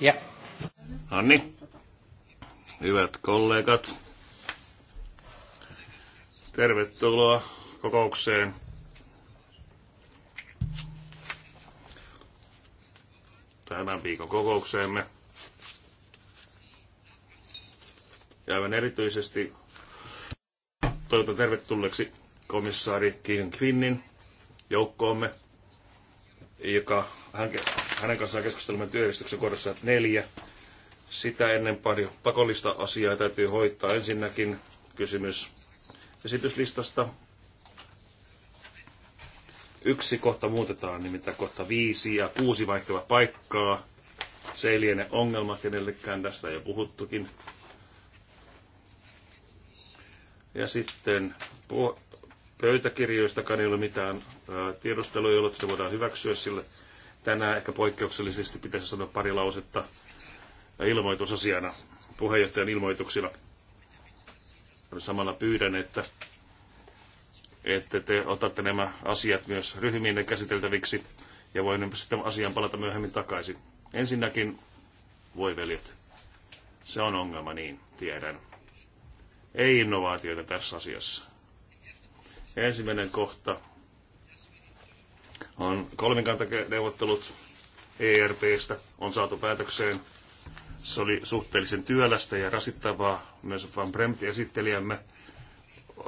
Ja. Anni. No niin. Hyvät kollegat. Tervetuloa kokoukseen. Tämän viikon kokoukseemme. Ja aivan erityisesti toivotan tervetulleeksi komissaari King Quinnin joukkoomme, joka hän hänen kanssaan keskustelemme työjärjestyksen kohdassa neljä. Sitä ennen pari pakollista asiaa täytyy hoitaa. Ensinnäkin kysymys esityslistasta. Yksi kohta muutetaan, nimittäin kohta viisi ja kuusi vaihtavat paikkaa. Se ei liene ongelma kenellekään, tästä jo puhuttukin. Ja sitten pöytäkirjoistakaan ei ole mitään tiedustelua, jolloin se voidaan hyväksyä sille Tänään ehkä poikkeuksellisesti pitäisi sanoa pari lausetta ilmoitusasiana, puheenjohtajan ilmoituksilla. Samalla pyydän, että, että te otatte nämä asiat myös ryhmiinne käsiteltäviksi ja voin sitten asiaan palata myöhemmin takaisin. Ensinnäkin, voi veljet, se on ongelma, niin tiedän. Ei innovaatioita tässä asiassa. Ensimmäinen kohta on kolmikantaneuvottelut ERPstä on saatu päätökseen. Se oli suhteellisen työlästä ja rasittavaa. Myös Van Bremt esittelijämme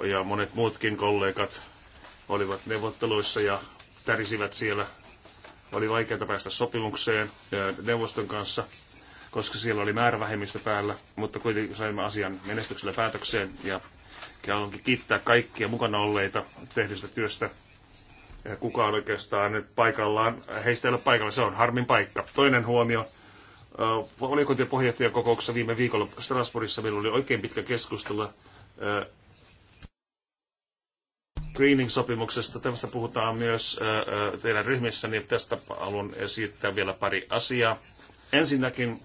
ja monet muutkin kollegat olivat neuvotteluissa ja tärisivät siellä. Oli vaikeaa päästä sopimukseen neuvoston kanssa, koska siellä oli määrävähemmistö päällä, mutta kuitenkin saimme asian menestyksellä päätökseen ja haluankin kiittää kaikkia mukana olleita tehdystä työstä kukaan oikeastaan nyt paikallaan, heistä ei ole paikalla, se on harmin paikka. Toinen huomio, valiokuntien puheenjohtajan kokouksessa viime viikolla Strasbourgissa meillä oli oikein pitkä keskustelu screening-sopimuksesta. Tästä puhutaan myös teidän niin Tästä haluan esittää vielä pari asiaa. Ensinnäkin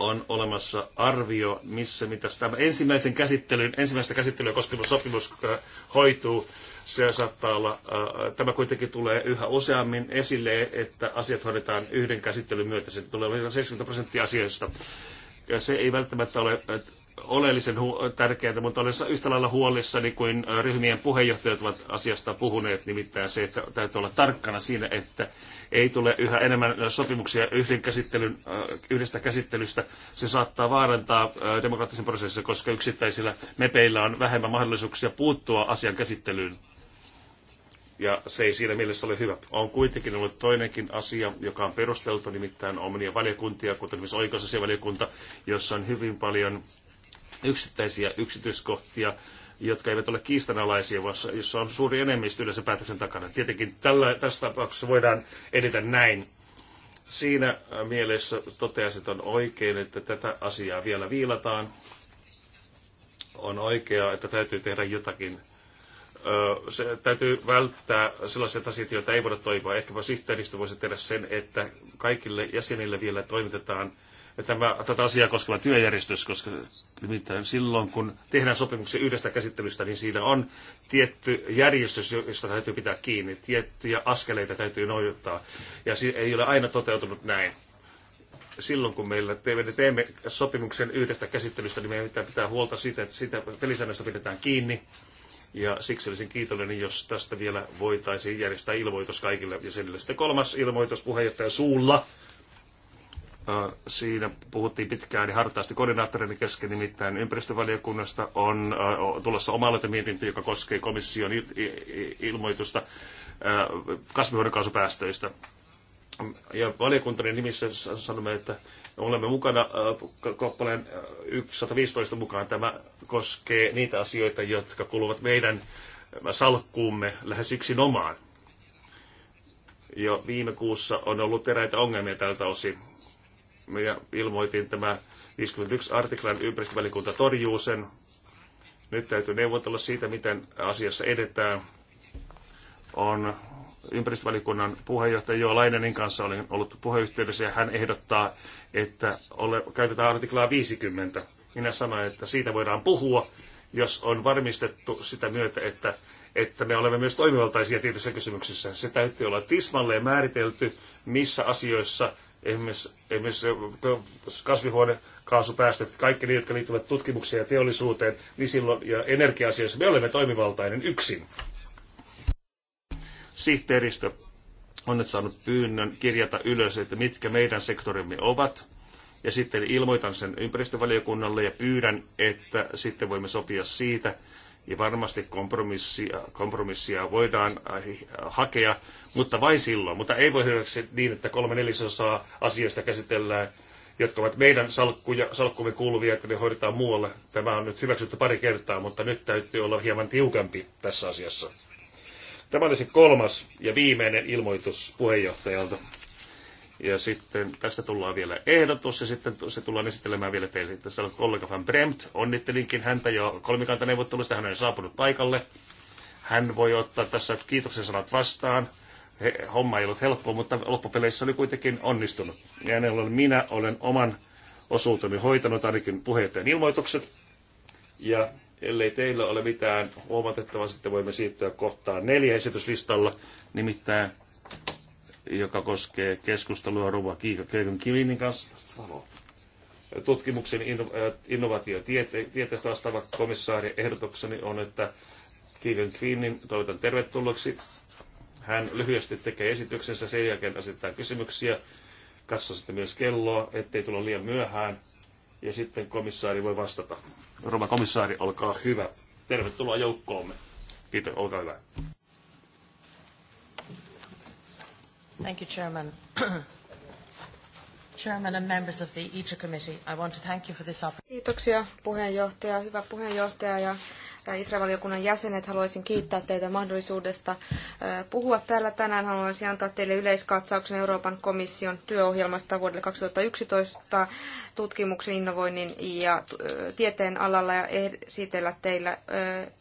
on olemassa arvio, missä mitä tämä ensimmäisen käsittelyn, ensimmäistä käsittelyä koskeva sopimus hoituu. Se saattaa olla, tämä kuitenkin tulee yhä useammin esille, että asiat hoidetaan yhden käsittelyn myötä. Se tulee 70 prosenttia asioista. Ja se ei välttämättä ole oleellisen tärkeää, mutta olen yhtä lailla huolissani kuin ryhmien puheenjohtajat ovat asiasta puhuneet, nimittäin se, että täytyy olla tarkkana siinä, että ei tule yhä enemmän sopimuksia yhden käsittelyn, yhdestä käsittelystä. Se saattaa vaarantaa demokraattisen prosessin, koska yksittäisillä mepeillä on vähemmän mahdollisuuksia puuttua asian käsittelyyn. Ja se ei siinä mielessä ole hyvä. On kuitenkin ollut toinenkin asia, joka on perusteltu, nimittäin omnia valiokuntia, kuten esimerkiksi oikeusasiavaliokunta, jossa on hyvin paljon yksittäisiä yksityiskohtia, jotka eivät ole kiistanalaisia, vaan jossa on suuri enemmistö yleensä päätöksen takana. Tietenkin tällä, tässä tapauksessa voidaan edetä näin. Siinä äh, mielessä toteaisin, että on oikein, että tätä asiaa vielä viilataan. On oikea, että täytyy tehdä jotakin se täytyy välttää sellaiset asiat, joita ei voida toivoa. Ehkäpä sihteeristö voisi tehdä sen, että kaikille jäsenille vielä toimitetaan tämä, tätä asiaa koskeva työjärjestys, koska nimittäin silloin, kun tehdään sopimuksia yhdestä käsittelystä, niin siinä on tietty järjestys, josta täytyy pitää kiinni, tiettyjä askeleita täytyy noudattaa, ja se ei ole aina toteutunut näin. Silloin, kun meillä teemme, teemme sopimuksen yhdestä käsittelystä, niin meidän pitää huolta siitä, että sitä pelisäännöstä pidetään kiinni, ja siksi olisin kiitollinen, jos tästä vielä voitaisiin järjestää ilmoitus kaikille jäsenille. Sitten kolmas ilmoitus puheenjohtajan suulla Siinä puhuttiin pitkään ja hartaasti koordinaattoreiden kesken, nimittäin ympäristövaliokunnasta on tulossa oma mietintö, joka koskee komission ilmoitusta kasvihuonekaasupäästöistä. Ja valiokuntani nimissä sanomme, että olemme mukana kappaleen 115 mukaan. Tämä koskee niitä asioita, jotka kuuluvat meidän salkkuumme lähes yksinomaan jo viime kuussa on ollut eräitä ongelmia tältä osin minä ilmoitin tämä 51 artiklan ympäristövälikunta torjuu sen. Nyt täytyy neuvotella siitä, miten asiassa edetään. On ympäristövälikunnan puheenjohtaja Joo Lainenin kanssa olen ollut puheyhteydessä ja hän ehdottaa, että ole, käytetään artiklaa 50. Minä sanoin, että siitä voidaan puhua, jos on varmistettu sitä myötä, että, että me olemme myös toimivaltaisia tietyissä kysymyksissä. Se täytyy olla tismalleen määritelty, missä asioissa esimerkiksi, esimerkiksi kasvihuonekaasupäästöt, kaikki ne, jotka liittyvät tutkimukseen ja teollisuuteen, niin silloin ja energia-asioissa me olemme toimivaltainen yksin. Sihteeristö on nyt saanut pyynnön kirjata ylös, että mitkä meidän sektorimme ovat, ja sitten ilmoitan sen ympäristövaliokunnalle ja pyydän, että sitten voimme sopia siitä, ja varmasti kompromissia, kompromissia voidaan äh, hakea, mutta vain silloin. Mutta ei voi hyväksyä niin, että kolme neljäsosaa asioista käsitellään, jotka ovat meidän salkkuja, salkkumme kuuluvia, että ne hoidetaan muualle. Tämä on nyt hyväksytty pari kertaa, mutta nyt täytyy olla hieman tiukempi tässä asiassa. Tämä oli se kolmas ja viimeinen ilmoitus puheenjohtajalta. Ja sitten tästä tullaan vielä ehdotus ja sitten se tullaan esittelemään vielä teille. Tässä on kollega Van Bremt. Onnittelinkin häntä jo kolmikantaneuvottelusta. Hän on saapunut paikalle. Hän voi ottaa tässä kiitoksen sanat vastaan. He, homma ei ollut helppoa, mutta loppupeleissä oli kuitenkin onnistunut. Ja hänellä on, minä olen oman osuuteni hoitanut, ainakin puheenjohtajan ilmoitukset. Ja ellei teillä ole mitään huomatettavaa, sitten voimme siirtyä kohtaan neljä esityslistalla, nimittäin joka koskee keskustelua Ruva Kiika Köykön Kilinin kanssa. Tutkimuksen äh, innovaatiotieteestä vastaava komissaari ehdotukseni on, että Kiikan Queenin toivotan tervetulleeksi. Hän lyhyesti tekee esityksensä, sen jälkeen asettaa kysymyksiä. Katso sitten myös kelloa, ettei tulla liian myöhään. Ja sitten komissaari voi vastata. Rova komissaari, olkaa hyvä. Tervetuloa joukkoomme. Kiitos, olkaa hyvä. Thank you, Chairman. Chairman and members of the ITRA committee, I want to thank you for this opportunity. Kiitoksia puheenjohtaja, hyvä puheenjohtaja ja IFRA-valiokunnan jäsenet, haluaisin kiittää teitä mahdollisuudesta puhua täällä tänään. Haluaisin antaa teille yleiskatsauksen Euroopan komission työohjelmasta vuodelle 2011 tutkimuksen, innovoinnin ja tieteen alalla ja esitellä teillä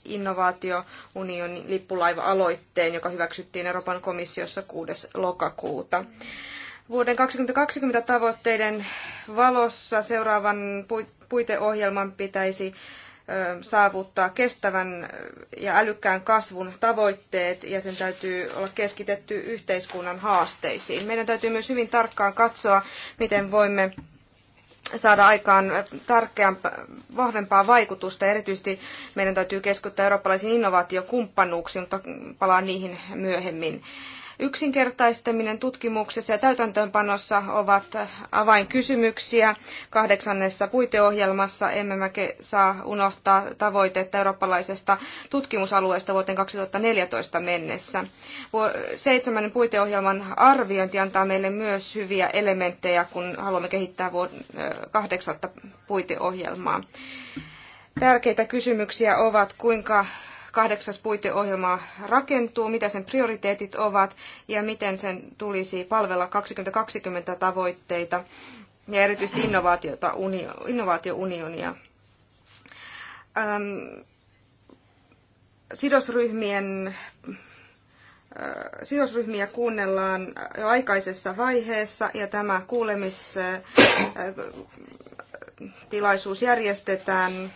innovaatiounionin lippulaiva-aloitteen, joka hyväksyttiin Euroopan komissiossa 6. lokakuuta. Vuoden 2020 tavoitteiden valossa seuraavan puitteohjelman pitäisi saavuttaa kestävän ja älykkään kasvun tavoitteet ja sen täytyy olla keskitetty yhteiskunnan haasteisiin. Meidän täytyy myös hyvin tarkkaan katsoa, miten voimme saada aikaan tarkeampaa, vahvempaa vaikutusta. Erityisesti meidän täytyy keskittyä eurooppalaisiin innovaatiokumppanuuksiin, mutta palaan niihin myöhemmin. Yksinkertaistaminen tutkimuksessa ja täytäntöönpanossa ovat avainkysymyksiä. Kahdeksannessa puiteohjelmassa emme saa unohtaa tavoitetta eurooppalaisesta tutkimusalueesta vuoteen 2014 mennessä. Seitsemännen puiteohjelman arviointi antaa meille myös hyviä elementtejä, kun haluamme kehittää kahdeksatta puiteohjelmaa. Tärkeitä kysymyksiä ovat, kuinka kahdeksas puiteohjelma rakentuu, mitä sen prioriteetit ovat ja miten sen tulisi palvella 2020 tavoitteita ja erityisesti innovaatiota, unio, innovaatiounionia. Ähm, sidosryhmien sidosryhmiä kuunnellaan jo aikaisessa vaiheessa ja tämä kuulemistilaisuus järjestetään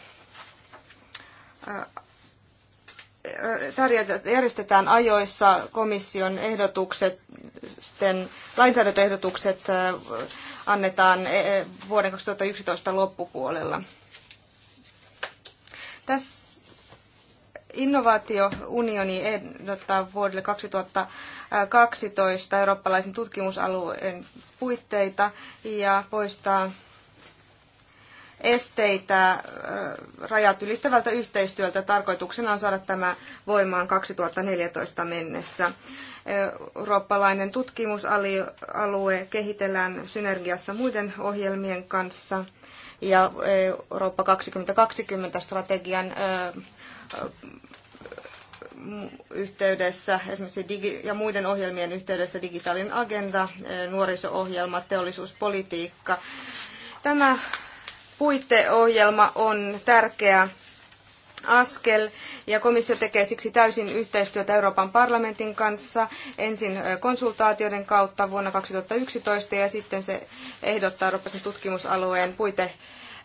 järjestetään ajoissa komission ehdotukset, lainsäädäntöehdotukset annetaan vuoden 2011 loppupuolella. Tässä innovaatiounioni ehdottaa vuodelle 2012 eurooppalaisen tutkimusalueen puitteita ja poistaa esteitä rajat ylittävältä yhteistyöltä. Tarkoituksena on saada tämä voimaan 2014 mennessä. Eurooppalainen tutkimusalue kehitellään synergiassa muiden ohjelmien kanssa ja Eurooppa 2020 strategian yhteydessä, esimerkiksi digi- ja muiden ohjelmien yhteydessä digitaalinen agenda, nuoriso-ohjelma, teollisuuspolitiikka. Tämä puiteohjelma on tärkeä askel ja komissio tekee siksi täysin yhteistyötä Euroopan parlamentin kanssa ensin konsultaatioiden kautta vuonna 2011 ja sitten se ehdottaa Euroopan tutkimusalueen puite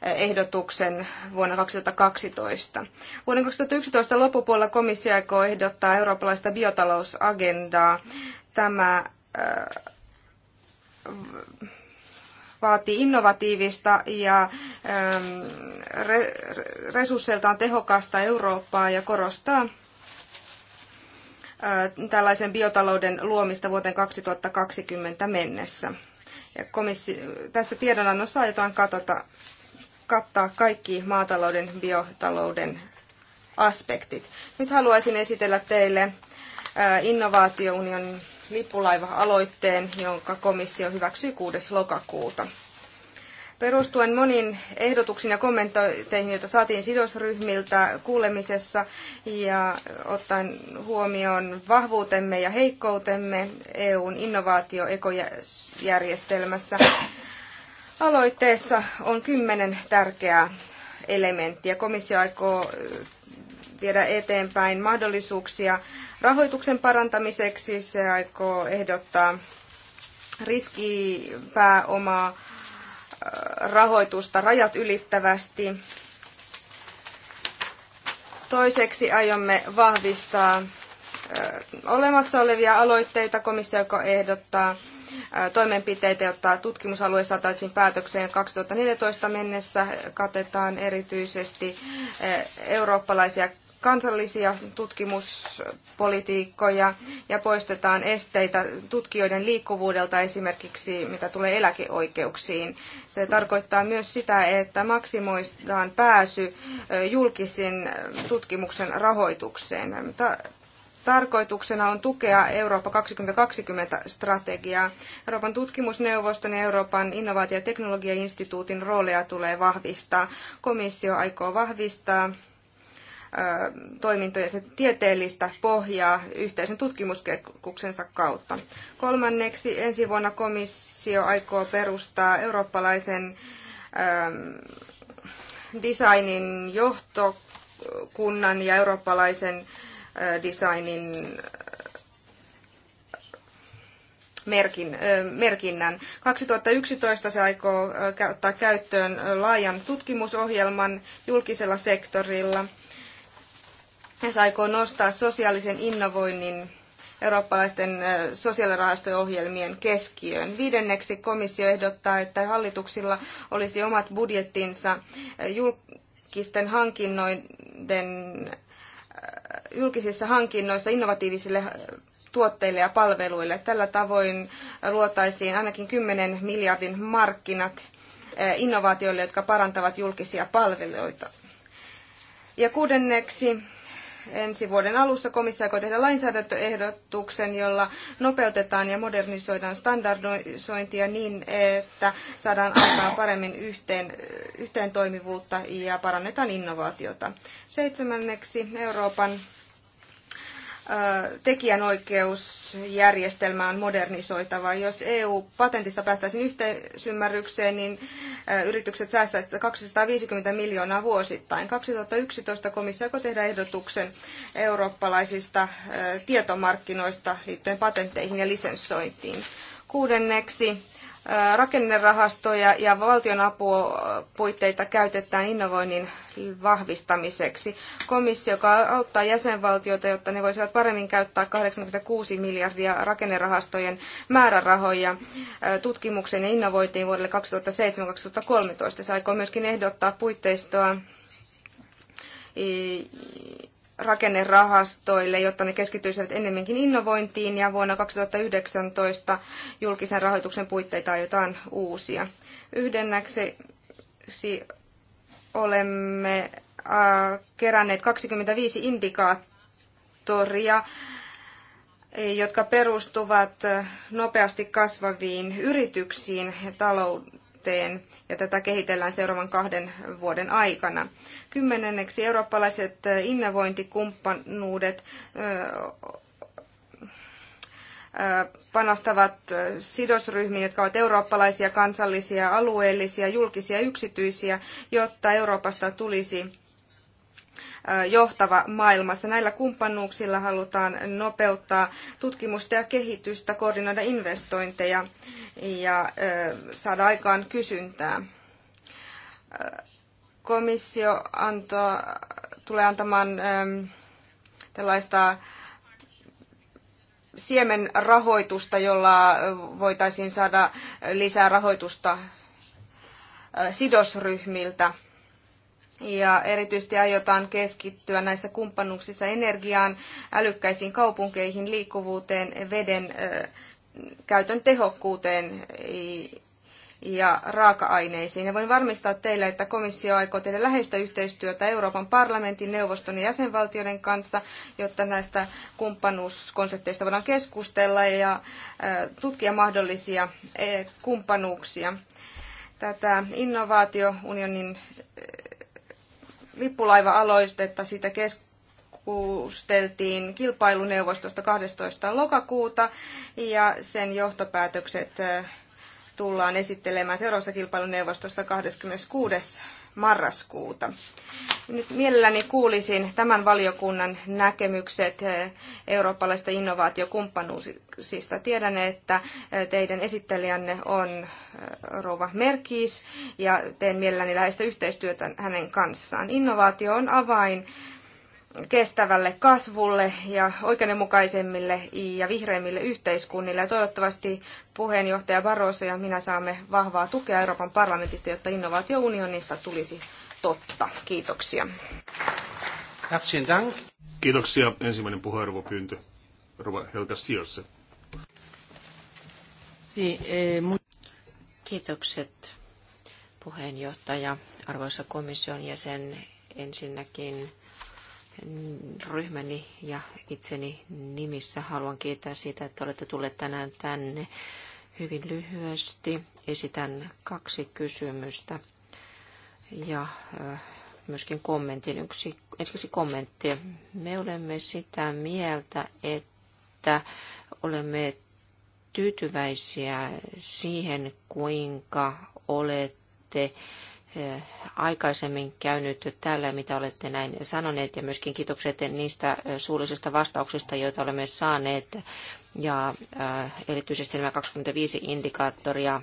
ehdotuksen vuonna 2012. Vuoden 2011 loppupuolella komissio aikoo ehdottaa eurooppalaista biotalousagendaa. Tämä äh, vaatii innovatiivista ja ähm, resursseiltaan tehokasta Eurooppaa ja korostaa äh, tällaisen biotalouden luomista vuoteen 2020 mennessä. Komissi- tässä tiedonannossa aiotaan katata, kattaa kaikki maatalouden biotalouden aspektit. Nyt haluaisin esitellä teille äh, innovaatiounionin lippulaiva-aloitteen, jonka komissio hyväksyi 6. lokakuuta. Perustuen moniin ehdotuksiin ja kommentteihin, joita saatiin sidosryhmiltä kuulemisessa ja ottaen huomioon vahvuutemme ja heikkoutemme EUn innovaatioekojärjestelmässä, aloitteessa on kymmenen tärkeää elementtiä. Komissio aikoo viedä eteenpäin mahdollisuuksia rahoituksen parantamiseksi. Se aikoo ehdottaa riskipääomaa äh, rahoitusta rajat ylittävästi. Toiseksi aiomme vahvistaa äh, olemassa olevia aloitteita. Komissio, joka ehdottaa äh, toimenpiteitä, jotta tutkimusalue saataisiin päätökseen 2014 mennessä, katetaan erityisesti eurooppalaisia kansallisia tutkimuspolitiikkoja ja poistetaan esteitä tutkijoiden liikkuvuudelta esimerkiksi mitä tulee eläkeoikeuksiin. Se tarkoittaa myös sitä, että maksimoidaan pääsy julkisin tutkimuksen rahoitukseen. Tarkoituksena on tukea Eurooppa 2020-strategiaa. Euroopan tutkimusneuvoston ja Euroopan innovaatio- ja teknologiainstituutin rooleja tulee vahvistaa. Komissio aikoo vahvistaa toimintojensa tieteellistä pohjaa yhteisen tutkimuskeskuksensa kautta. Kolmanneksi ensi vuonna komissio aikoo perustaa eurooppalaisen designin johtokunnan ja eurooppalaisen designin merkin, merkinnän. 2011 se aikoo ottaa käyttöön laajan tutkimusohjelman julkisella sektorilla – se aikoo nostaa sosiaalisen innovoinnin eurooppalaisten sosiaalirahastojen ohjelmien keskiöön. Viidenneksi komissio ehdottaa, että hallituksilla olisi omat budjettinsa julkisten hankinnoiden, julkisissa hankinnoissa innovatiivisille tuotteille ja palveluille. Tällä tavoin luotaisiin ainakin 10 miljardin markkinat innovaatioille, jotka parantavat julkisia palveluita. Ja kuudenneksi ensi vuoden alussa komissio aikoo tehdä lainsäädäntöehdotuksen, jolla nopeutetaan ja modernisoidaan standardisointia niin, että saadaan aikaan paremmin yhteen, yhteen toimivuutta ja parannetaan innovaatiota. Seitsemänneksi Euroopan tekijänoikeusjärjestelmää on modernisoitava. Jos EU-patentista päästäisiin yhteisymmärrykseen, niin yritykset säästäisivät 250 miljoonaa vuosittain. 2011 komissio tehdä ehdotuksen eurooppalaisista tietomarkkinoista liittyen patentteihin ja lisensointiin. Kuudenneksi rakennerahastoja ja valtionapupuitteita käytetään innovoinnin vahvistamiseksi. Komissio, joka auttaa jäsenvaltioita, jotta ne voisivat paremmin käyttää 86 miljardia rakennerahastojen määrärahoja tutkimukseen ja innovointiin vuodelle 2007-2013. Se aikoo myöskin ehdottaa puitteistoa rakennerahastoille, jotta ne keskittyisivät enemmänkin innovointiin ja vuonna 2019 julkisen rahoituksen puitteita aiotaan uusia. Yhdennäksi olemme äh, keränneet 25 indikaattoria, jotka perustuvat nopeasti kasvaviin yrityksiin ja eteen, ja tätä kehitellään seuraavan kahden vuoden aikana. Kymmenenneksi eurooppalaiset innovointikumppanuudet panostavat sidosryhmiin, jotka ovat eurooppalaisia, kansallisia, alueellisia, julkisia ja yksityisiä, jotta Euroopasta tulisi johtava maailmassa. Näillä kumppanuuksilla halutaan nopeuttaa tutkimusta ja kehitystä, koordinoida investointeja ja saada aikaan kysyntää. Komissio antoi, tulee antamaan tällaista siemenrahoitusta, jolla voitaisiin saada lisää rahoitusta sidosryhmiltä – ja erityisesti aiotaan keskittyä näissä kumppanuuksissa energiaan, älykkäisiin kaupunkeihin, liikkuvuuteen, veden käytön tehokkuuteen ja raaka-aineisiin. Ja voin varmistaa teille, että komissio aikoo tehdä läheistä yhteistyötä Euroopan parlamentin, neuvoston ja jäsenvaltioiden kanssa, jotta näistä kumppanuuskonsepteista voidaan keskustella ja tutkia mahdollisia e, kumppanuuksia. Tätä innovaatiounionin lippulaiva-aloistetta. Siitä keskusteltiin kilpailuneuvostosta 12. lokakuuta ja sen johtopäätökset eh, tullaan esittelemään seuraavassa kilpailuneuvostossa 26 marraskuuta. Nyt mielelläni kuulisin tämän valiokunnan näkemykset eh, eurooppalaisista innovaatiokumppanuusista. Tiedän, että eh, teidän esittelijänne on eh, Rova Merkis ja teen mielelläni läheistä yhteistyötä hänen kanssaan. Innovaatio on avain kestävälle kasvulle ja oikeudenmukaisemmille ja vihreimmille yhteiskunnille. Ja toivottavasti puheenjohtaja Barroso ja minä saamme vahvaa tukea Euroopan parlamentista, jotta innovaatiounionista tulisi totta. Kiitoksia. Kiitoksia. Ensimmäinen puheenvuoropyyntö. Rova Helga Stierse. Eh, Kiitokset puheenjohtaja, arvoisa komission jäsen. Ensinnäkin ryhmäni ja itseni nimissä haluan kiittää siitä, että olette tulleet tänään tänne. Hyvin lyhyesti esitän kaksi kysymystä ja myöskin kommentin. Yksi, ensiksi kommentti. Me olemme sitä mieltä, että olemme tyytyväisiä siihen, kuinka olette Eh, aikaisemmin käynyt tällä, mitä olette näin sanoneet, ja myöskin kiitokset niistä eh, suullisista vastauksista, joita olemme saaneet, ja eh, erityisesti nämä 25 indikaattoria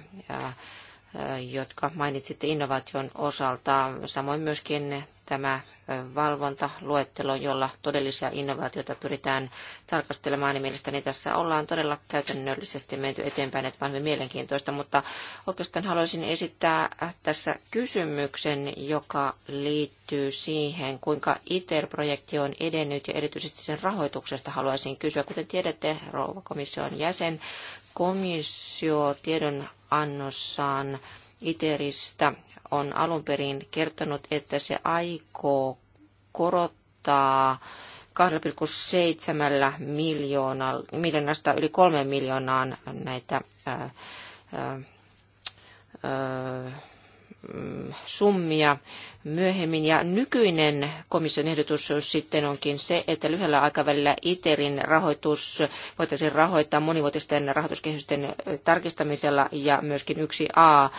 jotka mainitsitte innovaation osalta. Samoin myöskin tämä valvontaluettelo, jolla todellisia innovaatioita pyritään tarkastelemaan, niin mielestäni tässä ollaan todella käytännöllisesti menty eteenpäin, että on hyvin mielenkiintoista, mutta oikeastaan haluaisin esittää tässä kysymyksen, joka liittyy siihen, kuinka ITER-projekti on edennyt ja erityisesti sen rahoituksesta haluaisin kysyä. Kuten tiedätte, rouva komission jäsen, Komissio tiedonannossaan ITERistä on alun perin kertonut, että se aikoo korottaa 2,7 miljoonaa, miljoonasta yli 3 miljoonaan näitä ää, ää, ää, summia myöhemmin. Ja nykyinen komission ehdotus sitten onkin se, että lyhyellä aikavälillä ITERin rahoitus voitaisiin rahoittaa monivuotisten rahoituskehysten tarkistamisella ja myöskin yksi a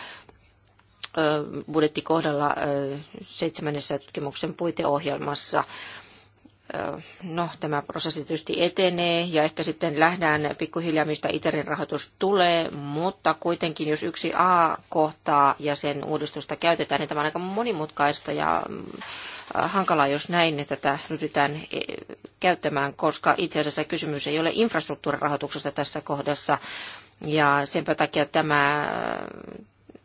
budjettikohdalla seitsemännessä tutkimuksen puiteohjelmassa. No, tämä prosessi tietysti etenee ja ehkä sitten lähdään pikkuhiljaa, mistä ITERin rahoitus tulee, mutta kuitenkin jos yksi A-kohtaa ja sen uudistusta käytetään, niin tämä on aika monimutkaista ja mm, hankalaa, jos näin että tätä ryhdytään e, käyttämään, koska itse asiassa kysymys ei ole infrastruktuurirahoituksesta tässä kohdassa. Ja senpä takia tämä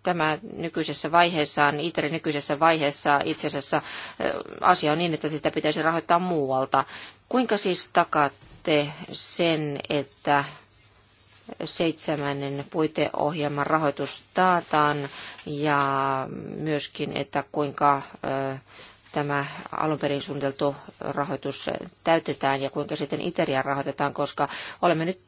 tämä nykyisessä vaiheessaan, ITER nykyisessä vaiheessa itse asiassa asia on niin, että sitä pitäisi rahoittaa muualta. Kuinka siis takaatte sen, että seitsemännen puiteohjelman rahoitus taataan ja myöskin, että kuinka tämä alun perin suunniteltu rahoitus täytetään ja kuinka sitten Iteria rahoitetaan, koska olemme nyt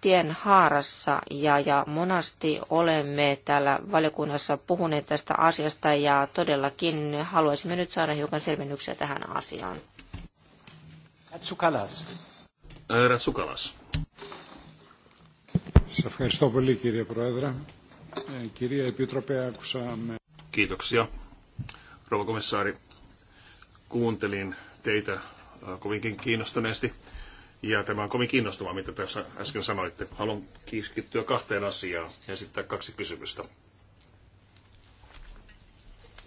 tien haarassa ja, ja monasti olemme täällä valiokunnassa puhuneet tästä asiasta ja todellakin haluaisimme nyt saada hiukan selvennyksiä tähän asiaan. Ratsukalas. Äh, Ratsukalas. Kiitoksia. Rouva komissaari, kuuntelin teitä äh, kovinkin kiinnostuneesti. Ja tämä on kovin kiinnostavaa, mitä tässä äsken sanoitte. Haluan keskittyä kahteen asiaan ja esittää kaksi kysymystä.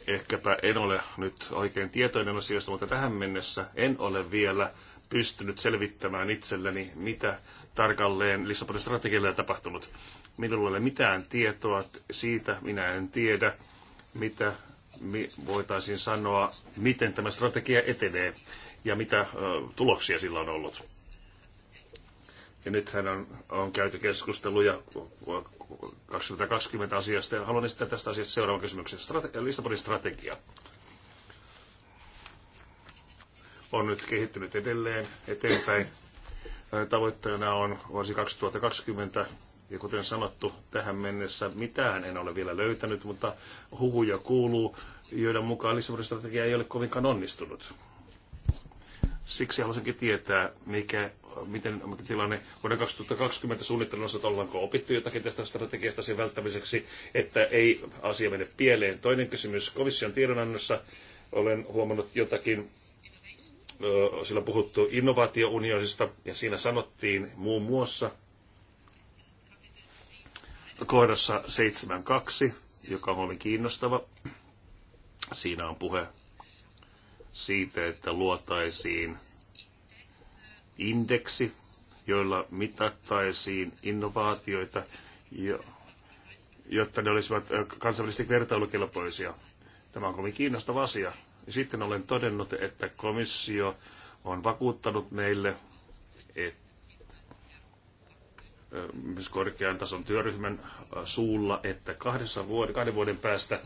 Ehkäpä en ole nyt oikein tietoinen asiasta, mutta tähän mennessä en ole vielä pystynyt selvittämään itselleni, mitä tarkalleen Lissabonin strategialle on tapahtunut. Minulla ei ole mitään tietoa siitä, minä en tiedä, mitä voitaisiin sanoa, miten tämä strategia etenee ja mitä tuloksia sillä on ollut. Ja nythän on, on käyty keskusteluja 2020 asiasta ja haluan esittää tästä asiasta seuraavan kysymyksen. Strate- Lissabonin strategia on nyt kehittynyt edelleen eteenpäin. Tavoitteena on vuosi 2020 ja kuten sanottu, tähän mennessä mitään en ole vielä löytänyt, mutta huhuja kuuluu, joiden mukaan Lissabonin strategia ei ole kovinkaan onnistunut. Siksi haluaisinkin tietää, mikä, miten mikä tilanne vuoden 2020 suunnittelussa, osalta ollaanko opittu jotakin tästä strategiasta sen välttämiseksi, että ei asia mene pieleen. Toinen kysymys, komission tiedonannossa olen huomannut jotakin sillä puhuttu innovaatiounionista ja siinä sanottiin muun muassa, kohdassa 7.2, joka on kovin kiinnostava. Siinä on puhe siitä, että luotaisiin indeksi, joilla mitattaisiin innovaatioita, jotta ne olisivat kansainvälisesti vertailukelpoisia. Tämä on kovin kiinnostava asia. Sitten olen todennut, että komissio on vakuuttanut meille, että myös korkean tason työryhmän suulla, että kahdessa vuoden, kahden vuoden päästä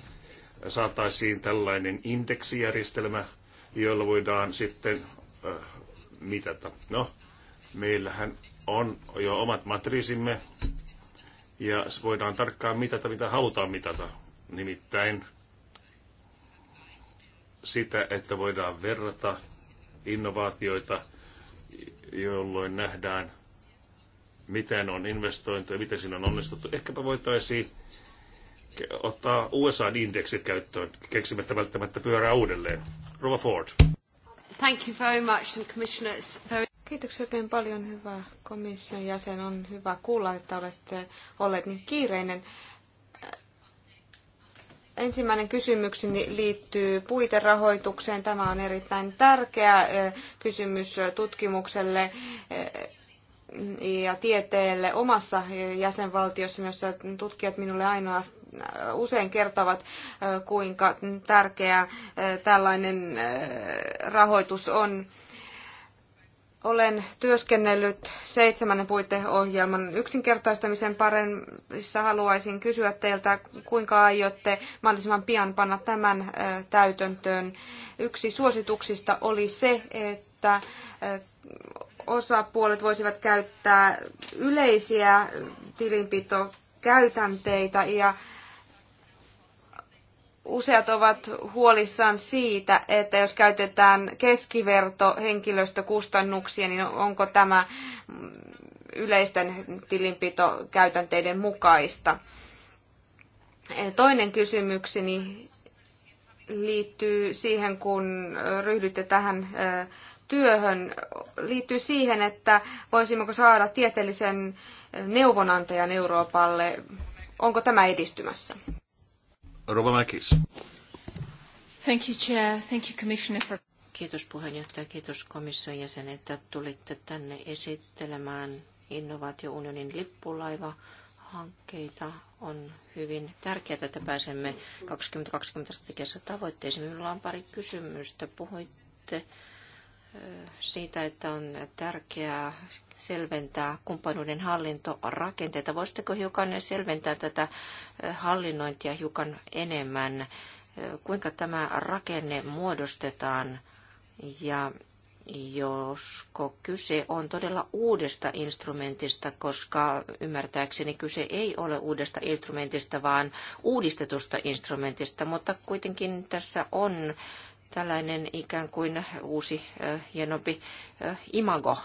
saataisiin tällainen indeksijärjestelmä, jolla voidaan sitten äh, mitata. No, meillähän on jo omat matriisimme ja voidaan tarkkaan mitata, mitä halutaan mitata. Nimittäin sitä, että voidaan verrata innovaatioita, jolloin nähdään miten on investointu ja miten siinä on onnistuttu. Ehkäpä voitaisiin ottaa USA-indeksit käyttöön, keksimättä välttämättä pyörää uudelleen. Rova Ford. Thank you very much, and Commissioner. very... Kiitoksia oikein paljon, hyvä komission jäsen. On hyvä kuulla, että olette olleet niin kiireinen. Ensimmäinen kysymykseni liittyy puiterahoitukseen. Tämä on erittäin tärkeä eh, kysymys eh, tutkimukselle eh, ja tieteelle omassa jäsenvaltiossa, jossa tutkijat minulle aina usein kertovat, kuinka tärkeä tällainen rahoitus on. Olen työskennellyt seitsemännen puiteohjelman yksinkertaistamisen parissa. Haluaisin kysyä teiltä, kuinka aiotte mahdollisimman pian panna tämän täytäntöön. Yksi suosituksista oli se, että osapuolet voisivat käyttää yleisiä tilinpitokäytänteitä ja useat ovat huolissaan siitä, että jos käytetään keskiverto henkilöstökustannuksia, niin onko tämä yleisten tilinpitokäytänteiden mukaista. Toinen kysymykseni liittyy siihen, kun ryhdytte tähän työhön liittyy siihen, että voisimmeko saada tieteellisen neuvonantajan Euroopalle. Onko tämä edistymässä? Rova Mäkis. Thank you, Chair. Thank you, Commissioner. For... Kiitos puheenjohtaja, kiitos komission jäsen, että tulitte tänne esittelemään innovaatiounionin lippulaiva hankkeita on hyvin tärkeää, että pääsemme 2020 strategiassa tavoitteisiin. Minulla on pari kysymystä. Puhuitte siitä, että on tärkeää selventää kumppanuuden hallintorakenteita. Voisitteko hiukan selventää tätä eh, hallinnointia hiukan enemmän? Eh, kuinka tämä rakenne muodostetaan ja josko kyse on todella uudesta instrumentista, koska ymmärtääkseni kyse ei ole uudesta instrumentista, vaan uudistetusta instrumentista, mutta kuitenkin tässä on tällainen ikään kuin uusi, hienompi imago.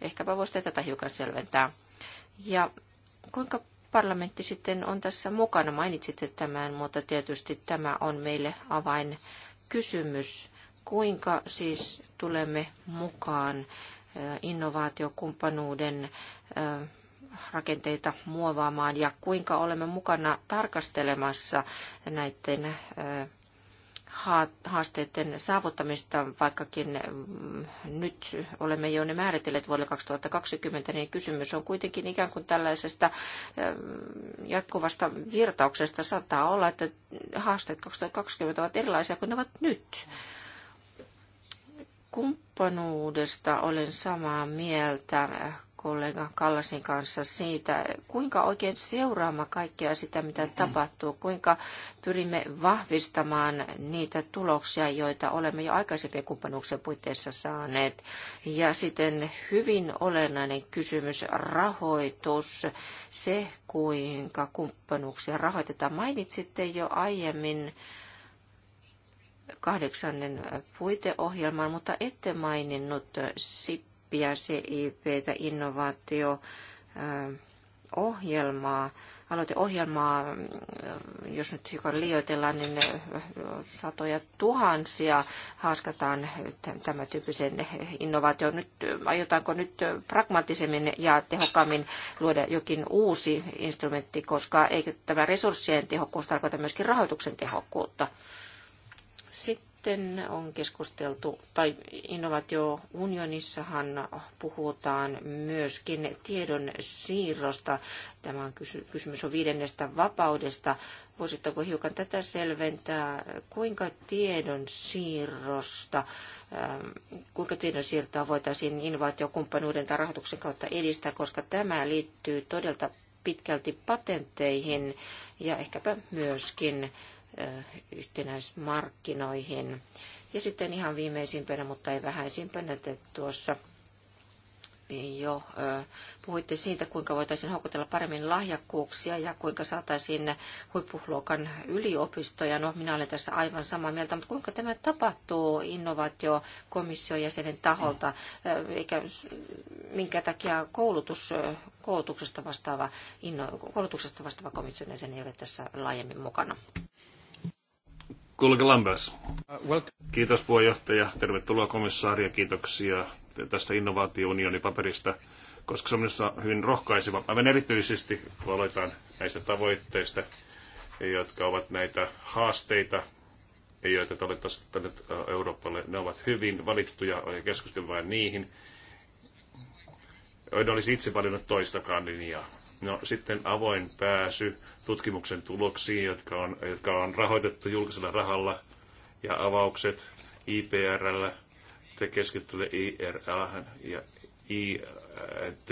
Ehkäpä voisi tätä hiukan selventää. Ja kuinka parlamentti sitten on tässä mukana? Mainitsitte tämän, mutta tietysti tämä on meille avain kysymys. Kuinka siis tulemme mukaan innovaatiokumppanuuden rakenteita muovaamaan ja kuinka olemme mukana tarkastelemassa näiden haasteiden saavuttamista, vaikkakin mm, nyt olemme jo ne määritelleet vuodelle 2020, niin kysymys on kuitenkin ikään kuin tällaisesta mm, jatkuvasta virtauksesta. Saattaa olla, että haasteet 2020 ovat erilaisia kuin ne ovat nyt. Kumppanuudesta olen samaa mieltä kollega Kallasin kanssa siitä, kuinka oikein seuraamme kaikkea sitä, mitä tapahtuu, kuinka pyrimme vahvistamaan niitä tuloksia, joita olemme jo aikaisempien kumppanuuksien puitteissa saaneet. Ja sitten hyvin olennainen kysymys, rahoitus, se kuinka kumppanuuksia rahoitetaan. Mainitsitte jo aiemmin kahdeksannen puiteohjelman, mutta ette maininnut SIP appia, CIPtä, innovaatio, ohjelmaa, aloiteohjelmaa, jos nyt hiukan liioitellaan, niin satoja tuhansia haaskataan tämän tyyppisen innovaation. Nyt, aiotaanko nyt pragmaattisemmin ja tehokkaammin luoda jokin uusi instrumentti, koska eikö tämä resurssien tehokkuus tarkoita myöskin rahoituksen tehokkuutta? Sitten sitten on keskusteltu, tai innovaatiounionissahan puhutaan myöskin tiedon siirrosta. Tämä on kysy- kysymys on viidennestä vapaudesta. Voisitteko hiukan tätä selventää, kuinka tiedon siirrosta, ähm, kuinka tiedon siirtoa voitaisiin innovaatiokumppanuuden tai rahoituksen kautta edistää, koska tämä liittyy todella pitkälti patentteihin ja ehkäpä myöskin yhtenäismarkkinoihin. Ja sitten ihan viimeisimpänä, mutta ei vähäisimpänä, että tuossa jo puhuitte siitä, kuinka voitaisiin houkutella paremmin lahjakkuuksia ja kuinka saataisiin huippuluokan yliopistoja. No, minä olen tässä aivan samaa mieltä, mutta kuinka tämä tapahtuu innovaatiokomission jäsenen taholta, eikä minkä takia koulutus, koulutuksesta, vastaava, inno, koulutuksesta vastaava komission jäsen ei ole tässä laajemmin mukana? Kulke Lambers. Uh, Kiitos puheenjohtaja, tervetuloa komissaari ja kiitoksia tästä innovaatiounionin paperista, koska se on minusta hyvin rohkaiseva. Aivan erityisesti aloitan näistä tavoitteista, jotka ovat näitä haasteita, joita te olette asettaneet äh, Euroopalle. Ne ovat hyvin valittuja ja keskustelua niihin. En olisi itse valinnut toistakaan linjaa. No sitten avoin pääsy tutkimuksen tuloksiin, jotka on, jotka on rahoitettu julkisella rahalla ja avaukset IPRllä, te keskittyy IRL ja IT.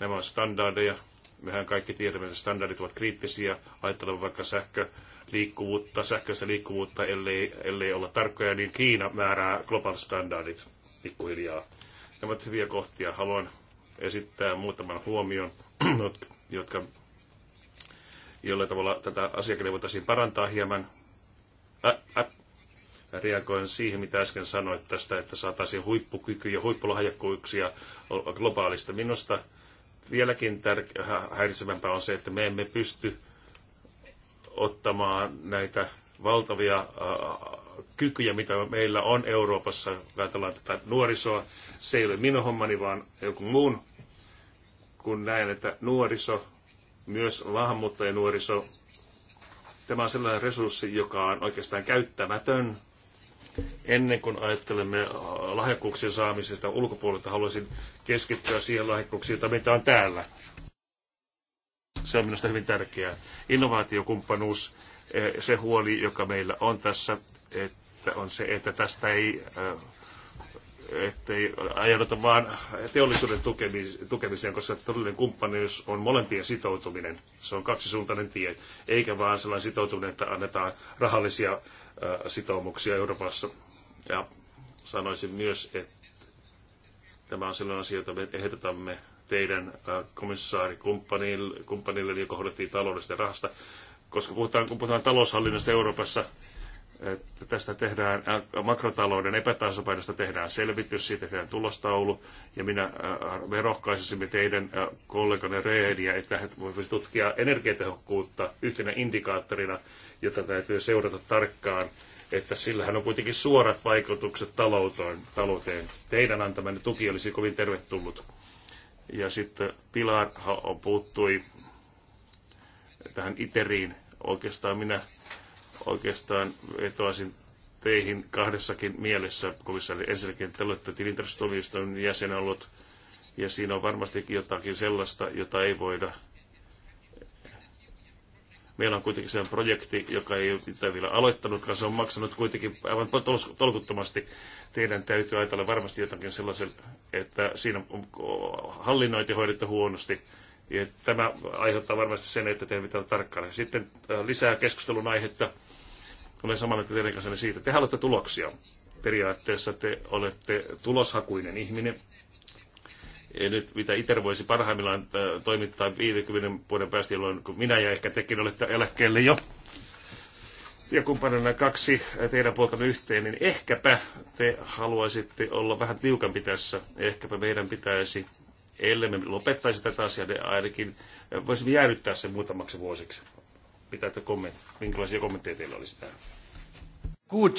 Nämä on standardeja. Mehän kaikki tiedämme, että standardit ovat kriittisiä. Ajattelemme vaikka sähkö, liikkuvuutta, sähköistä liikkuvuutta, ellei, ellei olla tarkkoja, niin Kiina määrää global standardit pikkuhiljaa. Nämä ovat hyviä kohtia. Haluan esittää muutaman huomion jotka, jolla tavalla tätä asiakirjaa voitaisiin parantaa hieman. Ä, ä, reagoin siihen, mitä äsken sanoit tästä, että saataisiin huippukyky ja huippulahjakkuuksia globaalista. Minusta vieläkin tärke- häiritsevämpää on se, että me emme pysty ottamaan näitä valtavia kykyjä, mitä meillä on Euroopassa, ajatellaan tätä nuorisoa. Se ei ole minun hommani, vaan joku muun kun näen, että nuoriso, myös maahanmuuttajanuoriso, tämä on sellainen resurssi, joka on oikeastaan käyttämätön. Ennen kuin ajattelemme äh, lahjakkuuksien saamisesta ulkopuolelta, haluaisin keskittyä siihen lahjakkuuksiin, joita meitä on täällä. Se on minusta hyvin tärkeää. Innovaatiokumppanuus, äh, se huoli, joka meillä on tässä, että on se, että tästä ei äh, ettei ajauduta vaan teollisuuden tukemiseen, koska todellinen kumppanuus on molempien sitoutuminen. Se on kaksisuuntainen tie, eikä vaan sellainen sitoutuminen, että annetaan rahallisia sitoumuksia Euroopassa. Ja sanoisin myös, että tämä on sellainen asia, jota me ehdotamme teidän komissaarikumppanille, joka hoidettiin taloudesta ja rahasta, koska puhutaan, kun puhutaan taloushallinnosta Euroopassa, että tästä tehdään, äh, makrotalouden epätasapainosta tehdään selvitys, siitä tehdään tulostaulu, ja minä äh, verohkaisisimme teidän äh, kolleganne Reediä, että he voisivat tutkia energiatehokkuutta yhtenä indikaattorina, jota täytyy seurata tarkkaan, että sillähän on kuitenkin suorat vaikutukset talouteen. talouteen. Teidän antamanne tuki olisi kovin tervetullut. Ja sitten Pilar puuttui tähän ITERiin. Oikeastaan minä Oikeastaan vetoaisin teihin kahdessakin mielessä, komissaari. Ensinnäkin te olette tilintarkastustuomioistuimen jäsen ollut, ja siinä on varmastikin jotakin sellaista, jota ei voida Meillä on kuitenkin sellainen projekti, joka ei ole vielä aloittanut, Se on maksanut kuitenkin aivan tolkuttomasti. Teidän täytyy ajatella varmasti jotakin sellaisen, että siinä hallinnointi hoidettu huonosti. Ja tämä aiheuttaa varmasti sen, että teidän pitää tarkkailla. Sitten äh, lisää keskustelun aihetta olen samalla teidän kanssa siitä. Te haluatte tuloksia. Periaatteessa te olette tuloshakuinen ihminen. Ja nyt mitä ITER voisi parhaimmillaan äh, toimittaa 50 vuoden päästä, jolloin kun minä ja ehkä tekin olette eläkkeelle jo, ja kun nämä kaksi teidän puolta yhteen, niin ehkäpä te haluaisitte olla vähän tiukampi tässä. Ehkäpä meidän pitäisi, ellei me lopettaisi tätä asiaa, niin ainakin voisimme jäädyttää sen muutamaksi vuosiksi pitääkö kommentti, minkälaisia kommentteja teillä olisi tähän? Good.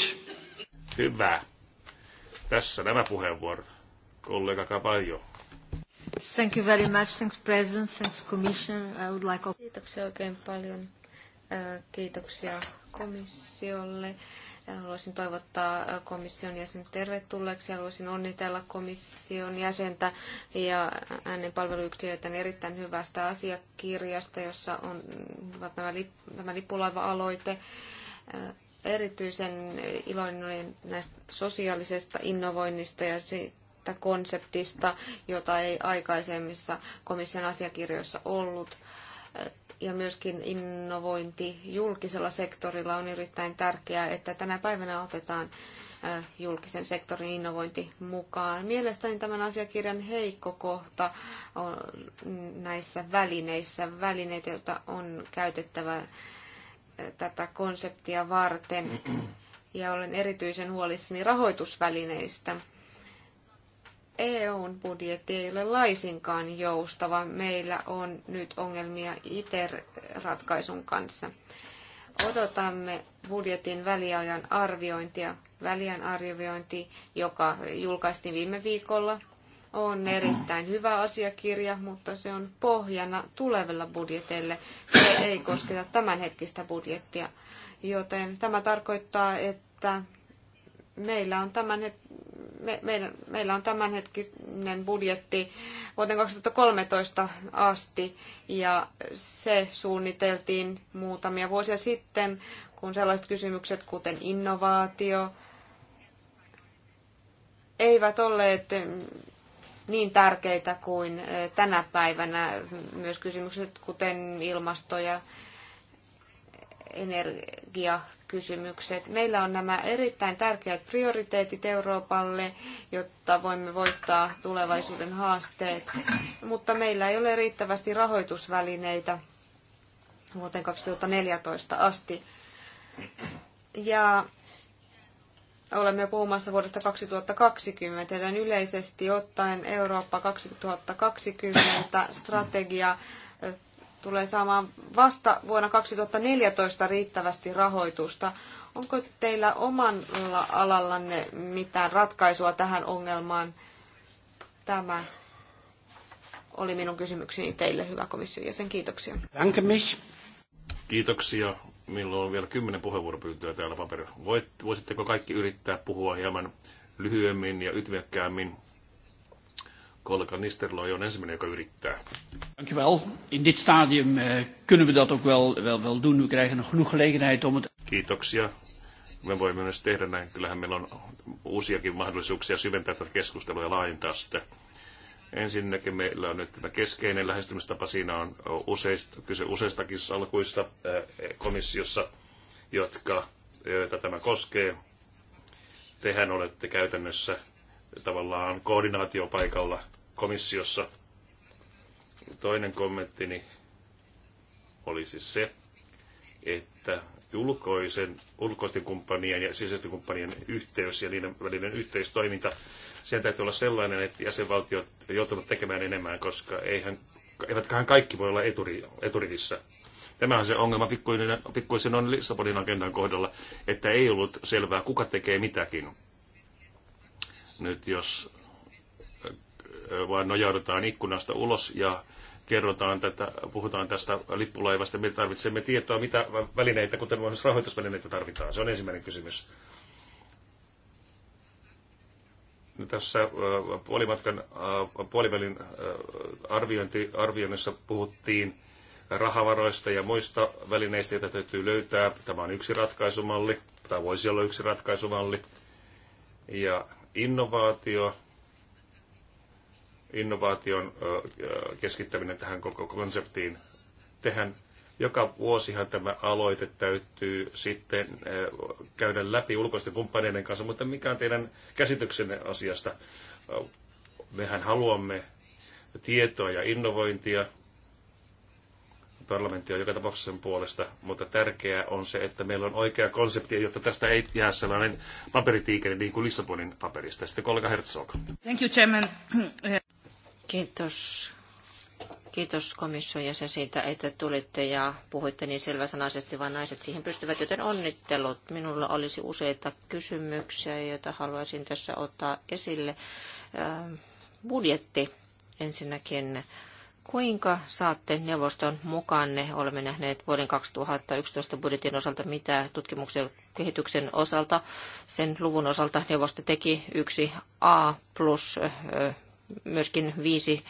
Hyvä. Tässä nämä puheenvuorot. Kollega Kapajo. Thank you very much. Thanks President, thanks Commission. I would like... Kiitoksia oikein paljon. Kiitoksia komissiolle Haluaisin toivottaa komission jäsen tervetulleeksi ja haluaisin onnitella komission jäsentä ja hänen palveluyksiköitään erittäin hyvästä asiakirjasta, jossa on tämä, lip, tämä lippulaiva-aloite. Erityisen iloinen olen näistä sosiaalisesta innovoinnista ja siitä konseptista, jota ei aikaisemmissa komission asiakirjoissa ollut ja myöskin innovointi julkisella sektorilla on erittäin tärkeää, että tänä päivänä otetaan julkisen sektorin innovointi mukaan. Mielestäni tämän asiakirjan heikko kohta on näissä välineissä, välineitä, joita on käytettävä tätä konseptia varten. Ja olen erityisen huolissani rahoitusvälineistä. EUn budjetti ei ole laisinkaan joustava. Meillä on nyt ongelmia ITER-ratkaisun kanssa. Odotamme budjetin väliajan arviointia. Väliajan arviointi, joka julkaistiin viime viikolla, on erittäin hyvä asiakirja, mutta se on pohjana tulevilla budjeteille. Se ei kosketa tämänhetkistä budjettia. Joten tämä tarkoittaa, että meillä on tämän me, meillä, on tämänhetkinen budjetti vuoteen 2013 asti ja se suunniteltiin muutamia vuosia sitten, kun sellaiset kysymykset kuten innovaatio eivät olleet niin tärkeitä kuin tänä päivänä myös kysymykset kuten ilmasto ja energia kysymykset. Meillä on nämä erittäin tärkeät prioriteetit Euroopalle, jotta voimme voittaa tulevaisuuden haasteet, mutta meillä ei ole riittävästi rahoitusvälineitä vuoteen 2014 asti. Ja olemme puhumassa vuodesta 2020, joten yleisesti ottaen Eurooppa 2020 strategia tulee saamaan vasta vuonna 2014 riittävästi rahoitusta. Onko teillä omalla alallanne mitään ratkaisua tähän ongelmaan? Tämä oli minun kysymykseni teille, hyvä komission jäsen. Kiitoksia. Kiitoksia. Minulla on vielä kymmenen puheenvuoropyyntöä täällä paperilla. Voisitteko kaikki yrittää puhua hieman lyhyemmin ja ytimekkäämmin? kollega Nisterloi on ensimmäinen, joka yrittää. Dank u wel. In dit stadium uh, kunnen we dat ook wel, wel, wel doen. We krijgen genoeg gelegenheid om het... Kiitoksia. Me voimme myös tehdä näin. Kyllähän meillä on uusiakin mahdollisuuksia syventää tätä keskustelua ja laajentaa sitä. Ensinnäkin meillä on nyt tämä keskeinen lähestymistapa. Siinä on useista, kyse useistakin salkuista eh, komissiossa, jotka, joita tämä koskee. Tehän olette käytännössä tavallaan koordinaatiopaikalla komissiossa. Toinen kommenttini oli siis se, että ulkoisen, ulkoisten kumppanien ja sisäisten kumppanien yhteys ja niiden välinen yhteistoiminta, sen täytyy olla sellainen, että jäsenvaltiot joutuvat tekemään enemmän, koska eihän, eivätköhän kaikki voi olla eturi, eturivissä. Tämä on se ongelma pikkuisen, pikkuisen on Lissabonin agendan kohdalla, että ei ollut selvää, kuka tekee mitäkin. Nyt jos vaan nojaudutaan ikkunasta ulos ja kerrotaan tätä, puhutaan tästä lippulaivasta, me tarvitsemme tietoa, mitä välineitä, kuten myös rahoitusvälineitä tarvitaan. Se on ensimmäinen kysymys. No tässä puolimatkan, puolivälin arviointi, arvioinnissa puhuttiin rahavaroista ja muista välineistä, joita täytyy löytää. Tämä on yksi ratkaisumalli, tai voisi olla yksi ratkaisumalli. Ja innovaatio, innovaation keskittäminen tähän koko konseptiin. Tehän joka vuosihan tämä aloite täytyy sitten käydä läpi ulkoisten kumppaneiden kanssa, mutta mikä on teidän käsityksenne asiasta? Mehän haluamme tietoa ja innovointia, parlamentti on joka tapauksessa sen puolesta, mutta tärkeää on se, että meillä on oikea konsepti, jotta tästä ei jää sellainen paperitiikeri niin kuin Lissabonin paperista. Sitten kollega Herzog. Thank you, Chairman. Kiitos. Kiitos komission jäsen siitä, että tulitte ja puhuitte niin selväsanaisesti, vaan naiset siihen pystyvät, joten onnittelut. Minulla olisi useita kysymyksiä, joita haluaisin tässä ottaa esille. Budjetti ensinnäkin Kuinka saatte neuvoston mukaanne? Olemme nähneet vuoden 2011 budjetin osalta, mitä tutkimuksen kehityksen osalta, sen luvun osalta neuvosto teki yksi A plus myöskin viisi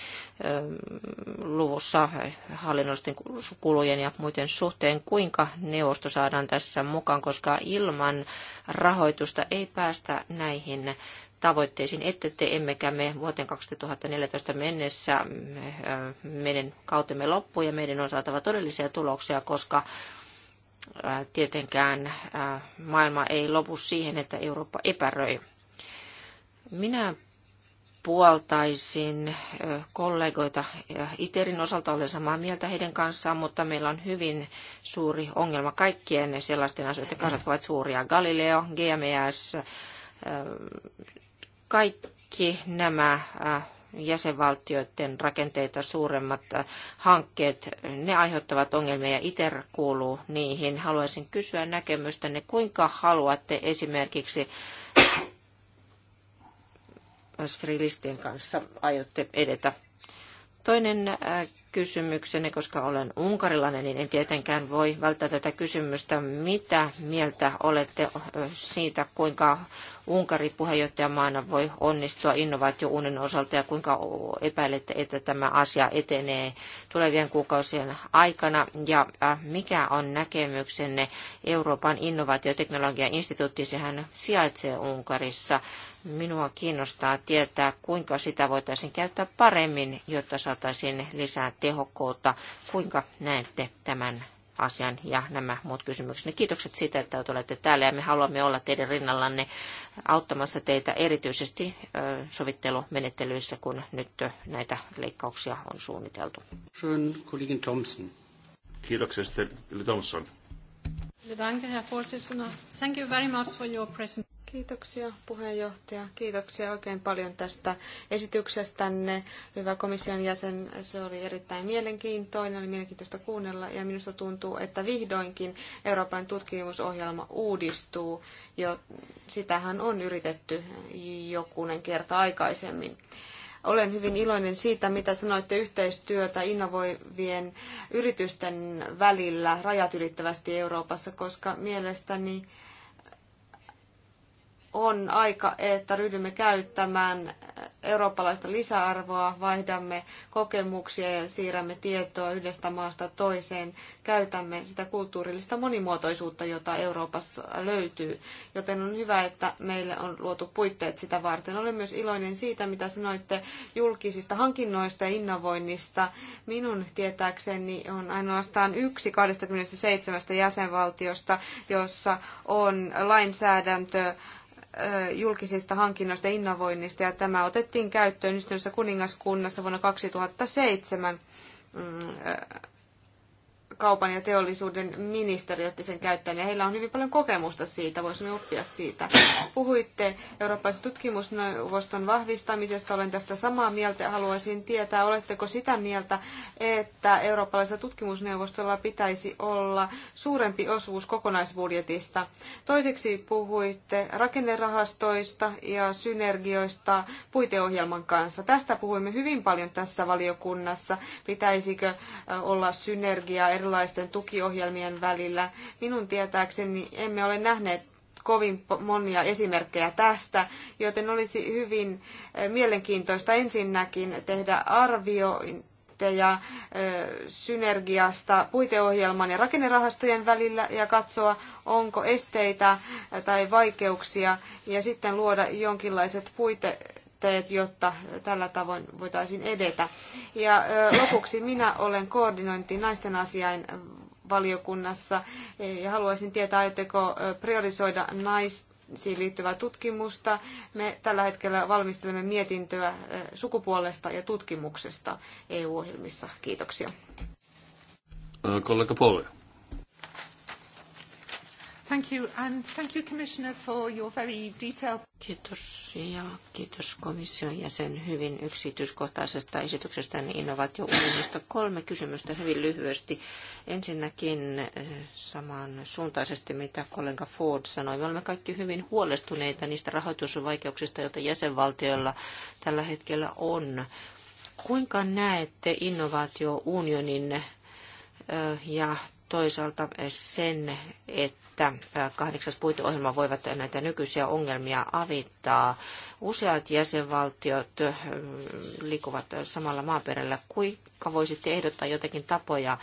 luvussa hallinnollisten kulujen ja muiden suhteen, kuinka neuvosto saadaan tässä mukaan, koska ilman rahoitusta ei päästä näihin tavoitteisiin, että te emmekä me vuoteen 2014 mennessä meidän kautemme loppu ja meidän on saatava todellisia tuloksia, koska tietenkään maailma ei lopu siihen, että Eurooppa epäröi. Minä puoltaisin kollegoita. Iterin osalta olen samaa mieltä heidän kanssaan, mutta meillä on hyvin suuri ongelma kaikkien sellaisten asioiden kanssa, jotka ovat suuria. Galileo, GMS, kaikki nämä jäsenvaltioiden rakenteita suuremmat hankkeet, ne aiheuttavat ongelmia ja ITER kuuluu niihin. Haluaisin kysyä näkemystänne, kuinka haluatte esimerkiksi Sfrilistien kanssa aiotte edetä. Toinen kysymyksenne, koska olen unkarilainen, niin en tietenkään voi välttää tätä kysymystä. Mitä mieltä olette siitä, kuinka Unkari puheenjohtajamaana voi onnistua innovaatiounin osalta ja kuinka epäilette, että tämä asia etenee tulevien kuukausien aikana? Ja mikä on näkemyksenne Euroopan innovaatioteknologian instituutti? Sehän sijaitsee Unkarissa. Minua kiinnostaa tietää, kuinka sitä voitaisiin käyttää paremmin, jotta saataisiin lisää tehokkuutta. Kuinka näette tämän asian ja nämä muut kysymykset. Kiitokset siitä, että olette täällä ja me haluamme olla teidän rinnallanne auttamassa teitä erityisesti sovittelumenettelyissä, kun nyt näitä leikkauksia on suunniteltu. Schön, kollegin Thompson. Kiitoksia Thompson. Danke, Herr Vorsitzender. Thank you very much for your presentation. Kiitoksia puheenjohtaja. Kiitoksia oikein paljon tästä esityksestänne. Hyvä komission jäsen, se oli erittäin mielenkiintoinen, oli mielenkiintoista kuunnella ja minusta tuntuu, että vihdoinkin Euroopan tutkimusohjelma uudistuu. Jo, sitähän on yritetty jokunen kerta aikaisemmin. Olen hyvin iloinen siitä, mitä sanoitte yhteistyötä innovoivien yritysten välillä rajat ylittävästi Euroopassa, koska mielestäni on aika, että ryhdymme käyttämään eurooppalaista lisäarvoa, vaihdamme kokemuksia ja siirrämme tietoa yhdestä maasta toiseen. Käytämme sitä kulttuurillista monimuotoisuutta, jota Euroopassa löytyy. Joten on hyvä, että meille on luotu puitteet sitä varten. Olen myös iloinen siitä, mitä sanoitte julkisista hankinnoista ja innovoinnista. Minun tietääkseni on ainoastaan yksi 27 jäsenvaltiosta, jossa on lainsäädäntö julkisista hankinnoista ja innovoinnista, ja tämä otettiin käyttöön yhdistyneessä kuningaskunnassa vuonna 2007 kaupan ja teollisuuden ministeri otti sen käyttöön, ja heillä on hyvin paljon kokemusta siitä, voisimme oppia siitä. Puhuitte Euroopan tutkimusneuvoston vahvistamisesta, olen tästä samaa mieltä, haluaisin tietää, oletteko sitä mieltä, että eurooppalaisella tutkimusneuvostolla pitäisi olla suurempi osuus kokonaisbudjetista. Toiseksi puhuitte rakennerahastoista ja synergioista puiteohjelman kanssa. Tästä puhuimme hyvin paljon tässä valiokunnassa. Pitäisikö olla synergiaa erilaisten tukiohjelmien välillä. Minun tietääkseni emme ole nähneet kovin monia esimerkkejä tästä, joten olisi hyvin eh, mielenkiintoista ensinnäkin tehdä arvio ja eh, synergiasta puiteohjelman ja rakennerahastojen välillä ja katsoa, onko esteitä tai vaikeuksia ja sitten luoda jonkinlaiset puite puitteet, jotta tällä tavoin voitaisiin edetä. Ja lopuksi minä olen koordinointi naisten asiain valiokunnassa e, ja haluaisin tietää, aiotteko priorisoida naisiin liittyvää tutkimusta. Me tällä hetkellä valmistelemme mietintöä sukupuolesta ja tutkimuksesta EU-ohjelmissa. Kiitoksia. Kollega Polja. Thank you, and thank you, Commissioner, for your very detailed... Kiitos ja kiitos komission jäsen hyvin yksityiskohtaisesta esityksestä niin Kolme kysymystä hyvin lyhyesti. Ensinnäkin eh, saman suuntaisesti, mitä kollega Ford sanoi. Me olemme kaikki hyvin huolestuneita niistä rahoitusvaikeuksista, joita jäsenvaltioilla tällä hetkellä on. Kuinka näette innovaatiounionin eh, ja toisaalta sen, että kahdeksas puiteohjelma voivat näitä nykyisiä ongelmia avittaa. Useat jäsenvaltiot liikuvat samalla maaperällä. Kuinka voisitte ehdottaa jotakin tapoja,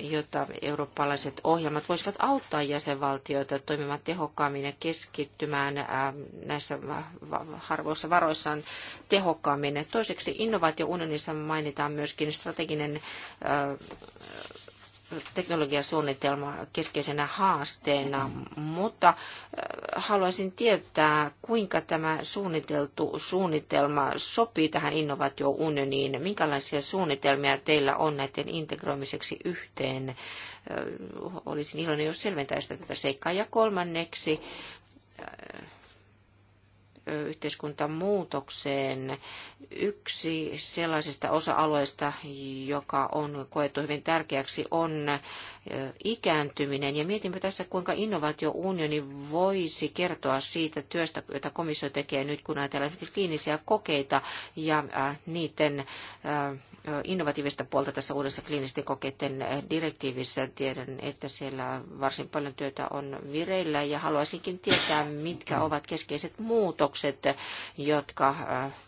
jotta eurooppalaiset ohjelmat voisivat auttaa jäsenvaltioita toimimaan tehokkaammin ja keskittymään näissä harvoissa varoissaan tehokkaammin. Toiseksi innovaatiounionissa mainitaan myöskin strateginen teknologiasuunnitelma keskeisenä haasteena, mutta äh, haluaisin tietää, kuinka tämä suunniteltu suunnitelma sopii tähän innovaatiounioniin. Minkälaisia suunnitelmia teillä on näiden integroimiseksi yhteen? Äh, olisin iloinen, jos selventäisitte tätä seikkaa. Ja kolmanneksi, äh, yhteiskuntamuutokseen. muutokseen. Yksi sellaisista osa-alueista, joka on koettu hyvin tärkeäksi, on ikääntyminen. Ja mietimme tässä, kuinka innovaatiounioni voisi kertoa siitä työstä, jota komissio tekee nyt, kun ajatellaan kliinisiä kokeita ja niiden innovatiivista puolta tässä uudessa kliinisten kokeiden direktiivissä. Tiedän, että siellä varsin paljon työtä on vireillä ja haluaisinkin tietää, mitkä ovat keskeiset muutokset, jotka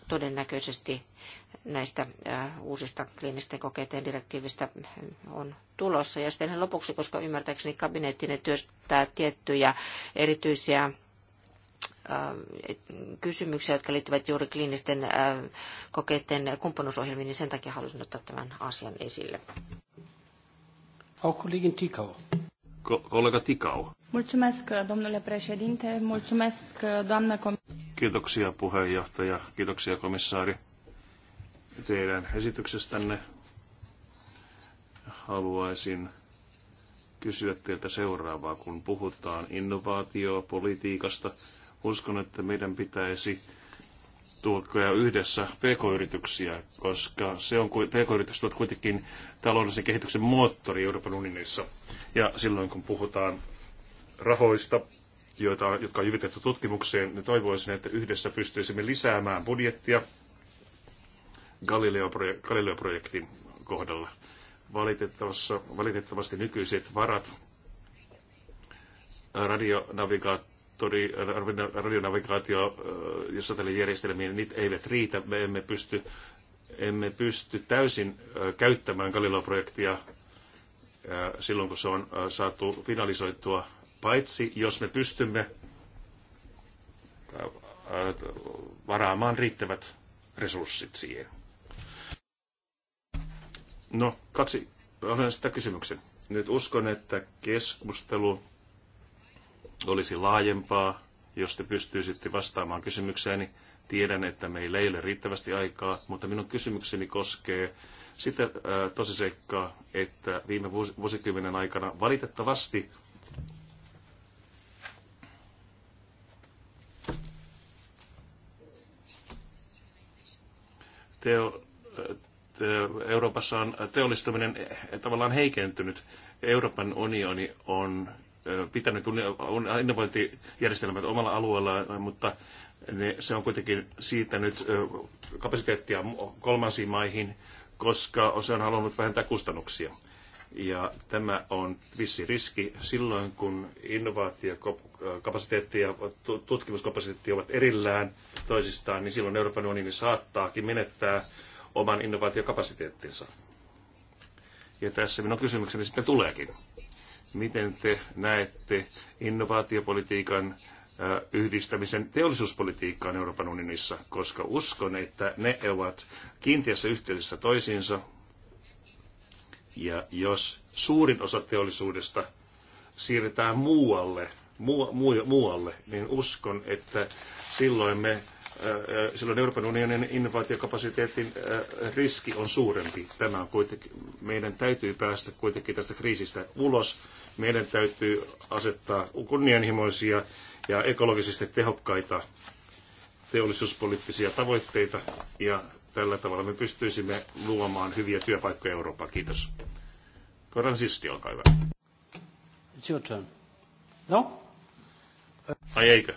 todennäköisesti näistä uusista kliinisten kokeiden direktiivistä on tulossa. Ja sitten lopuksi, koska ymmärtääkseni ne työstää tiettyjä erityisiä kysymyksiä, jotka liittyvät juuri kliinisten kokeiden kumppanuusohjelmiin, niin sen takia halusin ottaa tämän asian esille. Kollegin Tikau. Kollega Tikau. Mulțumesc, domnule președinte, mulțumesc, doamnă Kiitoksia puheenjohtaja, kiitoksia komissaari teidän esityksestänne. Haluaisin kysyä teiltä seuraavaa, kun puhutaan innovaatiopolitiikasta. Uskon, että meidän pitäisi tuotkoja yhdessä pk-yrityksiä, koska se on, pk-yritykset ovat kuitenkin taloudellisen kehityksen moottori Euroopan unionissa. Ja silloin kun puhutaan rahoista, joita, jotka on jyvitetty tutkimukseen, niin toivoisin, että yhdessä pystyisimme lisäämään budjettia Galileo-projektin kohdalla. Valitettavasti nykyiset varat radionavigaattori, radionavigaatio ja satelliijärjestelmiin, niin niitä eivät riitä. Me emme pysty, emme pysty täysin käyttämään Galileo-projektia silloin, kun se on saatu finalisoitua, paitsi jos me pystymme varaamaan riittävät resurssit siihen. No, kaksi sitä kysymyksen. Nyt uskon, että keskustelu olisi laajempaa, jos te pystyisitte vastaamaan kysymykseeni. Tiedän, että meillä ei ole riittävästi aikaa, mutta minun kysymykseni koskee sitä äh, tosiseikkaa, että viime vuosikymmenen aikana valitettavasti teo, äh, Euroopassa on teollistuminen tavallaan heikentynyt. Euroopan unioni on pitänyt innovointijärjestelmät omalla alueellaan, mutta ne, se on kuitenkin siirtänyt kapasiteettia kolmansiin maihin, koska se on halunnut vähentää kustannuksia. Ja tämä on vissi riski silloin, kun innovaatiokapasiteetti ja tutkimuskapasiteetti ovat erillään toisistaan, niin silloin Euroopan unioni saattaakin menettää oman innovaatiokapasiteettinsa. Ja tässä minun kysymykseni sitten tuleekin. Miten te näette innovaatiopolitiikan yhdistämisen teollisuuspolitiikkaan Euroopan unionissa, koska uskon, että ne ovat kiinteässä yhteydessä toisiinsa. Ja jos suurin osa teollisuudesta siirretään muualle, muu, muu, muualle, niin uskon, että silloin me silloin Euroopan unionin innovaatiokapasiteetin riski on suurempi. Tämä on kuitenkin, meidän täytyy päästä kuitenkin tästä kriisistä ulos. Meidän täytyy asettaa kunnianhimoisia ja ekologisesti tehokkaita teollisuuspoliittisia tavoitteita ja tällä tavalla me pystyisimme luomaan hyviä työpaikkoja Eurooppaan. Kiitos. Koran Sisti, olkaa hyvä. It's your turn. No? Ai eikö?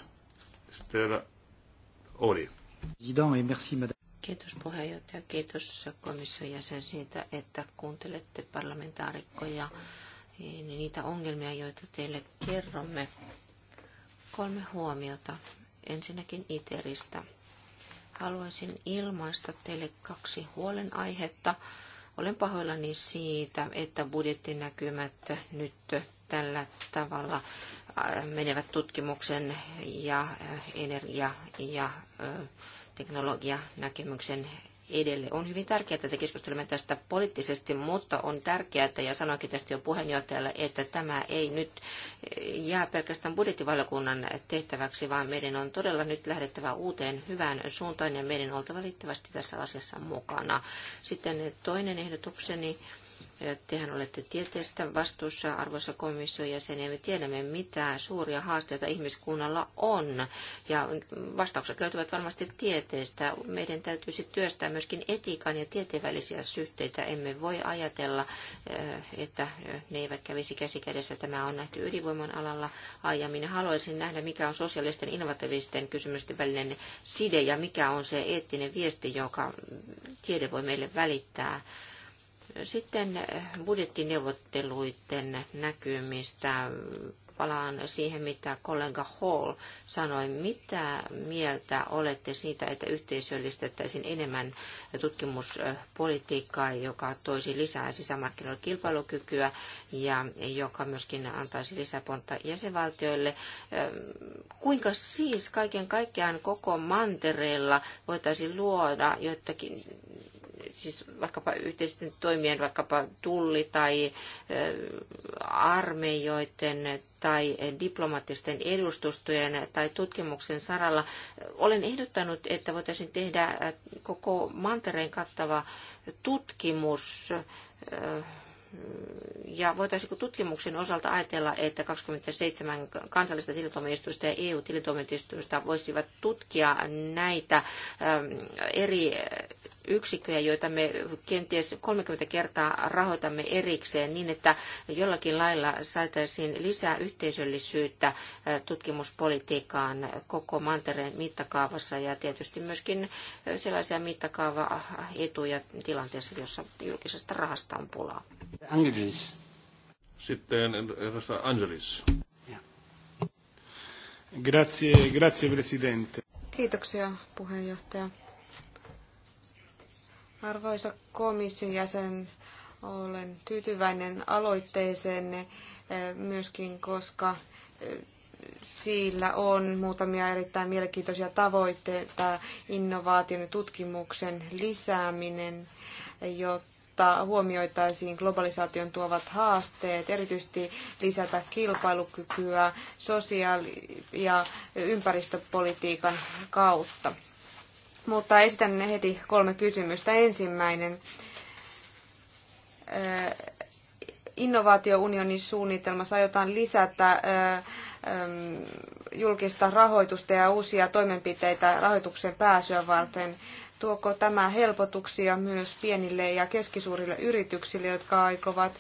Sitten oli. Kiitos puheenjohtaja, kiitos komission jäsen siitä, että kuuntelette parlamentaarikkoja niitä ongelmia, joita teille kerromme. Kolme huomiota. Ensinnäkin ITERistä. Haluaisin ilmaista teille kaksi huolenaihetta. Olen pahoillani siitä, että budjettinäkymät nyt tällä tavalla menevät tutkimuksen ja eh, energia- ja teknologianäkemyksen edelle. On hyvin tärkeää, että keskustelemme tästä poliittisesti, mutta on tärkeää, että, ja sanoinkin tästä jo puheenjohtajalle, että tämä ei nyt eh, jää pelkästään budjettivaliokunnan tehtäväksi, vaan meidän on todella nyt lähdettävä uuteen hyvään suuntaan ja meidän on oltava liittävästi tässä asiassa mukana. Sitten toinen ehdotukseni Tehän olette tieteestä vastuussa, arvoisa komission jäsen, ja me tiedämme, mitä suuria haasteita ihmiskunnalla on. Ja vastaukset löytyvät varmasti tieteestä. Meidän täytyisi työstää myöskin etiikan ja tieteellisiä syhteitä. Emme voi ajatella, eh, että eh, ne eivät kävisi käsikädessä. Tämä on nähty ydinvoiman alalla aiemmin. Haluaisin nähdä, mikä on sosiaalisten innovatiivisten kysymysten välinen side ja mikä on se eettinen viesti, joka tiede voi meille välittää. Sitten budjettineuvotteluiden näkymistä palaan siihen, mitä kollega Hall sanoi. Mitä mieltä olette siitä, että yhteisöllistettäisiin enemmän tutkimuspolitiikkaa, joka toisi lisää sisämarkkinoiden kilpailukykyä ja joka myöskin antaisi lisäpontta jäsenvaltioille? Kuinka siis kaiken kaikkiaan koko mantereella voitaisiin luoda joitakin siis vaikkapa yhteisten toimien, vaikkapa tulli- tai armeijoiden tai diplomaattisten edustustojen tai tutkimuksen saralla. Olen ehdottanut, että voitaisiin tehdä koko mantereen kattava tutkimus ja voitaisiinko tutkimuksen osalta ajatella, että 27 kansallista tilitoimistusta ja eu tilitoimistusta voisivat tutkia näitä eri yksikköjä, joita me kenties 30 kertaa rahoitamme erikseen niin, että jollakin lailla saataisiin lisää yhteisöllisyyttä tutkimuspolitiikkaan koko mantereen mittakaavassa ja tietysti myöskin sellaisia mittakaavaetuja tilanteessa, jossa julkisesta rahasta on pulaa. Angeles. Sitten Angelis. Grazie, grazie presidente. Kiitoksia puheenjohtaja. Arvoisa komission jäsen, olen tyytyväinen aloitteeseenne eh, myöskin, koska eh, sillä on muutamia erittäin mielenkiintoisia tavoitteita, innovaation ja tutkimuksen lisääminen, jotta huomioitaisiin globalisaation tuovat haasteet, erityisesti lisätä kilpailukykyä sosiaali- ja ympäristöpolitiikan kautta. Mutta esitän ne heti kolme kysymystä. Ensimmäinen. Innovaatiounionin suunnitelmassa aiotaan lisätä julkista rahoitusta ja uusia toimenpiteitä rahoituksen pääsyä varten. Tuoko tämä helpotuksia myös pienille ja keskisuurille yrityksille, jotka aikovat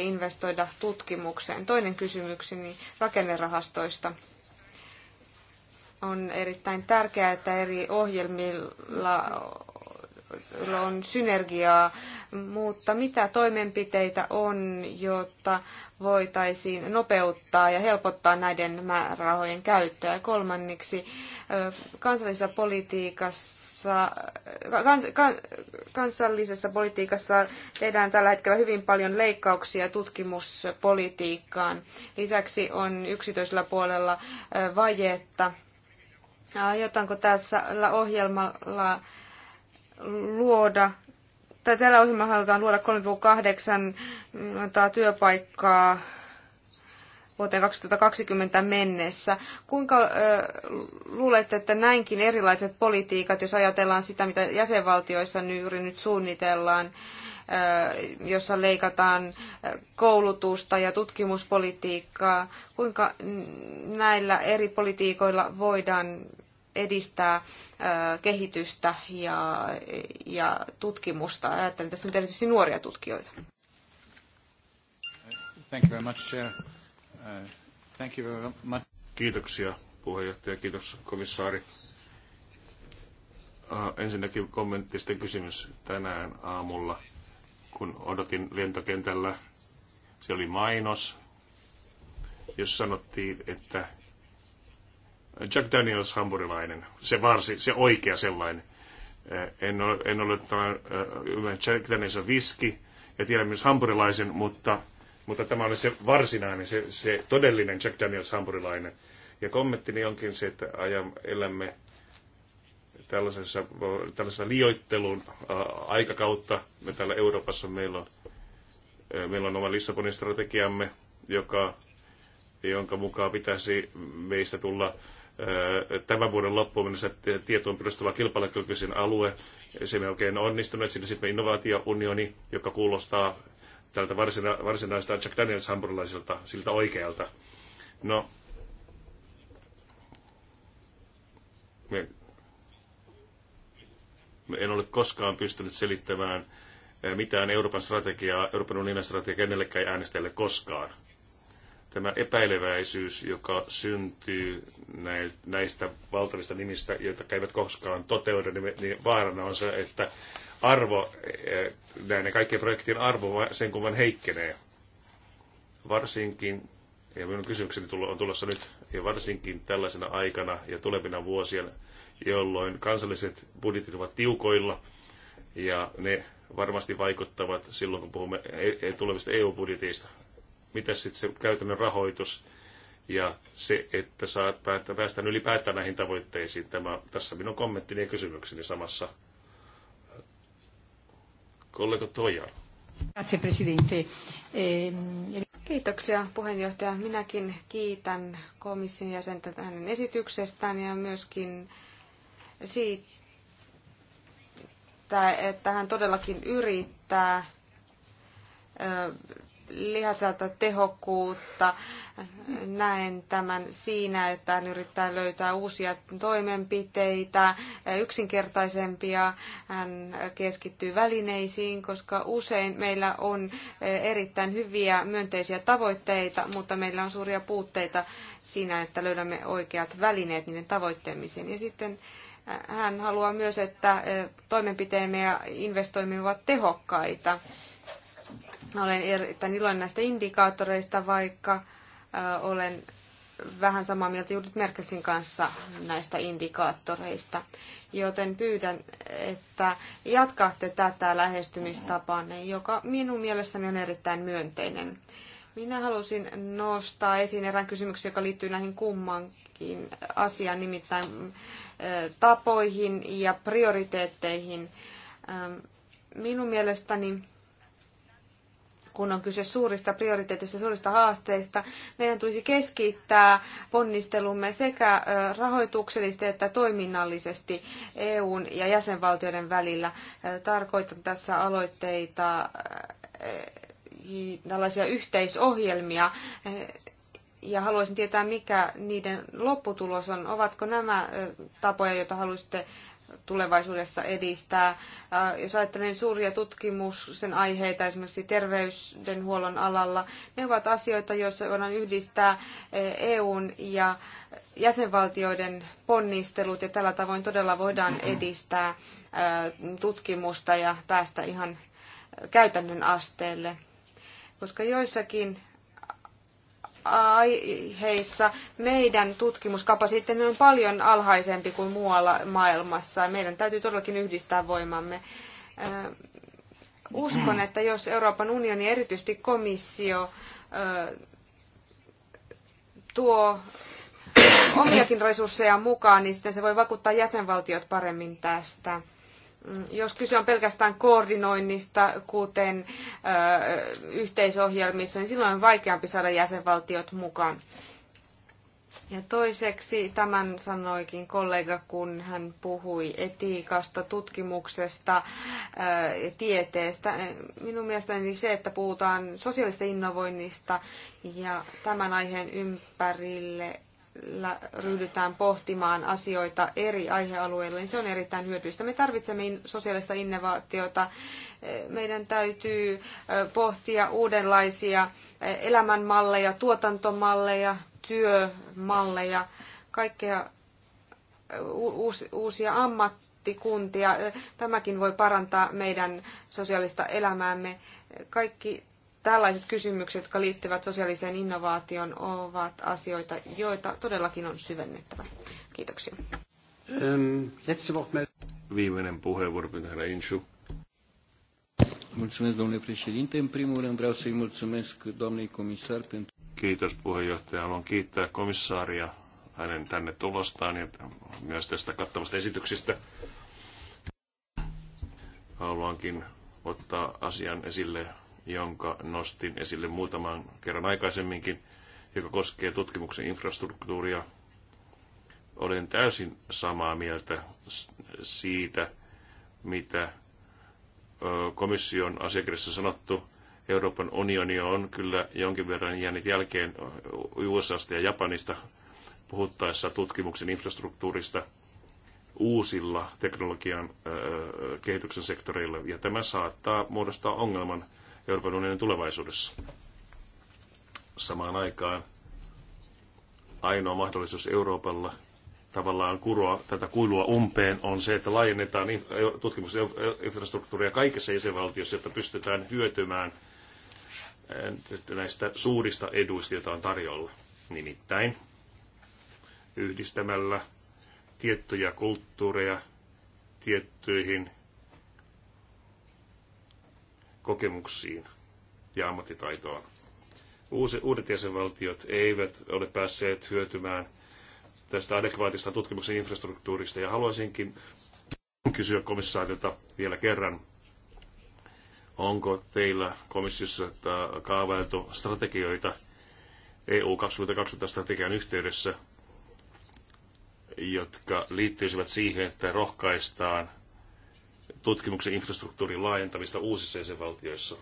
investoida tutkimukseen? Toinen kysymykseni rakennerahastoista on erittäin tärkeää, että eri ohjelmilla on synergiaa, mutta mitä toimenpiteitä on, jotta voitaisiin nopeuttaa ja helpottaa näiden määrärahojen käyttöä? Kolmanneksi, kansallisessa politiikassa, kans, kans, kansallisessa politiikassa tehdään tällä hetkellä hyvin paljon leikkauksia tutkimuspolitiikkaan. Lisäksi on yksityisellä puolella vajetta Aiotaanko tässä ohjelmalla luoda, tai tällä ohjelmalla halutaan luoda 3,8 työpaikkaa vuoteen 2020 mennessä. Kuinka ö, luulette, että näinkin erilaiset politiikat, jos ajatellaan sitä, mitä jäsenvaltioissa nyt, juuri nyt suunnitellaan, jossa leikataan koulutusta ja tutkimuspolitiikkaa. Kuinka näillä eri politiikoilla voidaan edistää kehitystä ja, ja tutkimusta. Ajattelen tässä nyt erityisesti nuoria tutkijoita. Thank you very much, Chair. Uh, thank you very much. Kiitoksia puheenjohtaja, kiitos komissaari. Uh, ensinnäkin kommentti, sitten kysymys tänään aamulla, kun odotin lentokentällä. Se oli mainos, jos sanottiin, että Jack Daniels hamburilainen, se varsi, se oikea sellainen. Eh, en ole, en ole tämän, eh, Jack Daniels on viski ja tiedän myös hamburilaisen, mutta, mutta tämä oli se varsinainen, se, se todellinen Jack Daniels hampurilainen. Ja kommenttini onkin se, että ajan elämme tällaisessa, tällaisessa liioittelun eh, aikakautta. Me täällä Euroopassa meillä on, meillä on oma Lissabonin strategiamme, joka jonka mukaan pitäisi meistä tulla tämän vuoden loppuun mennessä tietoon perustuva kilpailukykyisin alue. Se me oikein onnistunut. Siinä sitten innovaatiounioni, joka kuulostaa tältä varsina, varsinaista Jack Daniels hampurilaiselta siltä oikealta. No, me, me en ole koskaan pystynyt selittämään mitään Euroopan strategiaa, Euroopan unionin strategiaa kenellekään äänestäjälle koskaan tämä epäileväisyys, joka syntyy näistä valtavista nimistä, joita eivät koskaan toteudu, niin, niin vaarana on se, että arvo, e, näiden kaikkien projektien arvo sen kun vaan heikkenee. Varsinkin, ja minun kysymykseni on tulossa nyt, ja varsinkin tällaisena aikana ja tulevina vuosina, jolloin kansalliset budjetit ovat tiukoilla, ja ne varmasti vaikuttavat silloin, kun puhumme e-, e-, tulevista EU-budjetista mitä sitten se käytännön rahoitus ja se, että saa päästä, päästään ylipäätään näihin tavoitteisiin. Tämä, tässä minun kommenttini ja kysymykseni samassa. Kollego Toijar. Ehm, Kiitoksia puheenjohtaja. Minäkin kiitän komission jäsentä hänen esityksestään ja myöskin siitä, että hän todellakin yrittää lihaselta tehokkuutta. Näen tämän siinä, että hän yrittää löytää uusia toimenpiteitä, yksinkertaisempia. Hän keskittyy välineisiin, koska usein meillä on erittäin hyviä myönteisiä tavoitteita, mutta meillä on suuria puutteita siinä, että löydämme oikeat välineet niiden tavoitteeseen. Ja sitten äh, hän haluaa myös, että äh, toimenpiteemme ja investoimme ovat tehokkaita. Olen erittäin iloinen näistä indikaattoreista, vaikka olen vähän samaa mieltä Judith Merkelsin kanssa näistä indikaattoreista. Joten pyydän, että jatkaatte tätä lähestymistapaanne, joka minun mielestäni on erittäin myönteinen. Minä halusin nostaa esiin erään kysymyksen, joka liittyy näihin kummankin asiaan, nimittäin tapoihin ja prioriteetteihin. Minun mielestäni kun on kyse suurista prioriteeteista, suurista haasteista. Meidän tulisi keskittää ponnistelumme sekä rahoituksellisesti että toiminnallisesti EUn ja jäsenvaltioiden välillä. Tarkoitan tässä aloitteita tällaisia yhteisohjelmia, ja haluaisin tietää, mikä niiden lopputulos on. Ovatko nämä tapoja, joita haluaisitte tulevaisuudessa edistää. Äh, jos ajattelen suuria tutkimuksen aiheita esimerkiksi terveydenhuollon alalla, ne ovat asioita, joissa voidaan yhdistää eh, EUn ja jäsenvaltioiden ponnistelut ja tällä tavoin todella voidaan edistää äh, tutkimusta ja päästä ihan äh, käytännön asteelle. Koska joissakin aiheissa meidän tutkimuskapasiteetti on paljon alhaisempi kuin muualla maailmassa. Meidän täytyy todellakin yhdistää voimamme. Uskon, että jos Euroopan unioni, erityisesti komissio, tuo omiakin resursseja mukaan, niin sitten se voi vakuuttaa jäsenvaltiot paremmin tästä. Mm, jos kyse on pelkästään koordinoinnista, kuten yhteisohjelmissa, niin silloin on vaikeampi saada jäsenvaltiot mukaan. Ja toiseksi tämän sanoikin kollega, kun hän puhui etiikasta, tutkimuksesta, tieteestä. Minun mielestäni se, että puhutaan sosiaalista innovoinnista ja tämän aiheen ympärille ryhdytään pohtimaan asioita eri aihealueilla, niin se on erittäin hyödyllistä. Me tarvitsemme sosiaalista innovaatiota. Meidän täytyy pohtia uudenlaisia elämänmalleja, tuotantomalleja, työmalleja, kaikkea uusia ammattikuntia. Tämäkin voi parantaa meidän sosiaalista elämäämme. Kaikki tällaiset kysymykset, jotka liittyvät sosiaaliseen innovaatioon, ovat asioita, joita todellakin on syvennettävä. Kiitoksia. Ähm, Viimeinen puheenvuoro, herra Inshu. Mulțumesc, domnule președinte. În primul rând vreau să-i mulțumesc Kiitos puheenjohtaja. Haluan kiittää komissaaria hänen tänne tulostaan ja myös tästä kattavasta esityksestä. Haluankin ottaa asian esille jonka nostin esille muutaman kerran aikaisemminkin, joka koskee tutkimuksen infrastruktuuria. Olen täysin samaa mieltä siitä, mitä komission asiakirjassa sanottu. Euroopan unioni on kyllä jonkin verran jäänyt jälkeen USAsta ja Japanista puhuttaessa tutkimuksen infrastruktuurista uusilla teknologian kehityksen sektoreilla, ja tämä saattaa muodostaa ongelman Euroopan unionin tulevaisuudessa. Samaan aikaan ainoa mahdollisuus Euroopalla tavallaan kuroa tätä kuilua umpeen on se, että laajennetaan e- tutkimusinfrastruktuuria e- e- kaikissa jäsenvaltiossa, jotta pystytään hyötymään näistä suurista eduista, joita on tarjolla. Nimittäin yhdistämällä tiettyjä kulttuureja tiettyihin kokemuksiin ja ammattitaitoon. Uusi, uudet jäsenvaltiot eivät ole päässeet hyötymään tästä adekvaatista tutkimuksen infrastruktuurista ja haluaisinkin kysyä komissaarilta vielä kerran, onko teillä komissiossa kaavailtu strategioita EU 2020 strategian yhteydessä, jotka liittyisivät siihen, että rohkaistaan tutkimuksen infrastruktuurin laajentamista uusissa jäsenvaltioissa.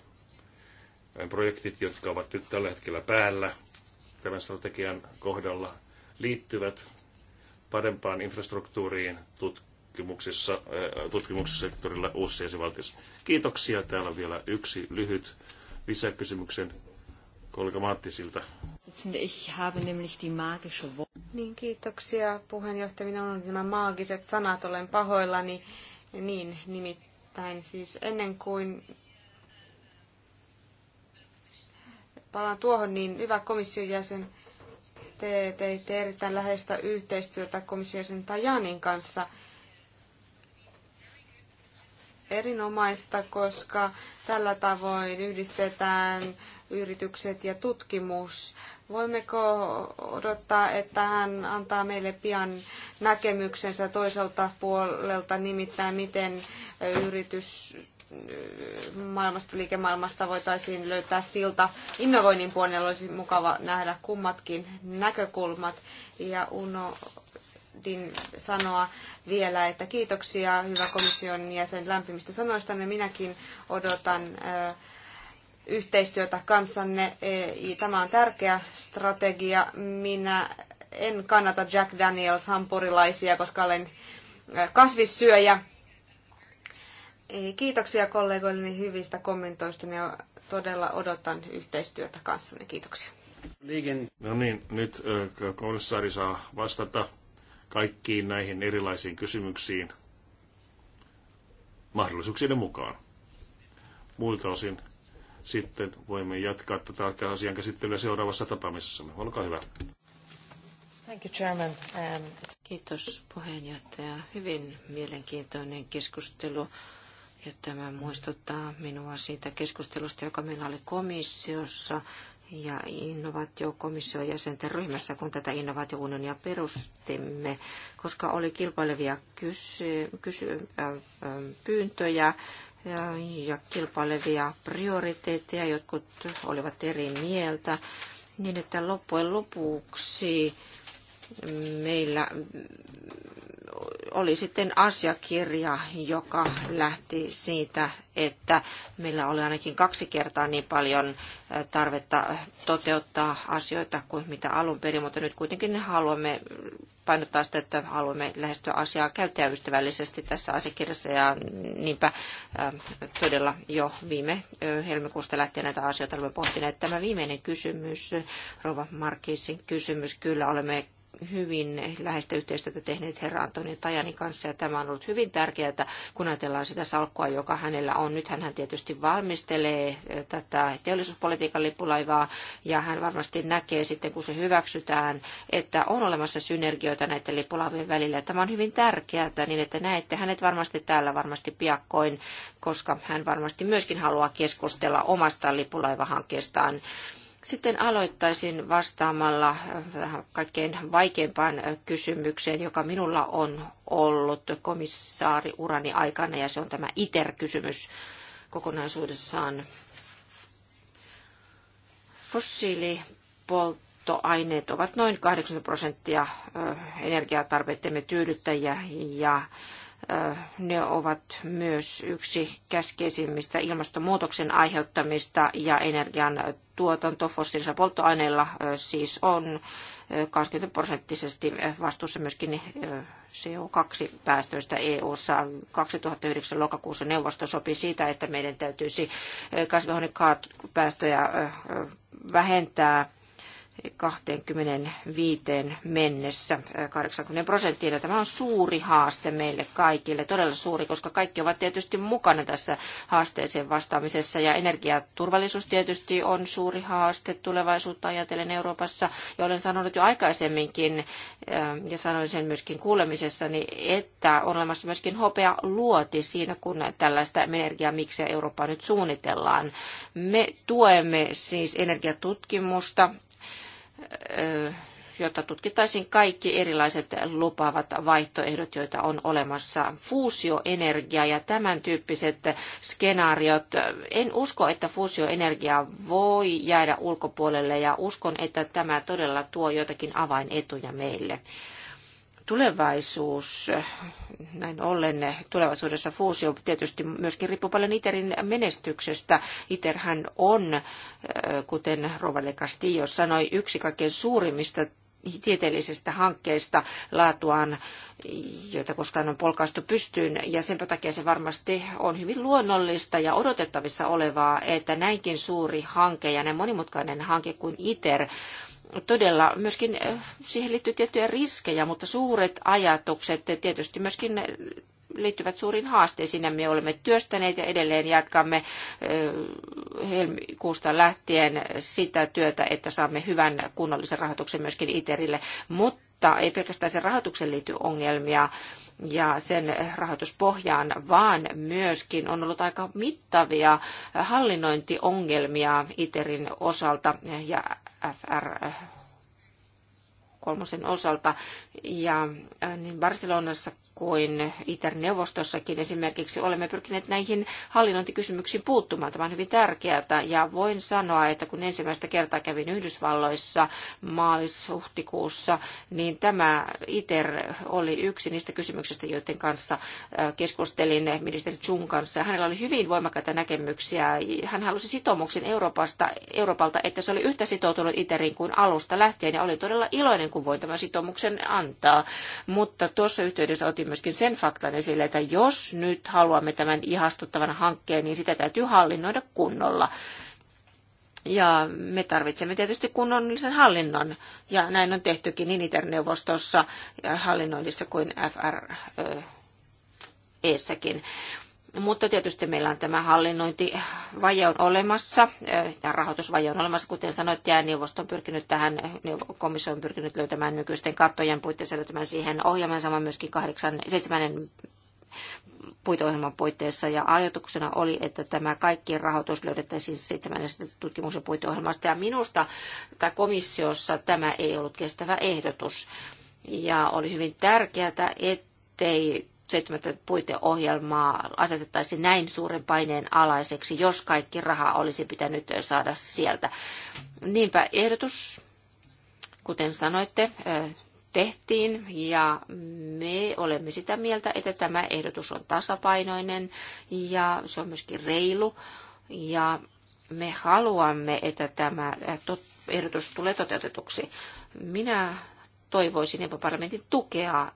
Projektit, jotka ovat nyt tällä hetkellä päällä tämän strategian kohdalla, liittyvät parempaan infrastruktuuriin tutkimuksessa, äh, tutkimuksessa sektorilla uusissa jäsenvaltioissa. Kiitoksia. Täällä on vielä yksi lyhyt lisäkysymyksen kollega Maattisilta. Ich habe nämlich die magische niin, kiitoksia puheenjohtaja. Minä olen nämä maagiset sanat, olen pahoillani. Niin, nimittäin siis ennen kuin palaan tuohon, niin hyvä komission jäsen, te teitte erittäin läheistä yhteistyötä komission jäsen Tajanin kanssa – erinomaista, koska tällä tavoin yhdistetään yritykset ja tutkimus. Voimmeko odottaa, että hän antaa meille pian näkemyksensä toiselta puolelta, nimittäin miten yritys maailmasta, liikemaailmasta voitaisiin löytää silta. Innovoinnin puolella olisi mukava nähdä kummatkin näkökulmat. Ja Uno ehdin sanoa vielä, että kiitoksia hyvä komission jäsen lämpimistä sanoistanne. Minäkin odotan yhteistyötä kanssanne. E, tämä on tärkeä strategia. Minä en kannata Jack Daniels hampurilaisia, koska olen kasvissyöjä. E, kiitoksia kollegoilleni hyvistä kommentoista ja todella odotan yhteistyötä kanssanne. Kiitoksia. No niin, nyt komissaari saa vastata kaikkiin näihin erilaisiin kysymyksiin mahdollisuuksien mukaan. Muilta osin sitten voimme jatkaa tätä asian käsittelyä seuraavassa tapaamisessamme. Olkaa hyvä. Thank you, Chairman. Um... Kiitos puheenjohtaja. Hyvin mielenkiintoinen keskustelu. Ja tämä muistuttaa minua siitä keskustelusta, joka meillä oli komissiossa ja innovaatiokomission jäsenten ryhmässä, kun tätä innovaatiounionia perustimme, koska oli kilpailevia kysy, kysy, äh, pyyntöjä ja, ja kilpailevia prioriteetteja, jotkut olivat eri mieltä, niin että loppujen lopuksi meillä oli sitten asiakirja, joka lähti siitä, että meillä oli ainakin kaksi kertaa niin paljon tarvetta toteuttaa asioita kuin mitä alun perin, mutta nyt kuitenkin haluamme painottaa sitä, että haluamme lähestyä asiaa käyttäjäystävällisesti tässä asiakirjassa ja niinpä todella jo viime helmikuusta lähtien näitä asioita olemme pohtineet. Tämä viimeinen kysymys, Rova Markisin kysymys, kyllä olemme hyvin läheistä yhteistyötä tehneet herra Antoni Tajanin kanssa ja tämä on ollut hyvin tärkeää, kun ajatellaan sitä salkkua, joka hänellä on. nyt hän tietysti valmistelee eh, tätä teollisuuspolitiikan lippulaivaa ja hän varmasti näkee sitten, kun se hyväksytään, että on olemassa synergioita näiden lippulaivien välillä. Tämä on hyvin tärkeää niin, että näette hänet varmasti täällä varmasti piakkoin, koska hän varmasti myöskin haluaa keskustella omasta lippulaivahankkeestaan. Sitten aloittaisin vastaamalla tähän kaikkein vaikeimpaan äh, kysymykseen, joka minulla on ollut komissaari urani aikana, ja se on tämä ITER-kysymys kokonaisuudessaan. Fossiilipolttoaineet ovat noin 80 prosenttia äh, energiatarpeittemme tyydyttäjiä ja ne ovat myös yksi keskeisimmistä ilmastonmuutoksen aiheuttamista ja energian tuotanto fossiilisilla polttoaineilla siis on 20 prosenttisesti vastuussa myöskin CO2-päästöistä EU-ssa. 2009 lokakuussa neuvosto sopi siitä, että meidän täytyisi kasvihuonekaasupäästöjä vähentää 25 mennessä 80 prosenttiin. Ja tämä on suuri haaste meille kaikille, todella suuri, koska kaikki ovat tietysti mukana tässä haasteeseen vastaamisessa. Ja energiaturvallisuus tietysti on suuri haaste tulevaisuutta ajatellen Euroopassa. Ja olen sanonut jo aikaisemminkin, ja sanoin sen myöskin kuulemisessani, että on olemassa myöskin hopea luoti siinä, kun tällaista energiamiksiä Eurooppaa nyt suunnitellaan. Me tuemme siis energiatutkimusta, jotta tutkittaisiin kaikki erilaiset lupaavat vaihtoehdot, joita on olemassa. Fuusioenergia ja tämän tyyppiset skenaariot. En usko, että fuusioenergia voi jäädä ulkopuolelle ja uskon, että tämä todella tuo jotakin avainetuja meille tulevaisuus, näin ollen tulevaisuudessa fuusio tietysti myöskin riippuu paljon ITERin menestyksestä. ITERhän on, äh, kuten Rovalle Castillo sanoi, yksi kaikkein suurimmista tieteellisestä hankkeesta laatuaan, joita koskaan on polkaistu pystyyn. Ja sen takia se varmasti on hyvin luonnollista ja odotettavissa olevaa, että näinkin suuri hanke ja näin monimutkainen hanke kuin ITER todella myöskin eh, siihen liittyy tiettyjä riskejä, mutta suuret ajatukset tietysti myöskin liittyvät suuriin haasteisiin ja me olemme työstäneet ja edelleen jatkamme eh, helmikuusta lähtien sitä työtä, että saamme hyvän kunnollisen rahoituksen myöskin ITERille, mutta mutta ei pelkästään sen rahoituksen liity ongelmia ja sen rahoituspohjaan, vaan myöskin on ollut aika mittavia hallinnointiongelmia ITERin osalta ja FR kolmosen osalta. Ja äh, niin Barcelonassa kuin ITER-neuvostossakin esimerkiksi olemme pyrkineet näihin hallinnointikysymyksiin puuttumaan. Tämä on hyvin tärkeää ja voin sanoa, että kun ensimmäistä kertaa kävin Yhdysvalloissa maalis-huhtikuussa, niin tämä ITER oli yksi niistä kysymyksistä, joiden kanssa keskustelin ministeri Chung kanssa. Hänellä oli hyvin voimakkaita näkemyksiä. Hän halusi sitoumuksen Euroopasta, Euroopalta, että se oli yhtä sitoutunut ITERin kuin alusta lähtien ja oli todella iloinen, kun voin tämän sitoumuksen antaa. Mutta tuossa yhteydessä otimme myöskin sen faktan esille, että jos nyt haluamme tämän ihastuttavan hankkeen, niin sitä täytyy hallinnoida kunnolla. Ja me tarvitsemme tietysti kunnollisen hallinnon, ja näin on tehtykin niin ITER-neuvostossa hallinnoinnissa kuin FR, essäkin. Mutta tietysti meillä on tämä hallinnointivaje on olemassa eh, ja rahoitusvaje on olemassa, kuten sanoitte, ja neuvosto on pyrkinyt tähän, komissio on pyrkinyt löytämään nykyisten kattojen puitteissa löytämään siihen ohjelman sama myöskin kahdeksan, seitsemännen puitoohjelman puitteissa ja ajatuksena oli, että tämä kaikki rahoitus löydettäisiin seitsemännestä tutkimuksen puiteohjelmasta ja minusta tai komissiossa tämä ei ollut kestävä ehdotus ja oli hyvin tärkeää, että ettei seitsemättä puiteohjelmaa asetettaisiin näin suuren paineen alaiseksi, jos kaikki raha olisi pitänyt saada sieltä. Niinpä ehdotus, kuten sanoitte, tehtiin ja me olemme sitä mieltä, että tämä ehdotus on tasapainoinen ja se on myöskin reilu ja me haluamme, että tämä ehdotus tulee toteutetuksi. Minä toivoisin jopa parlamentin tukea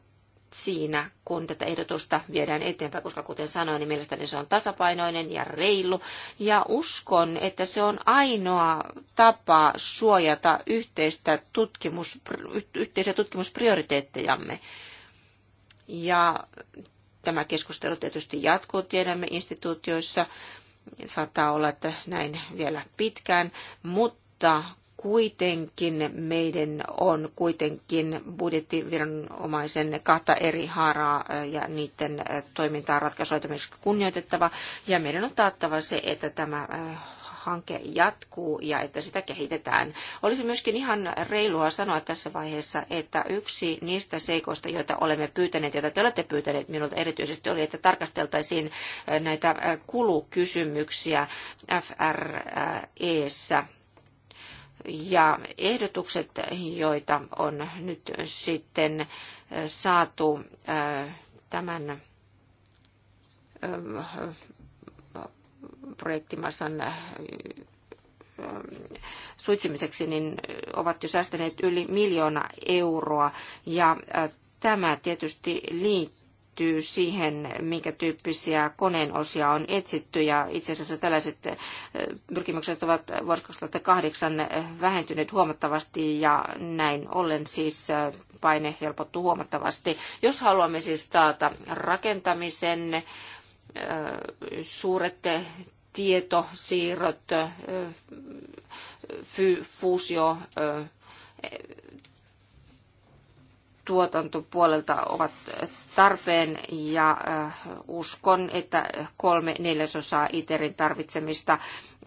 siinä, kun tätä ehdotusta viedään eteenpäin, koska kuten sanoin, niin mielestäni se on tasapainoinen ja reilu. Ja uskon, että se on ainoa tapa suojata yhteistä tutkimus, yhteisiä tutkimusprioriteettejamme. Ja tämä keskustelu tietysti jatkuu, tiedämme instituutioissa, saattaa olla, että näin vielä pitkään, mutta kuitenkin meidän on kuitenkin budjettiviranomaisen kahta eri haaraa ja niiden toimintaa ratkaisuja kunnioitettava. Ja meidän on taattava se, että tämä hanke jatkuu ja että sitä kehitetään. Olisi myöskin ihan reilua sanoa tässä vaiheessa, että yksi niistä seikoista, joita olemme pyytäneet, joita te olette pyytäneet minulta erityisesti, oli, että tarkasteltaisiin näitä kulukysymyksiä FREssä ja ehdotukset, joita on nyt sitten äh, saatu äh, tämän äh, projektimassan suitsimiseksi, niin ovat jo säästäneet yli miljoona euroa. Ja tämä tietysti liittyy liittyy siihen, minkä tyyppisiä koneenosia on etsitty. Ja itse asiassa tällaiset eh, pyrkimykset ovat vuosi 2008 vähentyneet huomattavasti ja näin ollen siis eh, paine helpottuu huomattavasti. Jos haluamme siis taata rakentamisen, eh, suuret tietosiirrot, fuusio, tuotantopuolelta ovat tarpeen ja uskon, että kolme neljäsosaa ITERin tarvitsemista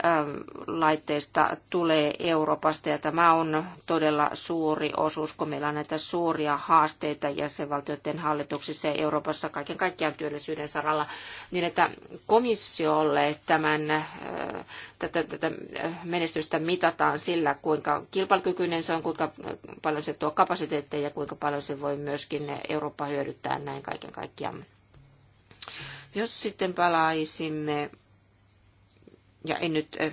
Ähm, laitteista tulee Euroopasta ja tämä on todella suuri osuus, kun meillä on näitä suuria haasteita jäsenvaltioiden hallituksissa ja Euroopassa kaiken kaikkiaan työllisyyden saralla, niin että komissiolle tämän, äh, tätä, tätä menestystä mitataan sillä, kuinka kilpailukykyinen se on, kuinka paljon se tuo kapasiteetteja ja kuinka paljon se voi myöskin Eurooppa hyödyttää näin kaiken kaikkiaan. Jos sitten palaisimme ja en nyt eh,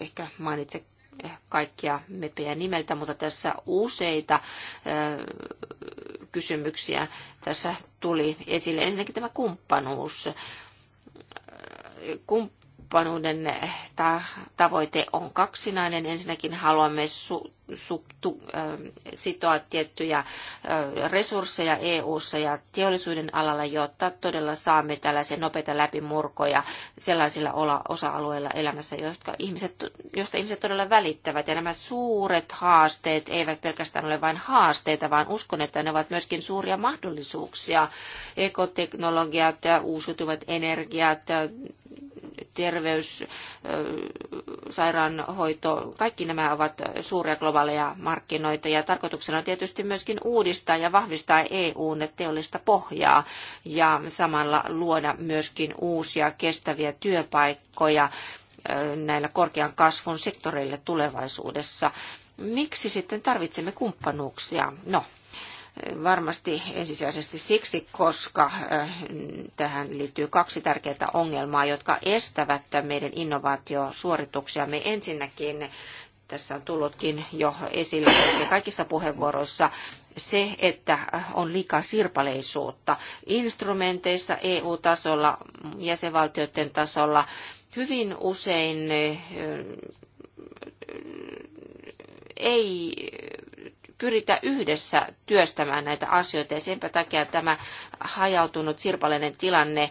ehkä mainitse eh, kaikkia mepejä nimeltä, mutta tässä useita eh, kysymyksiä tässä tuli esille. Ensinnäkin tämä kumppanuus. Kumppanuus kumppanuuden eh, ta- tavoite on kaksinainen. Ensinnäkin haluamme su- su- tu- eh, sitoa tiettyjä eh, resursseja EU-ssa ja teollisuuden alalla, jotta todella saamme tällaisia nopeita läpimurkoja sellaisilla osa-alueilla elämässä, jotka ihmiset, josta ihmiset todella välittävät. Ja nämä suuret haasteet eivät pelkästään ole vain haasteita, vaan uskon, että ne ovat myöskin suuria mahdollisuuksia. Ekoteknologiat, uusiutuvat energiat, terveys, sairaanhoito, kaikki nämä ovat suuria globaaleja markkinoita ja tarkoituksena on tietysti myöskin uudistaa ja vahvistaa EUn teollista pohjaa ja samalla luoda myöskin uusia kestäviä työpaikkoja näillä korkean kasvun sektoreille tulevaisuudessa. Miksi sitten tarvitsemme kumppanuuksia? No, Varmasti ensisijaisesti siksi, koska äh, tähän liittyy kaksi tärkeää ongelmaa, jotka estävät meidän innovaatiosuorituksiamme. Ensinnäkin tässä on tullutkin jo esille kaikissa puheenvuoroissa se, että on liikaa sirpaleisuutta instrumenteissa EU-tasolla, jäsenvaltioiden tasolla. Hyvin usein äh, ei pyritä yhdessä työstämään näitä asioita. Ja senpä takia tämä hajautunut sirpaleinen tilanne eh,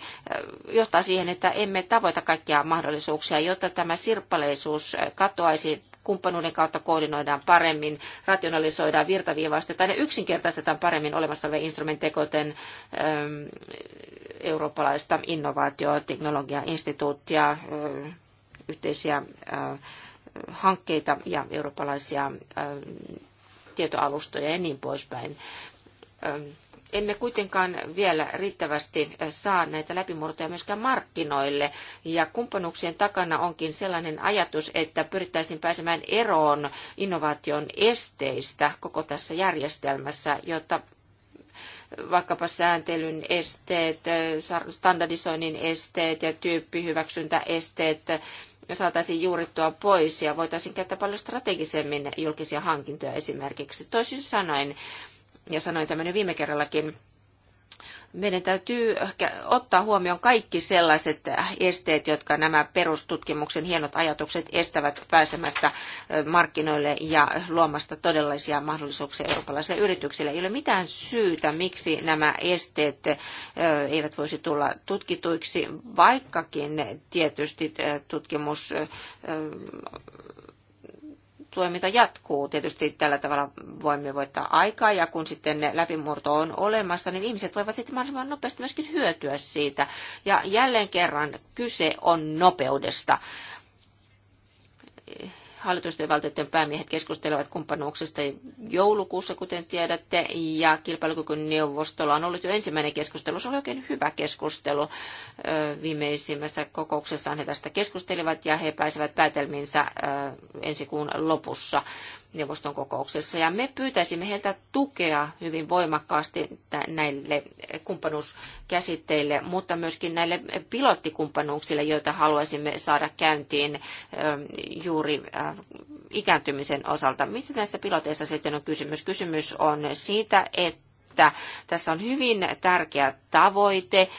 johtaa siihen, että emme tavoita kaikkia mahdollisuuksia, jotta tämä sirpaleisuus eh, katoaisi kumppanuuden kautta koordinoidaan paremmin, rationalisoidaan, virtaviivaistetaan ja yksinkertaistetaan paremmin olemassa olevia instrumentteja, kuten eh, eurooppalaista innovaatioteknologiainstituuttia, yhteisiä hankkeita ja eurooppalaisia tietoalustoja ja niin poispäin. Emme kuitenkaan vielä riittävästi saa näitä läpimurtoja myöskään markkinoille. Ja kumppanuuksien takana onkin sellainen ajatus, että pyrittäisiin pääsemään eroon innovaation esteistä koko tässä järjestelmässä, jotta vaikkapa sääntelyn esteet, standardisoinnin esteet ja tyyppihyväksyntäesteet esteet ja saataisiin juurittua pois ja voitaisiin käyttää paljon strategisemmin julkisia hankintoja esimerkiksi. Toisin sanoen, ja sanoin tämmöinen viime kerrallakin, meidän täytyy ottaa huomioon kaikki sellaiset esteet, jotka nämä perustutkimuksen hienot ajatukset estävät pääsemästä markkinoille ja luomasta todellisia mahdollisuuksia eurooppalaisille yrityksille. Ei ole mitään syytä, miksi nämä esteet eivät voisi tulla tutkituiksi, vaikkakin tietysti tutkimus toiminta jatkuu. Tietysti tällä tavalla voimme voittaa aikaa ja kun sitten läpimurto on olemassa, niin ihmiset voivat sitten mahdollisimman nopeasti myöskin hyötyä siitä. Ja jälleen kerran kyse on nopeudesta Hallitusten ja valtioiden päämiehet keskustelevat kumppanuuksista joulukuussa, kuten tiedätte, ja kilpailukykyneuvostolla on ollut jo ensimmäinen keskustelu. Se oli oikein hyvä keskustelu. Viimeisimmässä kokouksessaan he tästä keskustelivat ja he pääsevät päätelmiinsä ensi kuun lopussa neuvoston kokouksessa. Ja me pyytäisimme heiltä tukea hyvin voimakkaasti näille kumppanuuskäsitteille, mutta myöskin näille pilottikumppanuuksille, joita haluaisimme saada käyntiin ähm, juuri äh, ikääntymisen osalta. Mistä näissä piloteissa sitten on kysymys? Kysymys on siitä, että tässä on hyvin tärkeä tavoite,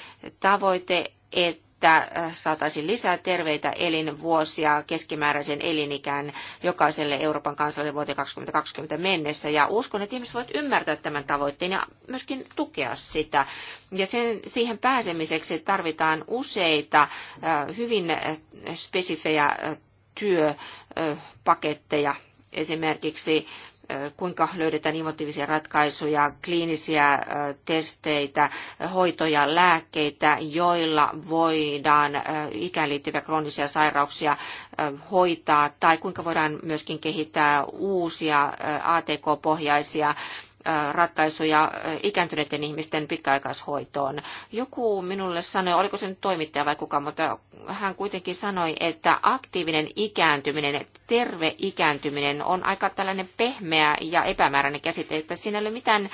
tavoite, että että äh, saataisiin lisää terveitä elinvuosia keskimääräisen elinikään jokaiselle Euroopan kansalle vuoteen 2020 mennessä. Ja uskon, että ihmiset voivat ymmärtää tämän tavoitteen ja myöskin tukea sitä. Ja sen, siihen pääsemiseksi tarvitaan useita äh, hyvin äh, spesifejä työpaketteja esimerkiksi kuinka löydetään innovatiivisia ratkaisuja, kliinisiä testeitä, hoitoja, lääkkeitä, joilla voidaan ikään liittyviä kroonisia sairauksia hoitaa, tai kuinka voidaan myöskin kehittää uusia ATK-pohjaisia ratkaisuja ikääntyneiden ihmisten pitkäaikaishoitoon. Joku minulle sanoi, oliko se nyt toimittaja vai kuka, mutta hän kuitenkin sanoi, että aktiivinen ikääntyminen, terve ikääntyminen on aika tällainen pehmeä ja epämääräinen käsite, että siinä ei ole mitään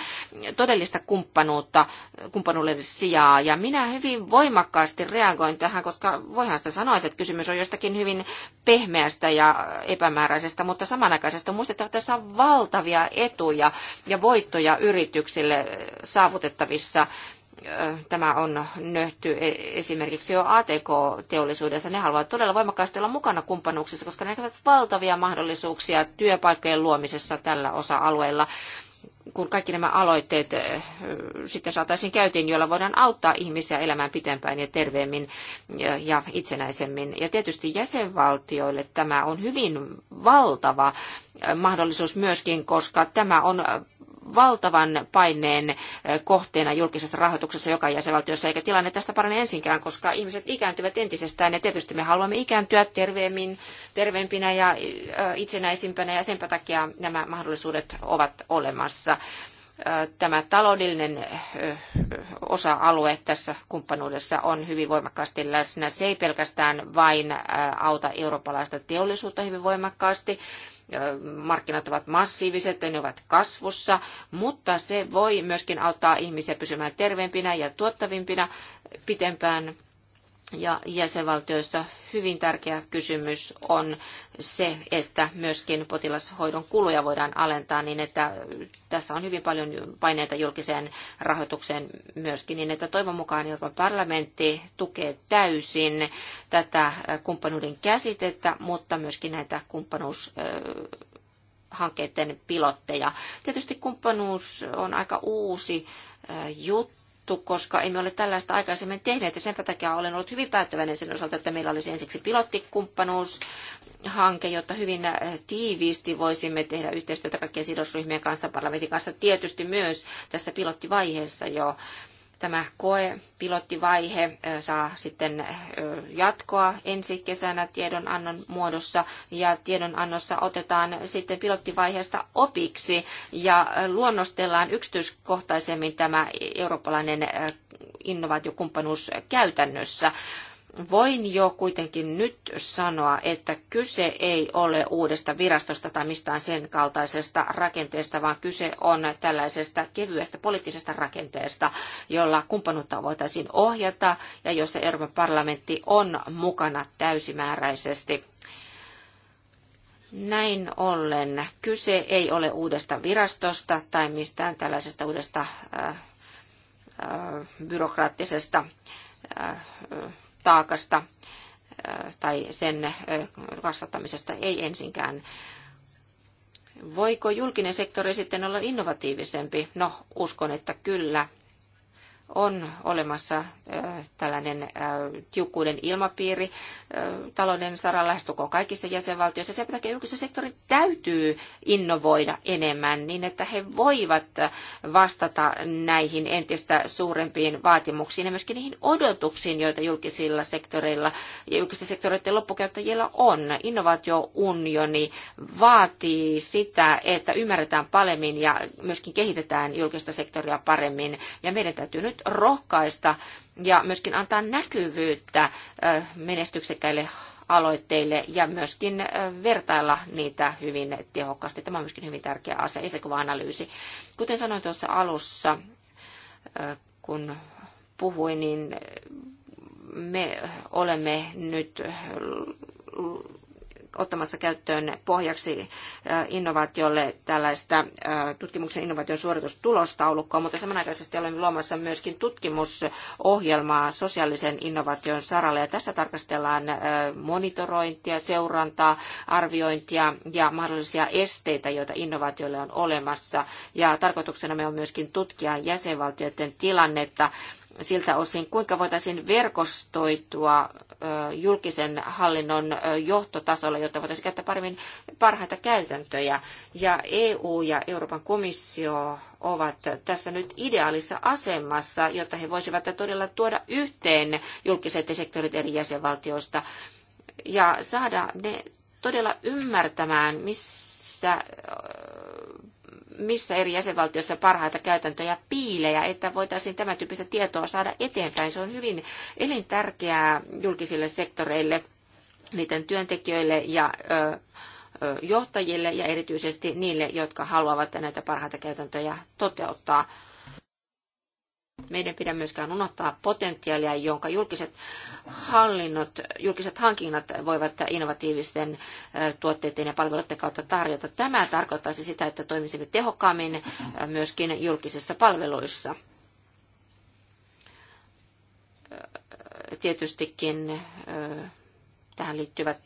todellista kumppanuutta, kumppanuuden sijaa. Ja minä hyvin voimakkaasti reagoin tähän, koska voihan sitä sanoa, että kysymys on jostakin hyvin pehmeästä ja epämääräisestä, mutta samanaikaisesti on muistettava, että tässä on valtavia etuja ja voi voittoja yrityksille saavutettavissa. Tämä on nöhty e- esimerkiksi jo ATK-teollisuudessa. Ne haluavat todella voimakkaasti olla mukana kumppanuuksissa, koska ne näkevät valtavia mahdollisuuksia työpaikkojen luomisessa tällä osa-alueella kun kaikki nämä aloitteet sitten saataisiin käytiin, joilla voidaan auttaa ihmisiä elämään pitempään ja terveemmin ja itsenäisemmin. Ja tietysti jäsenvaltioille tämä on hyvin valtava mahdollisuus myöskin, koska tämä on valtavan paineen eh, kohteena julkisessa rahoituksessa joka jäsenvaltiossa, eikä tilanne tästä parane ensinkään, koska ihmiset ikääntyvät entisestään ja tietysti me haluamme ikääntyä terveemmin, terveempinä ja eh, itsenäisimpänä ja senpä takia nämä mahdollisuudet ovat olemassa eh, tämä taloudellinen osa-alue tässä kumppanuudessa on hyvin voimakkaasti läsnä. Se ei pelkästään vain auta eurooppalaista teollisuutta hyvin voimakkaasti, markkinat ovat massiiviset, ne ovat kasvussa, mutta se voi myöskin auttaa ihmisiä pysymään terveempinä ja tuottavimpina pitempään ja jäsenvaltioissa hyvin tärkeä kysymys on se, että myöskin potilashoidon kuluja voidaan alentaa niin, että tässä on hyvin paljon paineita julkiseen rahoitukseen myöskin, niin että toivon mukaan Euroopan parlamentti tukee täysin tätä kumppanuuden käsitettä, mutta myöskin näitä kumppanuus hankkeiden pilotteja. Tietysti kumppanuus on aika uusi juttu otettu, koska emme ole tällaista aikaisemmin tehneet ja sen takia olen ollut hyvin päättäväinen sen osalta, että meillä olisi ensiksi pilottikumppanuushanke, jotta hyvin tiiviisti voisimme tehdä yhteistyötä kaikkien sidosryhmien kanssa, parlamentin kanssa tietysti myös tässä pilottivaiheessa jo Tämä koe, pilottivaihe saa sitten jatkoa ensi kesänä tiedonannon muodossa ja tiedonannossa otetaan sitten pilottivaiheesta opiksi ja luonnostellaan yksityiskohtaisemmin tämä e-, eurooppalainen innovaatiokumppanuus käytännössä voin jo kuitenkin nyt sanoa, että kyse ei ole uudesta virastosta tai mistään sen kaltaisesta rakenteesta, vaan kyse on tällaisesta kevyestä poliittisesta rakenteesta, jolla kumppanuutta voitaisiin ohjata ja jossa Euroopan parlamentti on mukana täysimääräisesti. Näin ollen kyse ei ole uudesta virastosta tai mistään tällaisesta uudesta äh, äh, byrokraattisesta äh, taakasta tai sen kasvattamisesta ei ensinkään. Voiko julkinen sektori sitten olla innovatiivisempi? No, uskon, että kyllä on olemassa äh, tällainen äh, tiukkuuden ilmapiiri äh, talouden saralla lähestulkoon kaikissa jäsenvaltioissa. Sen takia julkisen sektorin täytyy innovoida enemmän niin, että he voivat vastata näihin entistä suurempiin vaatimuksiin ja myöskin niihin odotuksiin, joita julkisilla sektoreilla ja julkisten sektoreiden loppukäyttäjillä on. Innovaatiounioni vaatii sitä, että ymmärretään paremmin ja myöskin kehitetään julkista sektoria paremmin ja meidän täytyy nyt nyt rohkaista ja myöskin antaa näkyvyyttä menestyksekkäille aloitteille ja myöskin vertailla niitä hyvin tehokkaasti. Tämä on myöskin hyvin tärkeä asia, esikuva-analyysi. Kuten sanoin tuossa alussa, kun puhuin, niin me olemme nyt ottamassa käyttöön pohjaksi äh, innovaatiolle tällaista äh, tutkimuksen innovaation suoritustulostaulukkoa, mutta samanaikaisesti olemme luomassa myöskin tutkimusohjelmaa sosiaalisen innovaation saralle. Ja tässä tarkastellaan äh, monitorointia, seurantaa, arviointia ja mahdollisia esteitä, joita innovaatioille on olemassa. Ja tarkoituksena me on myöskin tutkia jäsenvaltioiden tilannetta siltä osin, kuinka voitaisiin verkostoitua julkisen hallinnon johtotasolla, jotta voitaisiin käyttää paremmin parhaita käytäntöjä. Ja EU ja Euroopan komissio ovat tässä nyt ideaalissa asemassa, jotta he voisivat todella tuoda yhteen julkiset sektorit eri jäsenvaltioista ja saada ne todella ymmärtämään, missä missä eri jäsenvaltioissa parhaita käytäntöjä piilejä, että voitaisiin tämän tyyppistä tietoa saada eteenpäin. Se on hyvin elintärkeää julkisille sektoreille, niiden työntekijöille ja ö, johtajille ja erityisesti niille, jotka haluavat näitä parhaita käytäntöjä toteuttaa meidän pidä myöskään unohtaa potentiaalia, jonka julkiset hallinnot, julkiset hankinnat voivat innovatiivisten tuotteiden ja palveluiden kautta tarjota. Tämä tarkoittaisi sitä, että toimisimme tehokkaammin myöskin julkisissa palveluissa. Tietystikin tähän liittyvät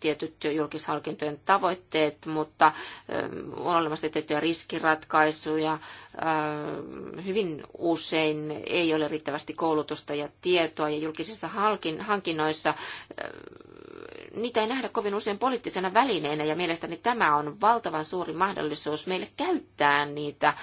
tietyt julkishalkintojen tavoitteet, mutta on ähm, olemassa tiettyjä riskiratkaisuja. Äh, hyvin usein ei ole riittävästi koulutusta ja tietoa ja julkisissa hankinnoissa äh, niitä ei nähdä kovin usein poliittisena välineenä ja mielestäni tämä on valtavan suuri mahdollisuus meille käyttää niitä äh,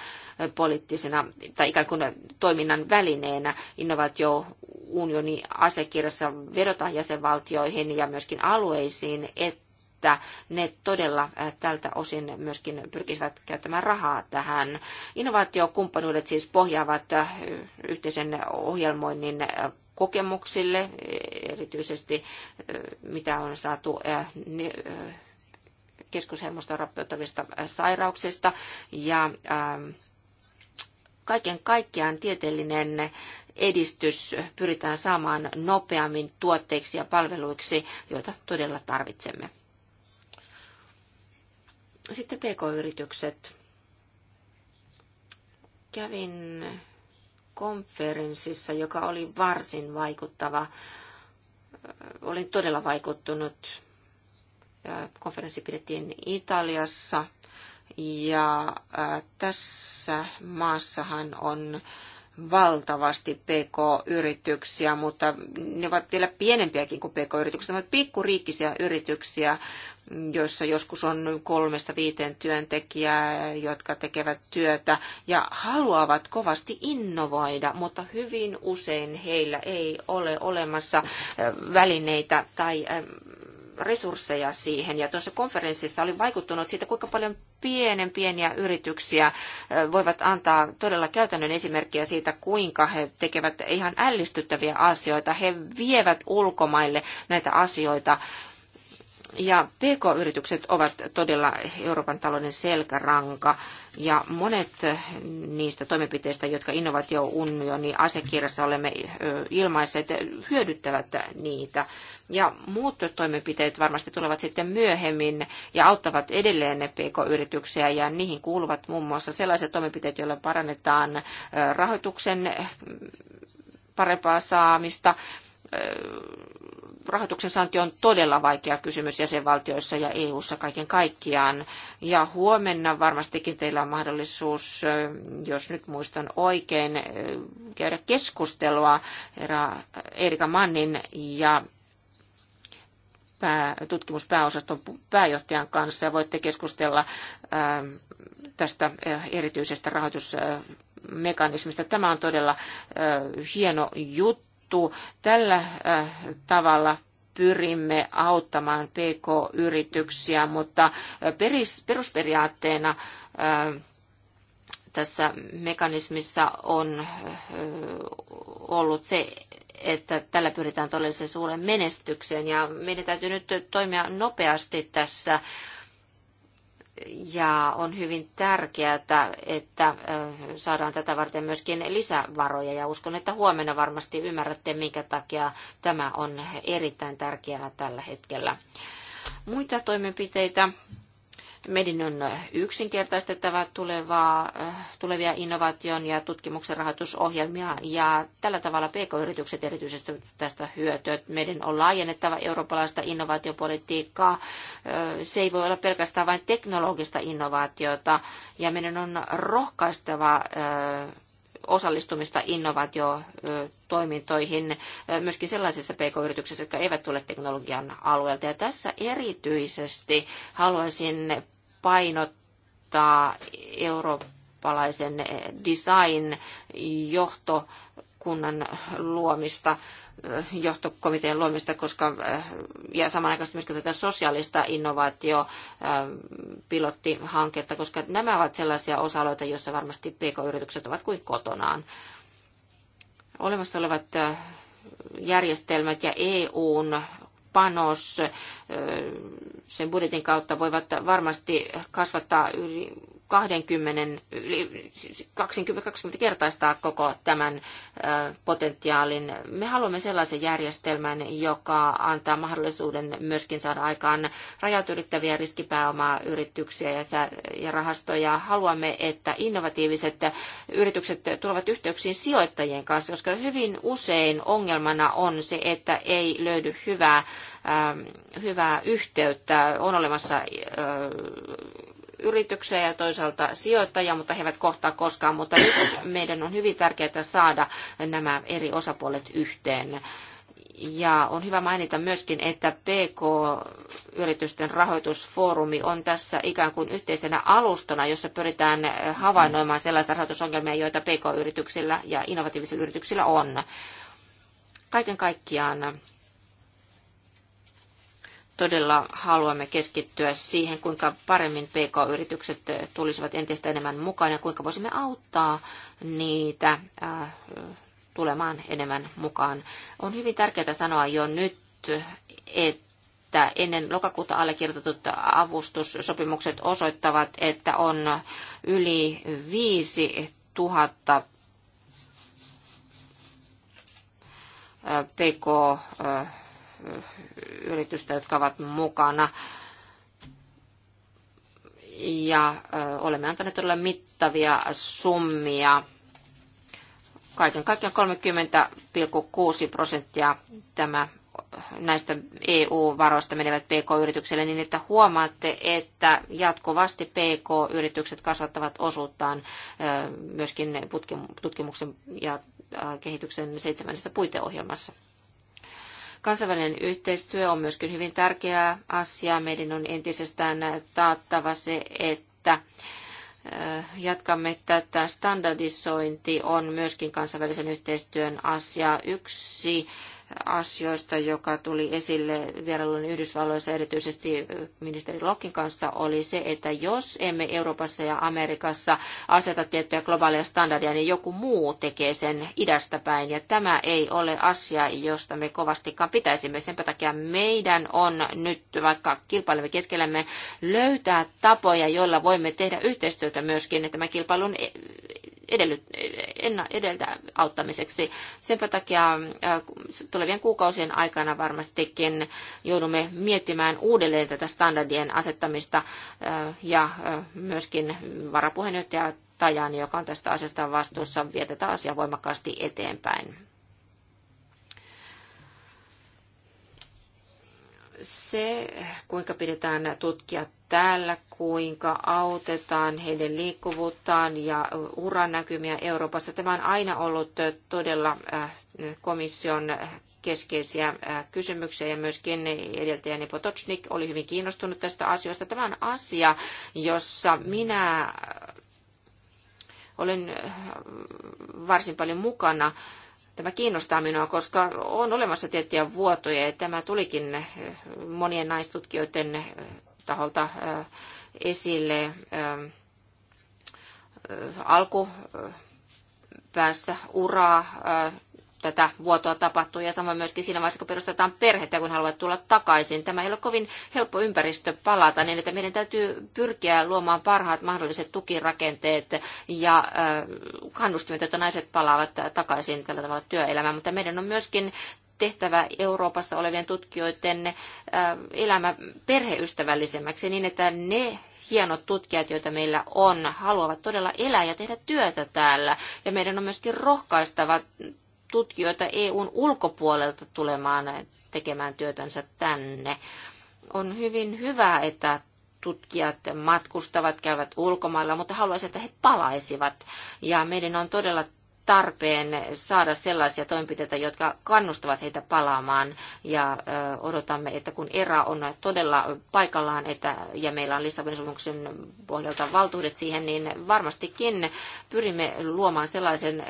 poliittisena tai ikään kuin toiminnan välineenä. Innovaatiounioni asekirjassa vedotaan jäsenvaltioihin ja myöskin alueisiin hankkeisiin, että ne todella tältä osin myöskin pyrkisivät käyttämään rahaa tähän. Innovaatiokumppanuudet siis pohjaavat yhteisen ohjelmoinnin kokemuksille, e, erityisesti mitä on saatu keskushermosta rappeuttavista sairauksista ja kaiken kaikkiaan tieteellinen edistys pyritään saamaan nopeammin tuotteiksi ja palveluiksi, joita todella tarvitsemme. Sitten pk-yritykset. Kävin konferenssissa, joka oli varsin vaikuttava. Olin todella vaikuttunut. Konferenssi pidettiin Italiassa ja tässä maassahan on valtavasti PK-yrityksiä, mutta ne ovat vielä pienempiäkin kuin PK-yritykset. Ne ovat pikkuriikkisiä yrityksiä, joissa joskus on kolmesta viiteen työntekijää, jotka tekevät työtä ja haluavat kovasti innovoida, mutta hyvin usein heillä ei ole olemassa välineitä tai resursseja siihen. Ja tuossa konferenssissa oli vaikuttunut siitä, kuinka paljon pienen pieniä yrityksiä voivat antaa todella käytännön esimerkkiä siitä, kuinka he tekevät ihan ällistyttäviä asioita. He vievät ulkomaille näitä asioita. Ja PK-yritykset ovat todella Euroopan talouden selkäranka. Ja monet niistä toimenpiteistä, jotka niin asiakirjassa olemme ilmaisseet, hyödyttävät niitä. Ja muut toimenpiteet varmasti tulevat sitten myöhemmin ja auttavat edelleen PK-yrityksiä ja niihin kuuluvat muun muassa sellaiset toimenpiteet, joilla parannetaan rahoituksen parempaa saamista, rahoituksen saanti on todella vaikea kysymys jäsenvaltioissa ja EU-ssa kaiken kaikkiaan. Ja huomenna varmastikin teillä on mahdollisuus, jos nyt muistan oikein, käydä keskustelua Erika Mannin ja pää, tutkimuspääosaston pääjohtajan kanssa ja voitte keskustella tästä erityisestä rahoitusmekanismista. Tämä on todella hieno juttu muuttuu. Tällä äh, tavalla pyrimme auttamaan PK-yrityksiä, mutta äh, perusperiaatteena äh, tässä mekanismissa on ollut se, että tällä pyritään todelliseen suuren menestykseen ja meidän täytyy nyt toimia nopeasti tässä ja on hyvin tärkeää, että saadaan tätä varten myöskin lisävaroja. Ja uskon, että huomenna varmasti ymmärrätte, minkä takia tämä on erittäin tärkeää tällä hetkellä. Muita toimenpiteitä meidän on yksinkertaistettava tulevaa, äh, tulevia innovaation ja tutkimuksen rahoitusohjelmia ja tällä tavalla pk-yritykset erityisesti tästä hyötyä. Meidän on laajennettava eurooppalaista innovaatiopolitiikkaa. Äh, se ei voi olla pelkästään vain teknologista innovaatiota ja meidän on rohkaistava äh, osallistumista innovaatiotoimintoihin myöskin sellaisissa pk-yrityksissä, jotka eivät tule teknologian alueelta. Ja tässä erityisesti haluaisin painottaa eurooppalaisen design johto kunnan äh, luomista, äh, johtokomitean luomista, koska, äh, ja samanaikaisesti myöskin tätä sosiaalista innovaatiopilottihanketta, koska nämä ovat sellaisia osa-alueita, joissa varmasti pk-yritykset ovat kuin kotonaan. Olemassa olevat järjestelmät ja EUn panos sen budjetin kautta voivat varmasti kasvattaa 20, 20, kertaistaa koko tämän potentiaalin. Me haluamme sellaisen järjestelmän, joka antaa mahdollisuuden myöskin saada aikaan rajat ylittäviä riskipääomaa yrityksiä ja, ja rahastoja. Haluamme, että innovatiiviset yritykset tulevat yhteyksiin sijoittajien kanssa, koska hyvin usein ongelmana on se, että ei löydy hyvää, hyvää yhteyttä. On olemassa yrityksiä ja toisaalta sijoittajia, mutta he eivät kohtaa koskaan. Mutta nyt meidän on hyvin tärkeää saada nämä eri osapuolet yhteen. Ja on hyvä mainita myöskin, että PK-yritysten rahoitusfoorumi on tässä ikään kuin yhteisenä alustana, jossa pyritään havainnoimaan sellaisia rahoitusongelmia, joita PK-yrityksillä ja innovatiivisilla yrityksillä on. Kaiken kaikkiaan todella haluamme keskittyä siihen, kuinka paremmin PK-yritykset tulisivat entistä enemmän mukaan ja kuinka voisimme auttaa niitä äh, tulemaan enemmän mukaan. On hyvin tärkeää sanoa jo nyt, että että ennen lokakuuta allekirjoitetut avustussopimukset osoittavat, että on yli 5 000 pk yritystä, jotka ovat mukana. Ja olemme antaneet todella mittavia summia. Kaiken kaikkiaan 30,6 prosenttia tämä näistä EU-varoista menevät PK-yrityksille, niin että huomaatte, että jatkuvasti PK-yritykset kasvattavat osuuttaan myöskin tutkimuksen ja kehityksen seitsemännessä puiteohjelmassa. Kansainvälinen yhteistyö on myöskin hyvin tärkeä asia. Meidän on entisestään taattava se, että eh, jatkamme tätä. Standardisointi on myöskin kansainvälisen yhteistyön asia. Yksi asioista, joka tuli esille vierailun Yhdysvalloissa erityisesti ministeri Lokin kanssa, oli se, että jos emme Euroopassa ja Amerikassa aseta tiettyjä globaaleja standardeja, niin joku muu tekee sen idästä päin. Ja tämä ei ole asia, josta me kovastikaan pitäisimme. Sen takia meidän on nyt, vaikka kilpailemme keskellämme, löytää tapoja, joilla voimme tehdä yhteistyötä myöskin tämän kilpailun edellyt, enna, edeltä auttamiseksi. Sen takia tulevien kuukausien aikana varmastikin joudumme miettimään uudelleen tätä standardien asettamista ja myöskin varapuheenjohtaja Tajani, joka on tästä asiasta vastuussa, vietetään asia voimakkaasti eteenpäin. se, kuinka pidetään tutkijat täällä, kuinka autetaan heidän liikkuvuuttaan ja uranäkymiä Euroopassa. Tämä on aina ollut todella komission keskeisiä kysymyksiä ja myöskin edeltäjäni Potocnik oli hyvin kiinnostunut tästä asiasta. Tämä on asia, jossa minä olen varsin paljon mukana. Tämä kiinnostaa minua, koska on olemassa tiettyjä vuotoja ja tämä tulikin monien naistutkijoiden taholta esille alkupäässä uraa, tätä vuotoa tapahtuu ja samoin myöskin siinä vaiheessa, kun perustetaan perhettä, kun haluat tulla takaisin. Tämä ei ole kovin helppo ympäristö palata, niin että meidän täytyy pyrkiä luomaan parhaat mahdolliset tukirakenteet ja kannustimet, että naiset palaavat takaisin tällä tavalla työelämään, mutta meidän on myöskin tehtävä Euroopassa olevien tutkijoiden äh, elämä perheystävällisemmäksi niin, että ne hienot tutkijat, joita meillä on, haluavat todella elää ja tehdä työtä täällä. Ja meidän on myöskin rohkaistava tutkijoita EUn ulkopuolelta tulemaan tekemään työtänsä tänne. On hyvin hyvä, että tutkijat matkustavat, käyvät ulkomailla, mutta haluaisin, että he palaisivat. Ja meidän on todella tarpeen saada sellaisia toimenpiteitä, jotka kannustavat heitä palaamaan. Ja odotamme, että kun ERA on todella paikallaan että, ja meillä on Lissabonin sopimuksen pohjalta valtuudet siihen, niin varmastikin pyrimme luomaan sellaisen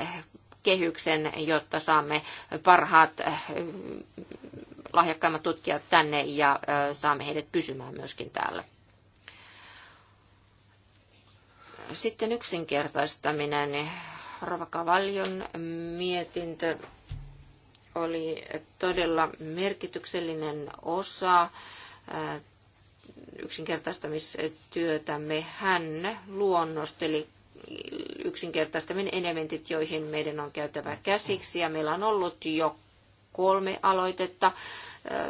kehyksen, jotta saamme parhaat lahjakkaimmat tutkijat tänne ja saamme heidät pysymään myöskin täällä. Sitten yksinkertaistaminen Rova Kavaljon mietintö oli todella merkityksellinen osa äh, yksinkertaistamistyötämme. Hän luonnosteli yksinkertaistaminen elementit, joihin meidän on käytävä käsiksi. Ja meillä on ollut jo kolme aloitetta äh,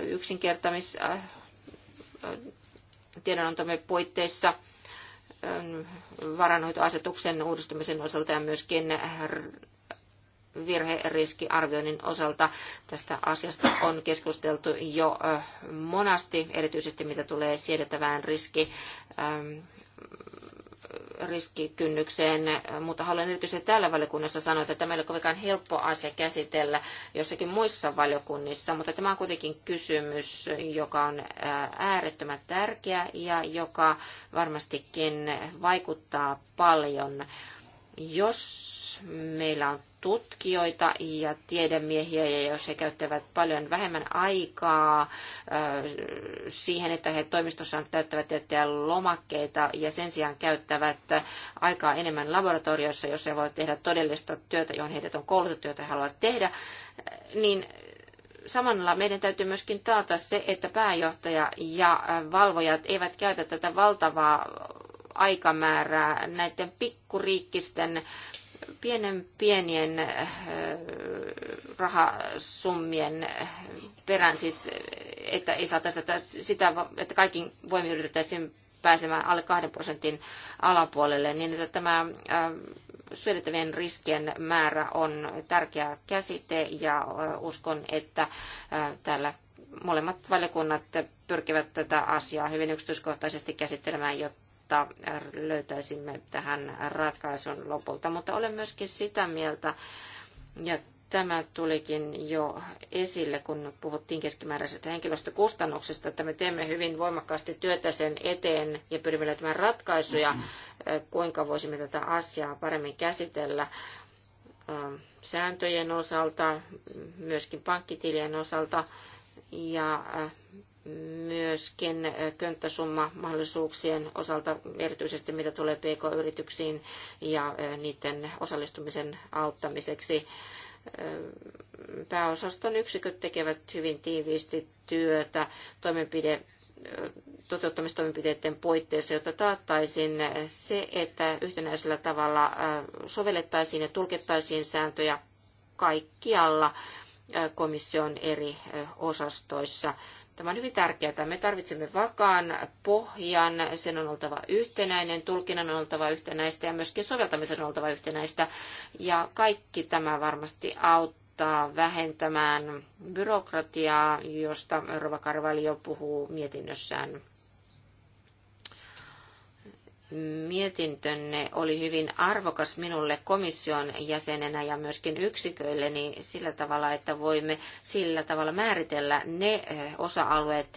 yksinkertaimis äh, tiedonantomme puitteissa – Ähm, varanhoitoasetuksen uudistumisen osalta ja myöskin virheriskiarvioinnin osalta. Tästä asiasta on keskusteltu jo äh, monasti, erityisesti mitä tulee siedettävään riski ähm, riskikynnykseen, mutta haluan erityisesti täällä valiokunnassa sanoa, että tämä ei ole kovinkaan helppo asia käsitellä jossakin muissa valiokunnissa, mutta tämä on kuitenkin kysymys, joka on äärettömän tärkeä ja joka varmastikin vaikuttaa paljon jos meillä on tutkijoita ja tiedemiehiä, ja jos he käyttävät paljon vähemmän aikaa siihen, että he toimistossaan täyttävät tiettyjä lomakkeita, ja sen sijaan käyttävät aikaa enemmän laboratoriossa, jos he voivat tehdä todellista työtä, johon heidät on koulutettu, jota he haluavat tehdä, niin samalla meidän täytyy myöskin taata se, että pääjohtaja ja valvojat eivät käytä tätä valtavaa aikamäärää näiden pikkuriikkisten pienen pienien äh, rahasummien perään, siis että ei saata tätä, sitä, että kaikki voimin yritettäisiin pääsemään alle 2 prosentin alapuolelle, niin että tämä äh, syötettävien riskien määrä on tärkeä käsite ja äh, uskon, että täällä molemmat valiokunnat pyrkivät tätä asiaa hyvin yksityiskohtaisesti käsittelemään, jotta jotta löytäisimme tähän ratkaisun lopulta. Mutta olen myöskin sitä mieltä, ja tämä tulikin jo esille, kun puhuttiin keskimääräisestä henkilöstökustannuksesta, että me teemme hyvin voimakkaasti työtä sen eteen ja pyrimme löytämään ratkaisuja, kuinka voisimme tätä asiaa paremmin käsitellä ähm, sääntöjen osalta, myöskin pankkitilien osalta. Ja äh, myöskin könttäsumma mahdollisuuksien osalta, erityisesti mitä tulee PK-yrityksiin ja niiden osallistumisen auttamiseksi. Pääosaston yksiköt tekevät hyvin tiiviisti työtä toimenpide toteuttamistoimenpiteiden puitteissa, jotta taattaisiin se, että yhtenäisellä tavalla sovellettaisiin ja tulkittaisiin sääntöjä kaikkialla komission eri osastoissa Tämä on hyvin tärkeää. Me tarvitsemme vakaan pohjan, sen on oltava yhtenäinen, tulkinnan on oltava yhtenäistä ja myöskin soveltamisen on oltava yhtenäistä. Ja kaikki tämä varmasti auttaa vähentämään byrokratiaa, josta Rova Karvali jo puhuu mietinnössään. Mietintönne oli hyvin arvokas minulle komission jäsenenä ja myöskin yksiköille niin sillä tavalla, että voimme sillä tavalla määritellä ne osa-alueet,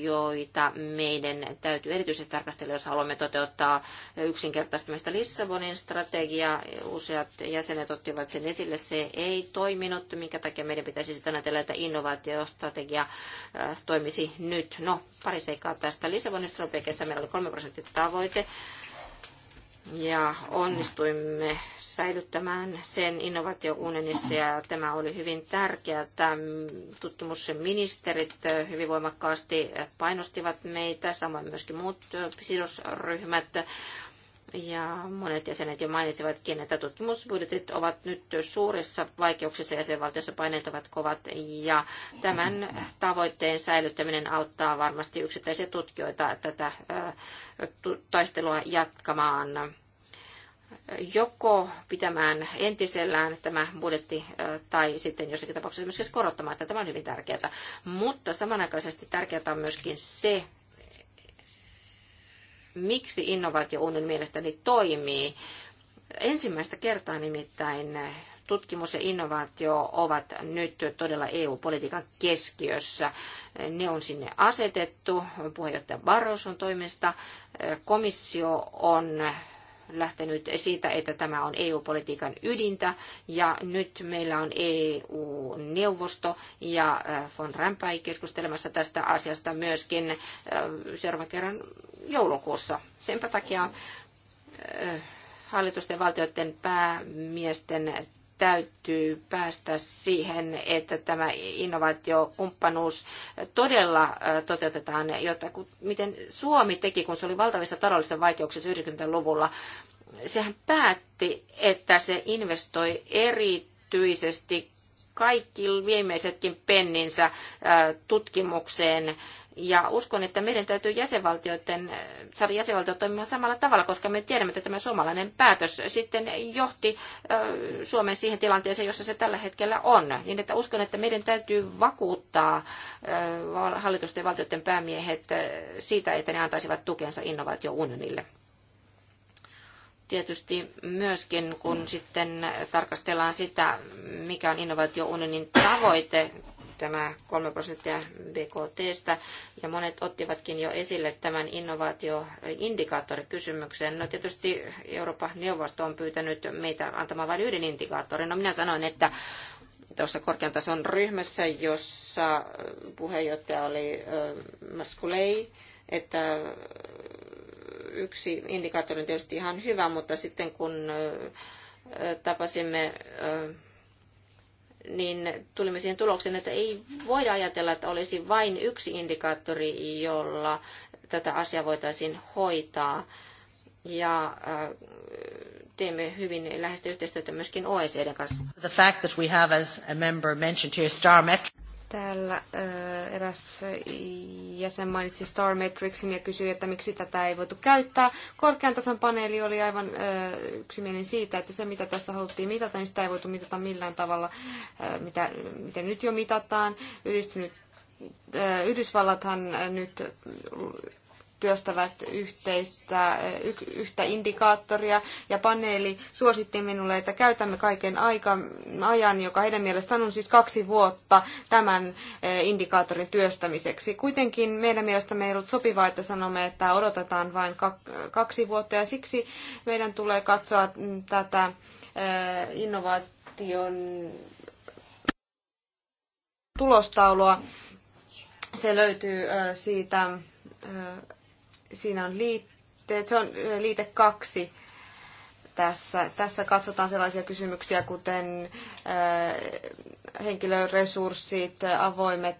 joita meidän täytyy erityisesti tarkastella, jos haluamme toteuttaa yksinkertaistamista Lissabonin strategiaa. Useat jäsenet ottivat sen esille. Se ei toiminut, minkä takia meidän pitäisi sitten ajatella, että innovaatiostrategia toimisi nyt. No, pari seikkaa tästä Lissabonin strategiasta. Meillä oli 3 prosentin tavoite ja onnistuimme säilyttämään sen innovaatiounionissa ja tämä oli hyvin tärkeää. Tutkimuksen ministerit hyvin voimakkaasti painostivat meitä, samoin myöskin muut sidosryhmät. Ja monet jäsenet jo mainitsivatkin, että tutkimusbudjetit ovat nyt suurissa vaikeuksissa jäsenvaltiossa, paineet ovat kovat ja tämän tavoitteen säilyttäminen auttaa varmasti yksittäisiä tutkijoita tätä taistelua jatkamaan joko pitämään entisellään tämä budjetti tai sitten jossakin tapauksessa myöskin korottamaan sitä. Tämä on hyvin tärkeää. Mutta samanaikaisesti tärkeää on myöskin se, miksi innovaatiounioni mielestäni toimii. Ensimmäistä kertaa nimittäin tutkimus ja innovaatio ovat nyt todella EU-politiikan keskiössä. Ne on sinne asetettu puheenjohtaja Barroson toimesta. Komissio on lähtenyt siitä, että tämä on EU-politiikan ydintä ja nyt meillä on EU-neuvosto ja äh, von Rampai keskustelemassa tästä asiasta myöskin äh, seuraavan kerran joulukuussa. Senpä takia äh, hallitusten valtioiden päämiesten täytyy päästä siihen, että tämä innovaatiokumppanuus todella toteutetaan, jotta miten Suomi teki, kun se oli valtavissa taloudellisissa vaikeuksissa 90-luvulla, sehän päätti, että se investoi erityisesti kaikki viimeisetkin penninsä tutkimukseen ja uskon, että meidän täytyy jäsenvaltioiden, eh, saada jäsenvaltiot toimimaan samalla tavalla, koska me tiedämme, että tämä suomalainen päätös sitten johti eh, Suomen siihen tilanteeseen, jossa se tällä hetkellä on. Niin että uskon, että meidän täytyy vakuuttaa eh, hallitusten ja valtioiden päämiehet siitä, että ne antaisivat tukensa innovaatiounionille tietysti myöskin, kun sitten tarkastellaan sitä, mikä on innovaatiounionin tavoite, tämä 3 prosenttia BKTstä, ja monet ottivatkin jo esille tämän innovaatioindikaattorikysymyksen. No tietysti Euroopan neuvosto on pyytänyt meitä antamaan vain yhden indikaattorin. No minä sanoin, että tuossa korkean tason ryhmässä, jossa puheenjohtaja oli Maskulei, että yksi indikaattori on tietysti ihan hyvä, mutta sitten kun tapasimme niin tulimme siihen tulokseen, että ei voida ajatella, että olisi vain yksi indikaattori, jolla tätä asiaa voitaisiin hoitaa. Ja äh, teemme hyvin läheistä yhteistyötä myöskin OECDn kanssa. The fact that we have as a member mentioned here star metric. Täällä eräs jäsen mainitsi Star Matrixin ja kysyi, että miksi tätä ei voitu käyttää. Korkean tasan paneeli oli aivan yksimielinen siitä, että se mitä tässä haluttiin mitata, niin sitä ei voitu mitata millään tavalla, mitä, miten nyt jo mitataan. Yhdistynyt Yhdysvallathan nyt työstävät yhteistä, yhtä indikaattoria ja paneeli suositti minulle, että käytämme kaiken aika, ajan, joka heidän mielestään on siis kaksi vuotta tämän e, indikaattorin työstämiseksi. Kuitenkin meidän mielestämme ei ollut sopivaa, että sanomme, että odotetaan vain kaksi vuotta ja siksi meidän tulee katsoa tätä e, innovaation tulostaulua. Se löytyy e, siitä siinä on liitteet, se on liite kaksi. Tässä, tässä katsotaan sellaisia kysymyksiä, kuten henkilöresurssit, avoimet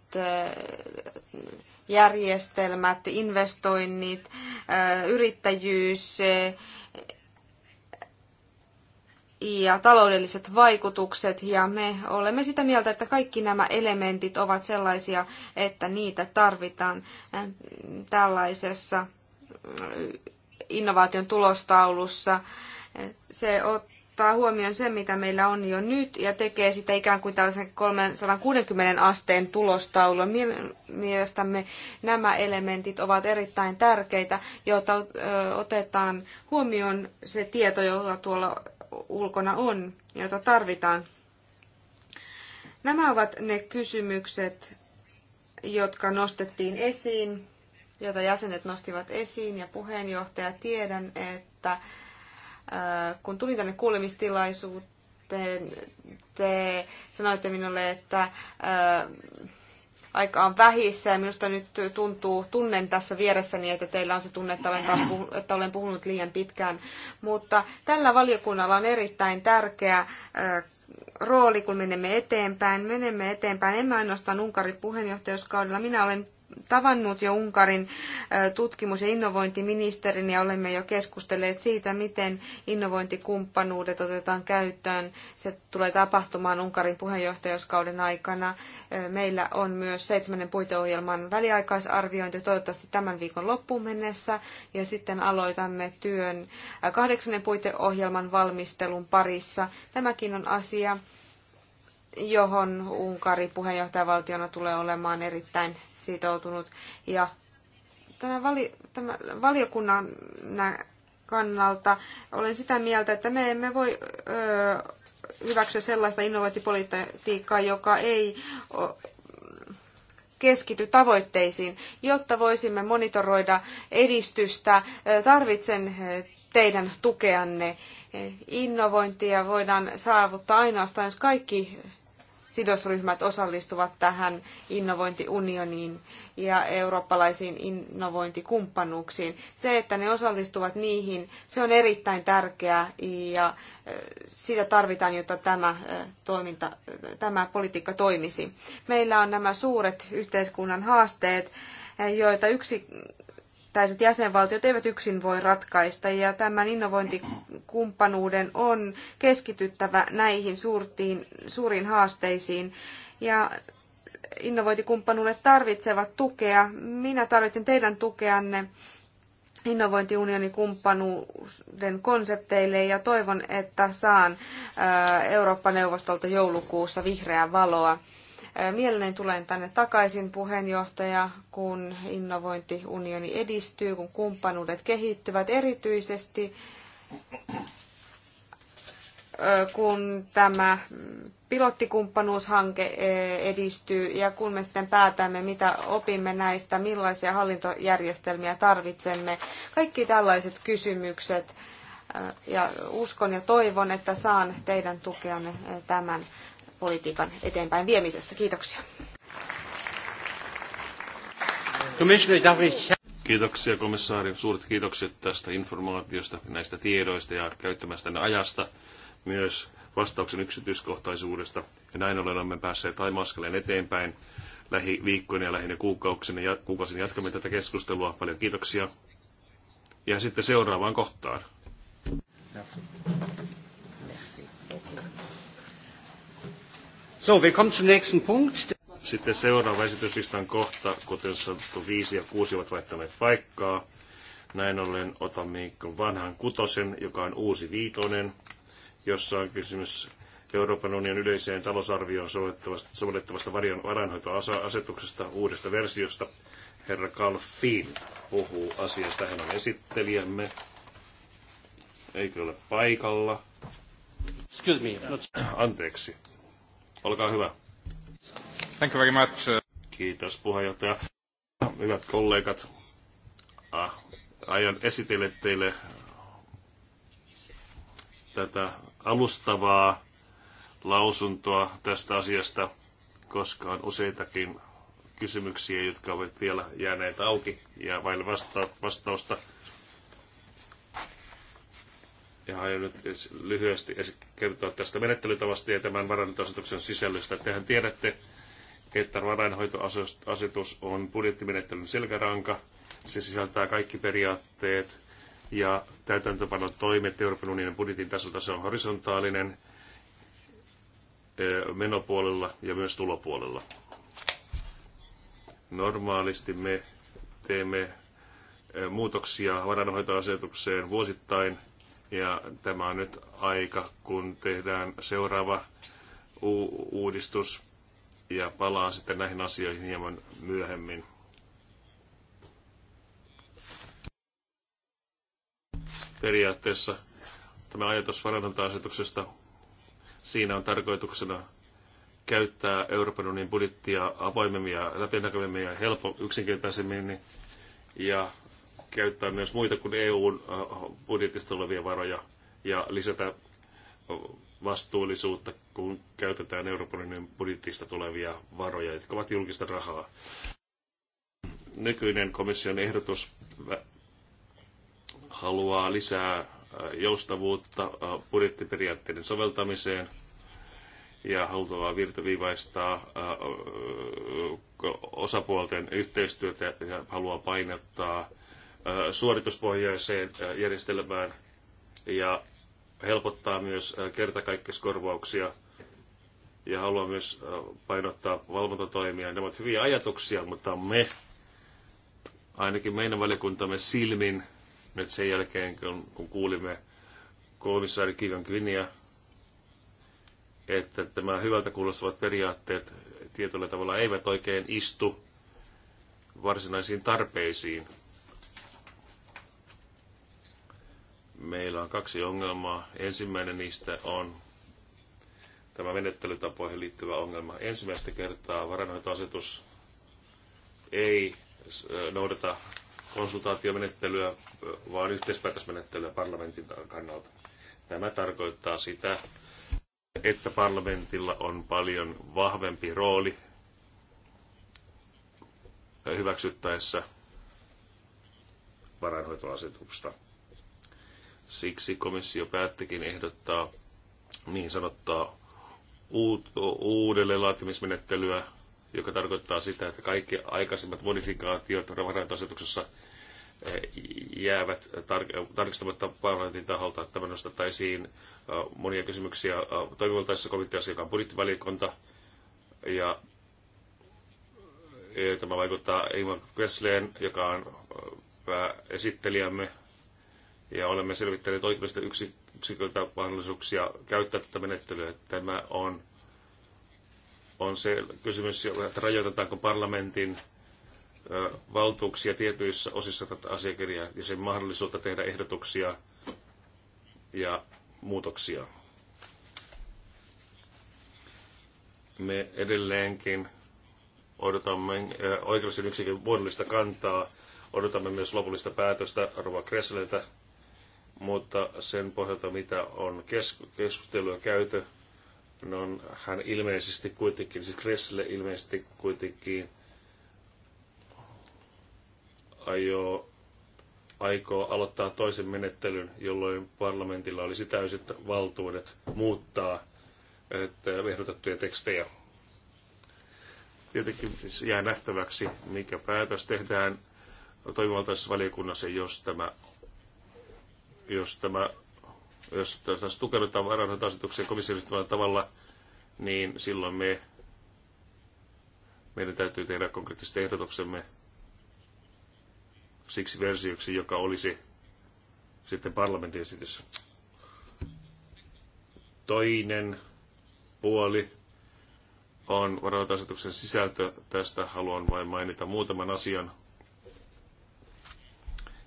järjestelmät, investoinnit, yrittäjyys ja taloudelliset vaikutukset. Ja me olemme sitä mieltä, että kaikki nämä elementit ovat sellaisia, että niitä tarvitaan tällaisessa innovaation tulostaulussa. Se ottaa huomioon sen, mitä meillä on jo nyt, ja tekee sitä ikään kuin tällaisen 360 asteen tulostaulun. Mielestämme nämä elementit ovat erittäin tärkeitä, jotta otetaan huomioon se tieto, jota tuolla ulkona on, jota tarvitaan. Nämä ovat ne kysymykset, jotka nostettiin esiin joita jäsenet nostivat esiin ja puheenjohtaja. Tiedän, että äh, kun tulin tänne kuulemistilaisuuteen, te sanoitte minulle, että äh, aika on vähissä ja minusta nyt tuntuu, tunnen tässä vieressäni, että teillä on se tunne, että olen, puhunut, että olen puhunut liian pitkään. Mutta tällä valiokunnalla on erittäin tärkeä äh, rooli, kun menemme eteenpäin. Menemme eteenpäin, emme ainoastaan Unkarin puheenjohtajuuskaudella. Minä olen tavannut jo Unkarin tutkimus- ja innovointiministerin ja olemme jo keskustelleet siitä, miten innovointikumppanuudet otetaan käyttöön. Se tulee tapahtumaan Unkarin puheenjohtajuuskauden aikana. Meillä on myös seitsemännen puiteohjelman väliaikaisarviointi toivottavasti tämän viikon loppuun mennessä ja sitten aloitamme työn kahdeksannen puiteohjelman valmistelun parissa. Tämäkin on asia, johon Unkari puheenjohtajavaltiona tulee olemaan erittäin sitoutunut. Ja tämän, vali, tämä valiokunnan kannalta olen sitä mieltä, että me emme voi hyväksyä sellaista innovointipolitiikkaa, joka ei keskity tavoitteisiin, jotta voisimme monitoroida edistystä. Tarvitsen teidän tukeanne. Innovointia voidaan saavuttaa ainoastaan, jos kaikki sidosryhmät osallistuvat tähän innovointiunioniin ja eurooppalaisiin innovointikumppanuuksiin. Se, että ne osallistuvat niihin, se on erittäin tärkeää ja sitä tarvitaan, jotta tämä, toiminta, tämä politiikka toimisi. Meillä on nämä suuret yhteiskunnan haasteet, joita yksi yksittäiset jäsenvaltiot eivät yksin voi ratkaista ja tämän innovointikumppanuuden on keskityttävä näihin suurtiin, suuriin haasteisiin ja innovointikumppanuudet tarvitsevat tukea. Minä tarvitsen teidän tukeanne innovointiunionin kumppanuuden konsepteille ja toivon, että saan Eurooppa-neuvostolta joulukuussa vihreää valoa. Mielelläni tulen tänne takaisin puheenjohtaja, kun innovointiunioni edistyy, kun kumppanuudet kehittyvät erityisesti kun tämä pilottikumppanuushanke edistyy ja kun me sitten päätämme, mitä opimme näistä, millaisia hallintojärjestelmiä tarvitsemme. Kaikki tällaiset kysymykset ja uskon ja toivon, että saan teidän tukeanne tämän politiikan eteenpäin viemisessä. Kiitoksia. Kiitoksia komissaari. Suuret kiitokset tästä informaatiosta, näistä tiedoista ja käyttämästänne ajasta. Myös vastauksen yksityiskohtaisuudesta. Ja näin ollen olemme päässeet aimaskeleen eteenpäin lähiviikkoina ja lähinnä kuukausina, ja kuukausina jatkamme tätä keskustelua. Paljon kiitoksia. Ja sitten seuraavaan kohtaan. So, we come to next point. Sitten seuraava esityslistan kohta, kuten sanottu, viisi ja kuusi ovat vaihtaneet paikkaa. Näin ollen otamme vanhan kutosen, joka on uusi viitonen, jossa on kysymys Euroopan unionin yleiseen talousarvioon sovellettavasta varainhoitoasetuksesta uudesta versiosta. Herra Finn puhuu asiasta. Hän on esittelijämme. Eikö ole paikalla? Excuse me. Anteeksi. Olkaa hyvä. Thank you very much. Kiitos puheenjohtaja. Hyvät kollegat, aion esitellä teille tätä alustavaa lausuntoa tästä asiasta, koska on useitakin kysymyksiä, jotka ovat vielä jääneet auki ja vain vasta- vastausta ja aion nyt lyhyesti kertoa tästä menettelytavasta ja tämän varainhoitoasetuksen sisällöstä. Tehän tiedätte, että varainhoitoasetus on budjettimenettelyn selkäranka. Se sisältää kaikki periaatteet ja täytäntöpanon toimet Euroopan unionin budjetin tasolta. Se on horisontaalinen menopuolella ja myös tulopuolella. Normaalisti me teemme muutoksia varainhoitoasetukseen vuosittain – ja tämä on nyt aika, kun tehdään seuraava u- uudistus ja palaan sitten näihin asioihin hieman myöhemmin. Periaatteessa tämä ajatus varantanta asetuksesta siinä on tarkoituksena käyttää Euroopan unionin budjettia avoimemmin ja läpinäkyvemmin ja helpo, yksinkertaisemmin ja käyttää myös muita kuin EUn äh, budjetista tulevia varoja ja lisätä äh, vastuullisuutta, kun käytetään Euroopan unionin budjetista tulevia varoja, jotka ovat julkista rahaa. Nykyinen komission ehdotus haluaa lisää äh, joustavuutta budjettiperiaatteiden soveltamiseen ja haluaa virtaviivaistaa osapuolten yhteistyötä ja haluaa painottaa suorituspohjaiseen järjestelmään ja helpottaa myös kertakaikkiskorvauksia ja haluan myös painottaa valvontatoimia. Ne ovat hyviä ajatuksia, mutta me, ainakin meidän valiokuntamme silmin, nyt sen jälkeen kun, kuulimme komissaari Kiivan Kvinia, että tämä hyvältä kuulostavat periaatteet tietyllä tavalla eivät oikein istu varsinaisiin tarpeisiin – Meillä on kaksi ongelmaa. Ensimmäinen niistä on tämä menettelytapoihin liittyvä ongelma. Ensimmäistä kertaa varainhoitoasetus ei noudata konsultaatiomenettelyä, vaan yhteispäätösmenettelyä parlamentin kannalta. Tämä tarkoittaa sitä, että parlamentilla on paljon vahvempi rooli hyväksyttäessä varainhoitoasetuksesta. Siksi komissio päättikin ehdottaa niin sanottua uudelleen laatimismenettelyä, joka tarkoittaa sitä, että kaikki aikaisemmat modifikaatiot varantoasetuksessa eh, jäävät tar- tarkistamatta parlamentin taholta. Tämä nostettaisiin eh, monia kysymyksiä eh, toimivaltaisessa komiteassa, joka on budjettivaliokunta. Ja tämä vaikuttaa Ingvar Gressleen, joka on esittelijämme ja olemme selvittäneet yksi, yksiköltä mahdollisuuksia käyttää tätä menettelyä. Tämä on, on se kysymys, että rajoitetaanko parlamentin ö, valtuuksia tietyissä osissa tätä asiakirjaa ja sen mahdollisuutta tehdä ehdotuksia ja muutoksia. Me edelleenkin odotamme oikeudellisen yksikön muodollista kantaa. Odotamme myös lopullista päätöstä Rova Kresseltä mutta sen pohjalta, mitä on keskustelua käyty, no on hän ilmeisesti kuitenkin, siis Kressille ilmeisesti kuitenkin ajo aikoo aloittaa toisen menettelyn, jolloin parlamentilla olisi täyset valtuudet muuttaa että ehdotettuja tekstejä. Tietenkin siis jää nähtäväksi, mikä päätös tehdään toimivaltaisessa valiokunnassa, jos tämä jos tämä jos tässä tukeudutaan varainhoitoasetuksen komission tavalla, niin silloin me, meidän täytyy tehdä konkreettiset ehdotuksemme siksi versioksi, joka olisi sitten parlamentin esitys. Toinen puoli on varoitasetuksen sisältö. Tästä haluan vain mainita muutaman asian,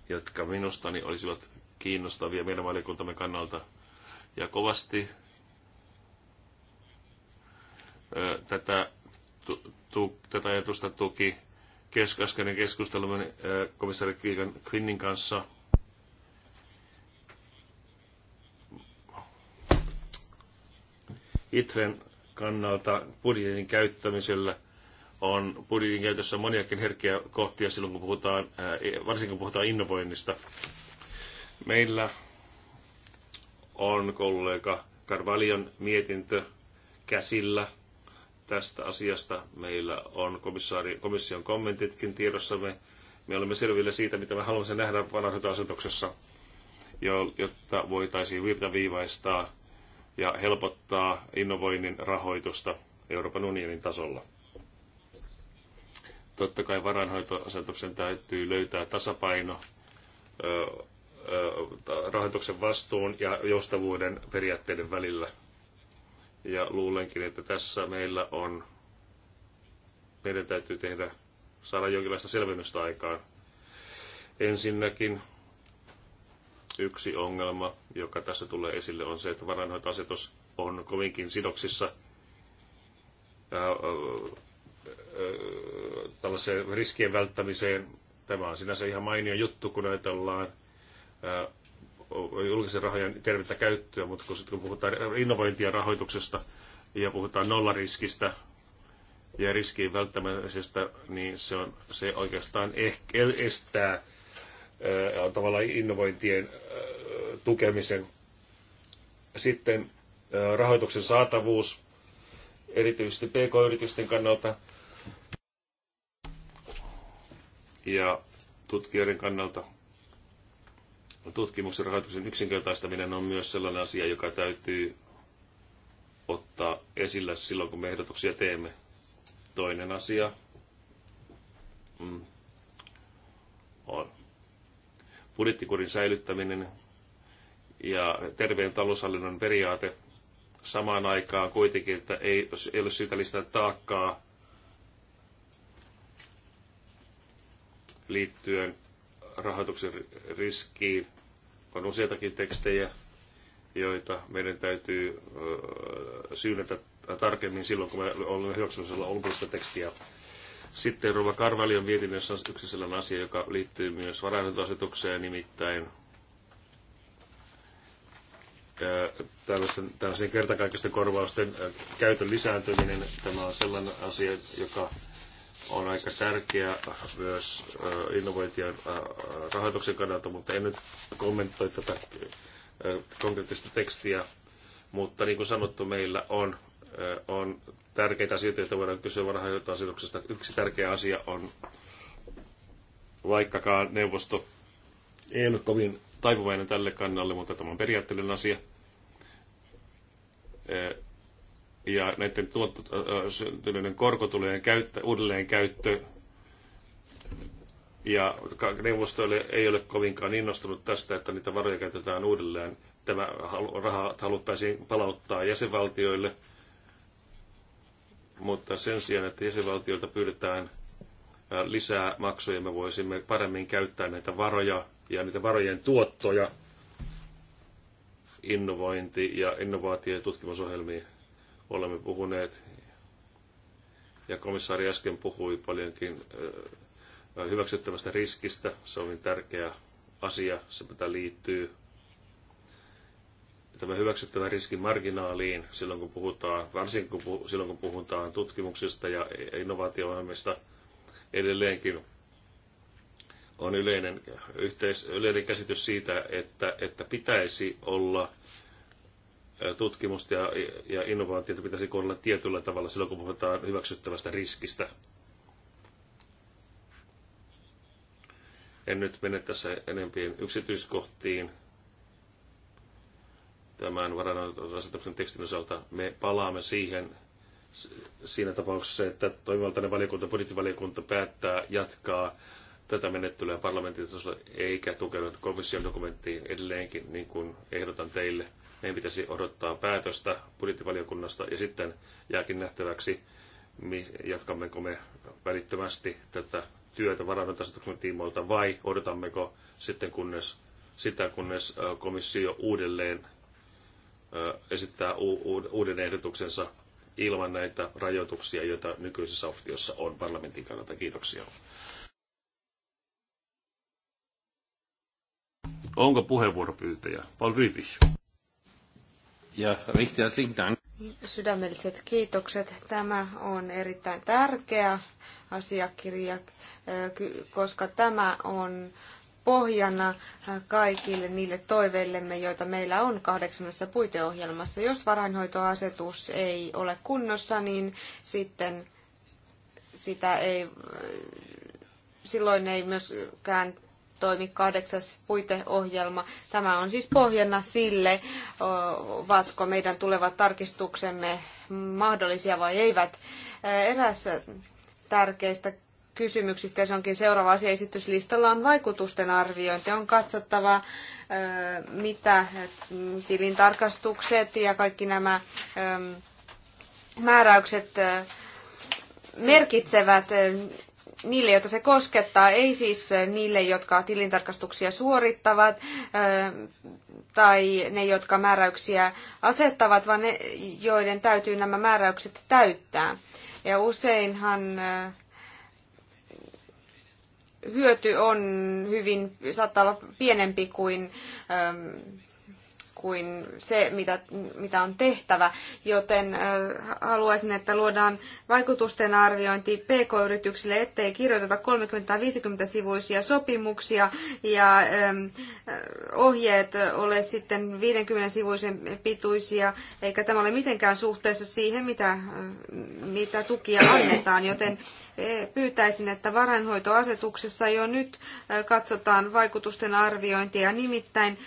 jotka minustani olisivat kiinnostavia meidän valiokuntamme kannalta. Ja kovasti tätä, tu, tu, tätä ajatusta tuki keskiaskainen keskustelumme komissaari Quinnin kanssa. Itren kannalta budjetin käyttämisellä on budjetin käytössä moniakin herkkiä kohtia silloin, kun puhutaan, varsinkin kun puhutaan innovoinnista. Meillä on kollega Karvalion mietintö käsillä tästä asiasta. Meillä on komissaari, komission kommentitkin tiedossamme. Me olemme selvillä siitä, mitä me haluamme nähdä vanhoitoasetuksessa, jotta voitaisiin virtaviivaistaa ja helpottaa innovoinnin rahoitusta Euroopan unionin tasolla. Totta kai varainhoitoasetuksen täytyy löytää tasapaino rahoituksen vastuun ja joustavuuden periaatteiden välillä. Ja luulenkin, että tässä meillä on, meidän täytyy tehdä, saada jonkinlaista selvennystä aikaan. Ensinnäkin yksi ongelma, joka tässä tulee esille, on se, että varainhoitoasetus on kovinkin sidoksissa tällaiseen riskien välttämiseen. Tämä on sinänsä ihan mainio juttu, kun ajatellaan julkisen rahojen tervettä käyttöä, mutta kun, kun puhutaan innovointia rahoituksesta ja puhutaan nollariskistä ja riskiin välttämisestä, niin se, on, se oikeastaan ehkä estää ää, tavallaan innovointien ää, tukemisen. Sitten ää, rahoituksen saatavuus, erityisesti pk-yritysten kannalta ja tutkijoiden kannalta tutkimuksen rahoituksen yksinkertaistaminen on myös sellainen asia, joka täytyy ottaa esillä silloin, kun me ehdotuksia teemme. Toinen asia mm, on budjettikurin säilyttäminen ja terveen taloushallinnon periaate samaan aikaan kuitenkin, että ei, ei ole syytä lisätä taakkaa liittyen rahoituksen riskiin. On useitakin tekstejä, joita meidän täytyy syynätä tarkemmin silloin, kun me olemme hyväksymässä lopullista tekstiä. Sitten Rova Karvalion mietinnössä on yksi sellainen asia, joka liittyy myös varainhoitoasetukseen, nimittäin tällaisen, kertakaikkisten korvausten käytön lisääntyminen. Tämä on sellainen asia, joka on aika tärkeä myös innovointion rahoituksen kannalta, mutta en nyt kommentoi tätä konkreettista tekstiä. Mutta niin kuin sanottu, meillä on, on tärkeitä asioita, joita voidaan kysyä varhaisuusasetuksesta. Yksi tärkeä asia on, vaikkakaan neuvosto ei ole kovin taipuvainen tälle kannalle, mutta tämä on periaatteellinen asia ja näiden tuotto, syntyneiden korkotulojen käyttö, käyttö ja neuvosto ei ole kovinkaan innostunut tästä, että niitä varoja käytetään uudelleen. Tämä raha haluttaisiin palauttaa jäsenvaltioille, mutta sen sijaan, että jäsenvaltioilta pyydetään lisää maksuja, me voisimme paremmin käyttää näitä varoja ja niitä varojen tuottoja innovointi- ja innovaatio- ja tutkimusohjelmiin olemme puhuneet, ja komissaari äsken puhui paljonkin hyväksyttävästä riskistä. Se on tärkeä asia, se mitä liittyy tämä hyväksyttävä riski marginaaliin silloin, kun puhutaan, varsinkin kun puh- silloin, kun puhutaan tutkimuksista ja innovaatio edelleenkin on yleinen, yhteis- yleinen käsitys siitä, että, että pitäisi olla tutkimusta ja, ja innovaatiota pitäisi kohdella tietyllä tavalla silloin, kun puhutaan hyväksyttävästä riskistä. En nyt mene tässä enempiin yksityiskohtiin tämän varanasetuksen tekstin osalta. Me palaamme siihen siinä tapauksessa, että toimivaltainen valiokunta, budjettivaliokunta päättää jatkaa tätä menettelyä parlamentin tasolla eikä tukenut komission dokumenttiin edelleenkin, niin kuin ehdotan teille – meidän pitäisi odottaa päätöstä budjettivaliokunnasta ja sitten jääkin nähtäväksi, jatkammeko me välittömästi tätä työtä varannontasetuksen tiimoilta vai odotammeko sitten kunnes, sitä, kunnes komissio uudelleen esittää uuden ehdotuksensa ilman näitä rajoituksia, joita nykyisessä optiossa on parlamentin kannalta. Kiitoksia. Onko puheenvuoropyyntöjä? Paul Rivich. Ja recht Dank. Sydämelliset kiitokset. Tämä on erittäin tärkeä asiakirja, koska tämä on pohjana kaikille niille toiveillemme, joita meillä on kahdeksannessa puiteohjelmassa. Jos varainhoitoasetus ei ole kunnossa, niin sitten sitä ei, silloin ei myöskään toimi kahdeksas puiteohjelma. Tämä on siis pohjana sille, ovatko meidän tulevat tarkistuksemme mahdollisia vai eivät. Eräs tärkeistä kysymyksistä, ja se onkin seuraava asia esityslistalla, on vaikutusten arviointi. On katsottava, mitä tilintarkastukset ja kaikki nämä määräykset merkitsevät niille, joita se koskettaa, ei siis niille, jotka tilintarkastuksia suorittavat tai ne, jotka määräyksiä asettavat, vaan ne, joiden täytyy nämä määräykset täyttää. Ja useinhan hyöty on hyvin, saattaa olla pienempi kuin kuin se, mitä, mitä on tehtävä. Joten äh, haluaisin, että luodaan vaikutusten arviointi PK-yrityksille, ettei kirjoiteta 30-50 sivuisia sopimuksia ja ähm, äh, ohjeet ole sitten 50 sivuisen pituisia, eikä tämä ole mitenkään suhteessa siihen, mitä, äh, mitä tukia annetaan, joten pyytäisin, että varainhoitoasetuksessa jo nyt katsotaan vaikutusten arviointia, nimittäin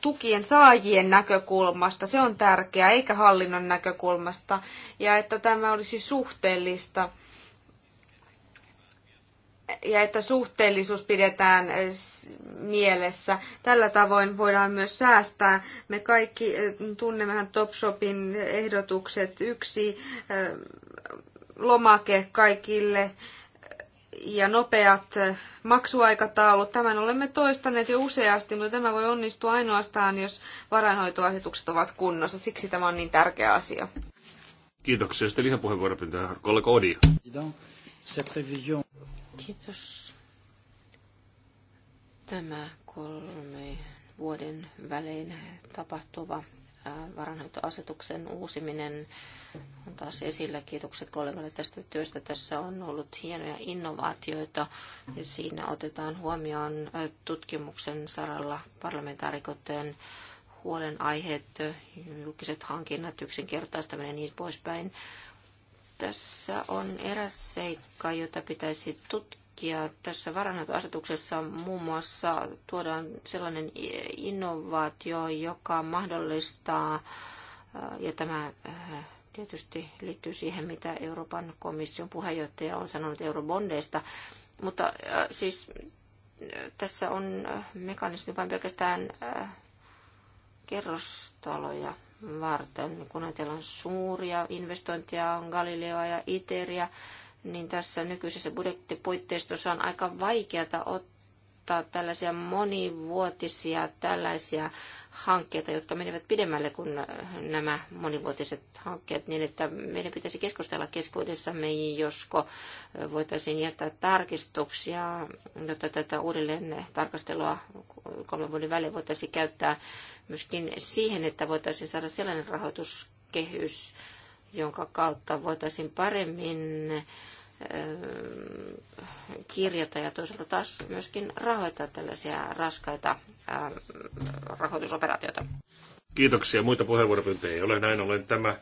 tukien saajia saajien näkökulmasta, se on tärkeää, eikä hallinnon näkökulmasta, ja että tämä olisi suhteellista ja että suhteellisuus pidetään mielessä. Tällä tavoin voidaan myös säästää. Me kaikki eh, tunnemmehan Topshopin ehdotukset. Yksi eh, lomake kaikille ja nopeat maksuaikataulut. Tämän olemme toistaneet jo useasti, mutta tämä voi onnistua ainoastaan, jos varainhoitoasetukset ovat kunnossa. Siksi tämä on niin tärkeä asia. Kiitoksia. Sitten lisäpuheenvuoro pitää kollega Odi. Kiitos. Tämä kolme vuoden välein tapahtuva varanhoitoasetuksen uusiminen on taas esillä. Kiitokset kollegoille tästä työstä. Tässä on ollut hienoja innovaatioita. Siinä otetaan huomioon tutkimuksen saralla parlamentaarikoiden huolenaiheet, julkiset hankinnat, yksinkertaistaminen ja niin poispäin. Tässä on eräs seikka, jota pitäisi tutkia. Tässä varainhoitoasetuksessa muun muassa tuodaan sellainen innovaatio, joka mahdollistaa, ja tämä tietysti liittyy siihen, mitä Euroopan komission puheenjohtaja on sanonut eurobondeista. Mutta äh, siis äh, tässä on äh, mekanismi vain pelkästään kerrostaloja varten. Kun ajatellaan suuria investointeja, Galileoa ja Iteria, niin tässä nykyisessä budjettipuitteistossa on aika vaikeata ottaa ehdottaa tällaisia monivuotisia tällaisia hankkeita, jotka menevät pidemmälle kuin nämä monivuotiset hankkeet, niin että meidän pitäisi keskustella keskuudessamme, josko voitaisiin jättää tarkistuksia, jotta tätä uudelleen tarkastelua kolmen vuoden välein voitaisiin käyttää myöskin siihen, että voitaisiin saada sellainen rahoituskehys, jonka kautta voitaisiin paremmin kirjata ja toisaalta taas myöskin rahoittaa tällaisia raskaita ähm, rahoitusoperaatioita. Kiitoksia. Muita puheenvuoropyyntöjä ei ole. Näin ollen tämä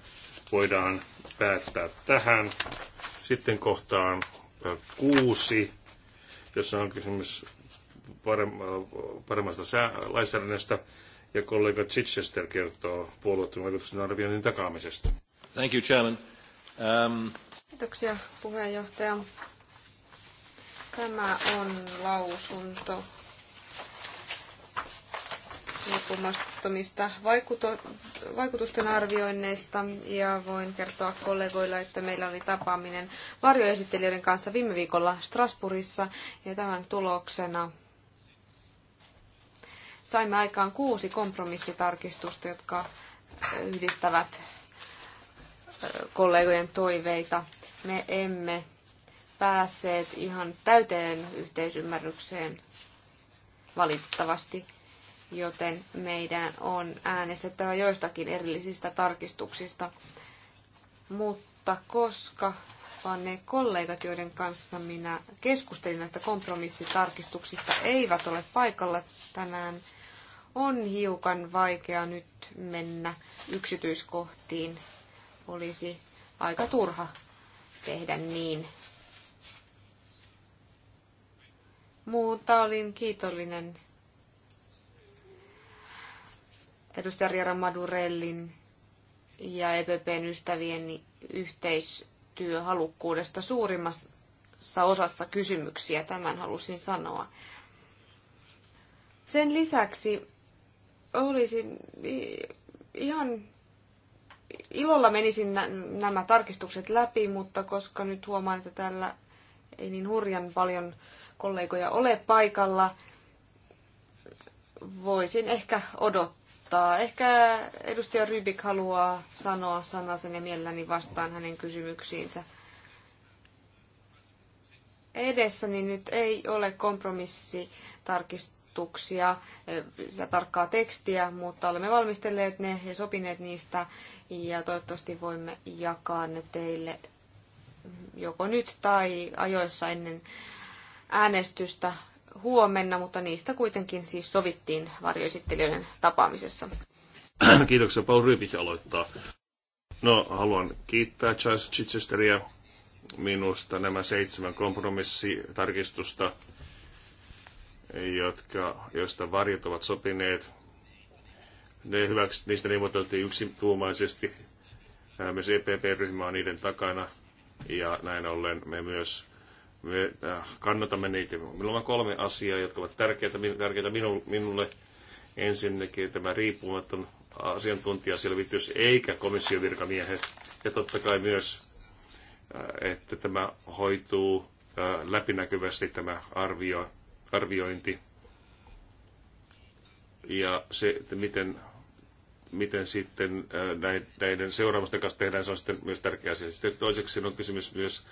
voidaan päättää tähän. Sitten kohtaan äh, kuusi, jossa on kysymys äh, paremmasta lainsäädännöstä ja kollega Chichester kertoo puolueettoman vaikutusten arvioinnin takaamisesta. Thank you, Chairman. Um... Kiitoksia puheenjohtaja. Tämä on lausunto riippumattomista vaikutusten arvioinneista ja voin kertoa kollegoilla, että meillä oli tapaaminen varjoesittelijöiden kanssa viime viikolla Strasbourgissa ja tämän tuloksena saimme aikaan kuusi kompromissitarkistusta, jotka yhdistävät kollegojen toiveita me emme päässeet ihan täyteen yhteisymmärrykseen valitettavasti, joten meidän on äänestettävä joistakin erillisistä tarkistuksista. Mutta koska vaan ne kollegat, joiden kanssa minä keskustelin näistä kompromissitarkistuksista, eivät ole paikalla tänään, on hiukan vaikea nyt mennä yksityiskohtiin. Olisi aika turha tehdä niin. Muuta olin kiitollinen edustaja Riera Madurellin ja EPPn ystävien yhteistyöhalukkuudesta suurimmassa osassa kysymyksiä, tämän halusin sanoa. Sen lisäksi olisin ihan ilolla menisin nämä tarkistukset läpi, mutta koska nyt huomaan, että täällä ei niin hurjan paljon kollegoja ole paikalla, voisin ehkä odottaa. Ehkä edustaja Rybik haluaa sanoa sanasen ja mielelläni vastaan hänen kysymyksiinsä. Edessäni nyt ei ole kompromissi tarkistus ehdotuksia, ja eh, tarkkaa tekstiä, mutta olemme valmistelleet ne ja sopineet niistä ja toivottavasti voimme jakaa ne teille joko nyt tai ajoissa ennen äänestystä huomenna, mutta niistä kuitenkin siis sovittiin varjoesittelijöiden tapaamisessa. Kiitoksia. Paul Rybik aloittaa. No, haluan kiittää Charles Chichesteria. Minusta nämä seitsemän kompromissitarkistusta jotka, joista varjot ovat sopineet. Ne hyväks, niistä neuvoteltiin yksituumaisesti. Myös EPP-ryhmä on niiden takana ja näin ollen me myös me äh, kannatamme niitä. Minulla on kolme asiaa, jotka ovat tärkeitä, tärkeitä minulle. Ensinnäkin tämä riippumaton asiantuntijaselvitys eikä komission virkamiehet. Ja totta kai myös, äh, että tämä hoituu äh, läpinäkyvästi tämä arvio arviointi ja se, että miten, miten sitten äh, näiden seuraamusten kanssa tehdään, se on sitten myös tärkeä asia. Sitten toiseksi on kysymys myös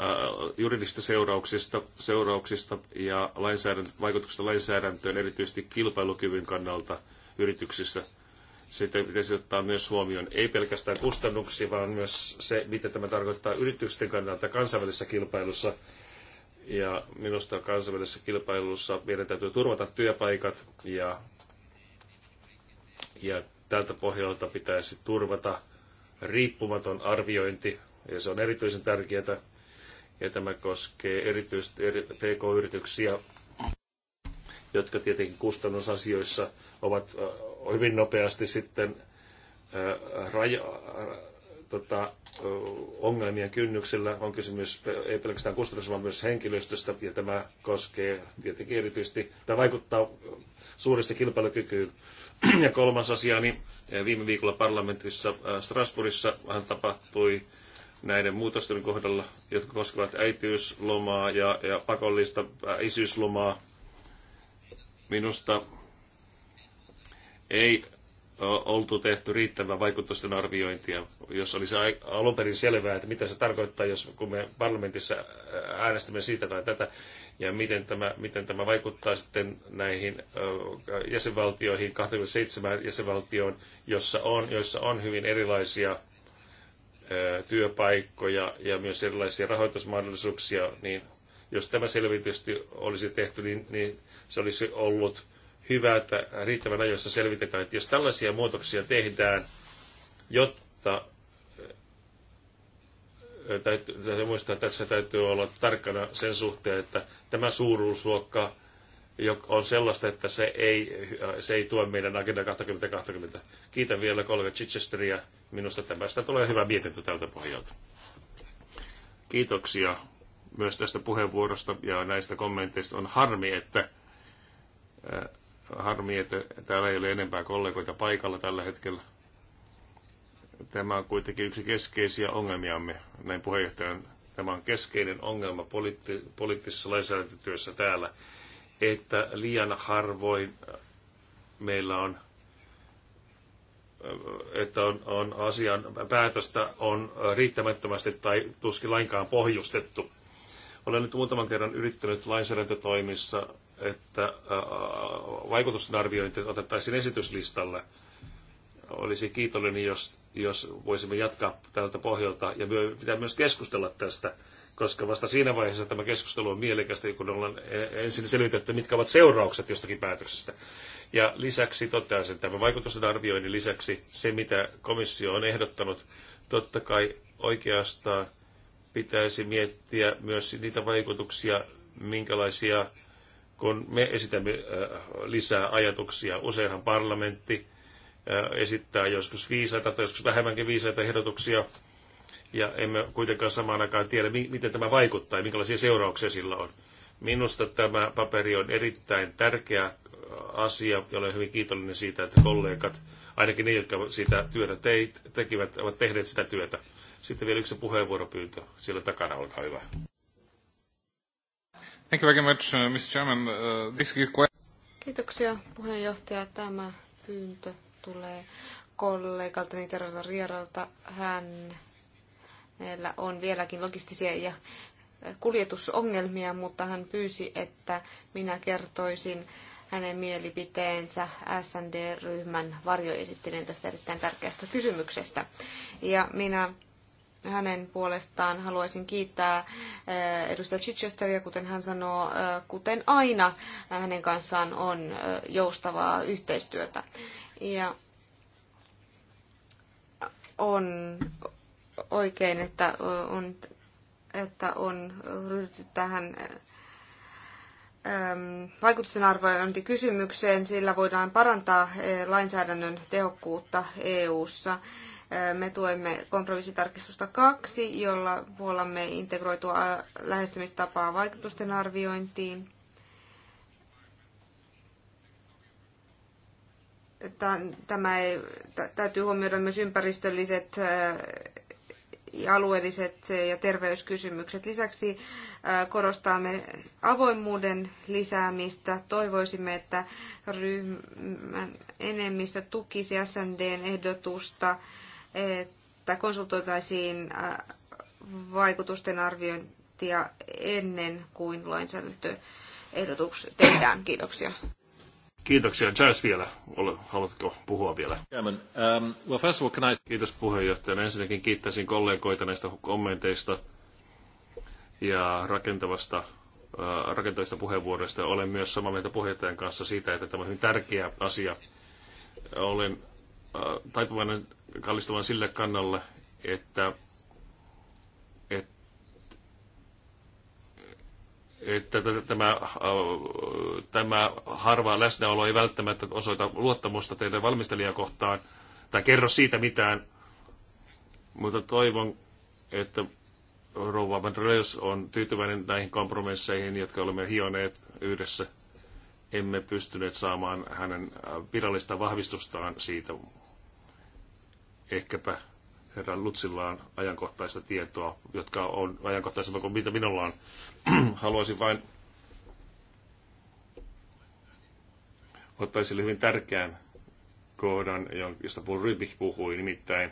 äh, juridisista seurauksista, seurauksista ja lainsäädäntö, vaikutuksista lainsäädäntöön, erityisesti kilpailukyvyn kannalta yrityksissä. Sitten pitäisi ottaa myös huomioon, ei pelkästään kustannuksia, vaan myös se, mitä tämä tarkoittaa yritysten kannalta kansainvälisessä kilpailussa ja minusta kansainvälisessä kilpailussa meidän täytyy turvata työpaikat ja, ja tältä pohjalta pitäisi turvata riippumaton arviointi, ja se on erityisen tärkeää, ja tämä koskee erityisesti eri PK-yrityksiä, jotka tietenkin kustannusasioissa ovat hyvin nopeasti sitten raja, tota, ongelmien kynnyksellä. On kysymys ei pelkästään kustannus, vaan myös henkilöstöstä, ja tämä koskee tietenkin erityisesti, tämä vaikuttaa suuresti kilpailukykyyn. Ja kolmas asia, niin viime viikolla parlamentissa Strasbourgissa tapahtui näiden muutosten kohdalla, jotka koskevat äitiyslomaa ja, ja pakollista isyyslomaa. Minusta ei oltu tehty riittävää vaikutusten arviointia, jos olisi alun perin selvää, että mitä se tarkoittaa, jos kun me parlamentissa äänestämme siitä tai tätä, ja miten tämä, miten tämä vaikuttaa sitten näihin jäsenvaltioihin, 27 jäsenvaltioon, jossa on, joissa on hyvin erilaisia työpaikkoja ja myös erilaisia rahoitusmahdollisuuksia, niin jos tämä selvitys olisi tehty, niin, niin se olisi ollut hyvä, että riittävän ajoissa selvitetään, että jos tällaisia muutoksia tehdään, jotta täytyy, muistaa, että tässä täytyy olla tarkkana sen suhteen, että tämä suuruusluokka on sellaista, että se ei, se ei tuo meidän Agenda 2020. Kiitän vielä kollega Chichesteria. Minusta tämästä tulee hyvä mietintö tältä pohjalta. Kiitoksia myös tästä puheenvuorosta ja näistä kommenteista. On harmi, että Harmi, että täällä ei ole enempää kollegoita paikalla tällä hetkellä. Tämä on kuitenkin yksi keskeisiä ongelmiamme, näin puheenjohtajan. Tämä on keskeinen ongelma poliitti- poliittisessa lainsäädäntötyössä täällä, että liian harvoin meillä on että on, on asian päätöstä on riittämättömästi tai tuskin lainkaan pohjustettu. Olen nyt muutaman kerran yrittänyt lainsäädäntötoimissa että arviointi otettaisiin esityslistalle. Olisi kiitollinen, jos, jos voisimme jatkaa tältä pohjalta. Ja pitää myös keskustella tästä, koska vasta siinä vaiheessa tämä keskustelu on mielekästä, kun ollaan e, ensin selvitetty, mitkä ovat seuraukset jostakin päätöksestä. Ja lisäksi toteaisin tämän arvioinnin lisäksi se, mitä komissio on ehdottanut, totta kai oikeastaan pitäisi miettiä myös niitä vaikutuksia, minkälaisia kun me esitämme äh, lisää ajatuksia. Useinhan parlamentti äh, esittää joskus viisaita tai joskus vähemmänkin viisaita ehdotuksia, ja emme kuitenkaan samaan aikaan tiedä, miten tämä vaikuttaa ja minkälaisia seurauksia sillä on. Minusta tämä paperi on erittäin tärkeä äh, asia, ja olen hyvin kiitollinen siitä, että kollegat, ainakin ne, jotka sitä työtä teit, tekivät, ovat tehneet sitä työtä. Sitten vielä yksi puheenvuoropyyntö sillä takana, olkaa hyvä. Thank you very much, uh, Mr. Chairman. Uh, this Kiitoksia puheenjohtaja. Tämä pyyntö tulee kollegaltani Teresa Rieralta. Hänellä on vieläkin logistisia ja äh, kuljetusongelmia, mutta hän pyysi, että minä kertoisin hänen mielipiteensä SND-ryhmän varjoesittelijän tästä erittäin tärkeästä kysymyksestä. Ja minä hänen puolestaan haluaisin kiittää äh, edustaja Chichesteria, kuten hän sanoo, äh, kuten aina äh, hänen kanssaan on joustavaa yhteistyötä. Ja on oikein, että on, että on ryhdytty tähän ähm, vaikutusten arviointikysymykseen, sillä voidaan parantaa lainsäädännön tehokkuutta EU:ssa. ssa me tuemme kompromissitarkistusta kaksi, jolla puolamme integroitua lähestymistapaa vaikutusten arviointiin. Tämä ei, täytyy huomioida myös ympäristölliset alueelliset ja terveyskysymykset. Lisäksi korostamme avoimuuden lisäämistä. Toivoisimme, että ryhmän enemmistö tukisi snd ehdotusta että konsultoitaisiin äh, vaikutusten arviointia ennen kuin lainsäädäntöehdotus tehdään. Kiitoksia. Kiitoksia. Charles vielä. Haluatko puhua vielä? Um, Kiitos puheenjohtajana. Ensinnäkin kiittäisin kollegoita näistä kommenteista ja rakentavasta äh, rakentavista puheenvuoroista. Olen myös samaa mieltä puheenjohtajan kanssa siitä, että tämä on hyvin tärkeä asia. Olen taipuvainen kallistumaan sille kannalle, että, että, tämä, äh, tämä harva läsnäolo ei välttämättä osoita luottamusta teidän valmistelijakohtaan tai kerro siitä mitään, mutta toivon, että rouva Vandrelius on tyytyväinen näihin kompromisseihin, jotka olemme hioneet yhdessä. Emme pystyneet saamaan hänen äh, virallista vahvistustaan siitä, ehkäpä herra Lutsilla on ajankohtaista tietoa, jotka on ajankohtaisempaa kuin mitä minulla on. Haluaisin vain ottaa esille hyvin tärkeän kohdan, josta Ryby puhui, nimittäin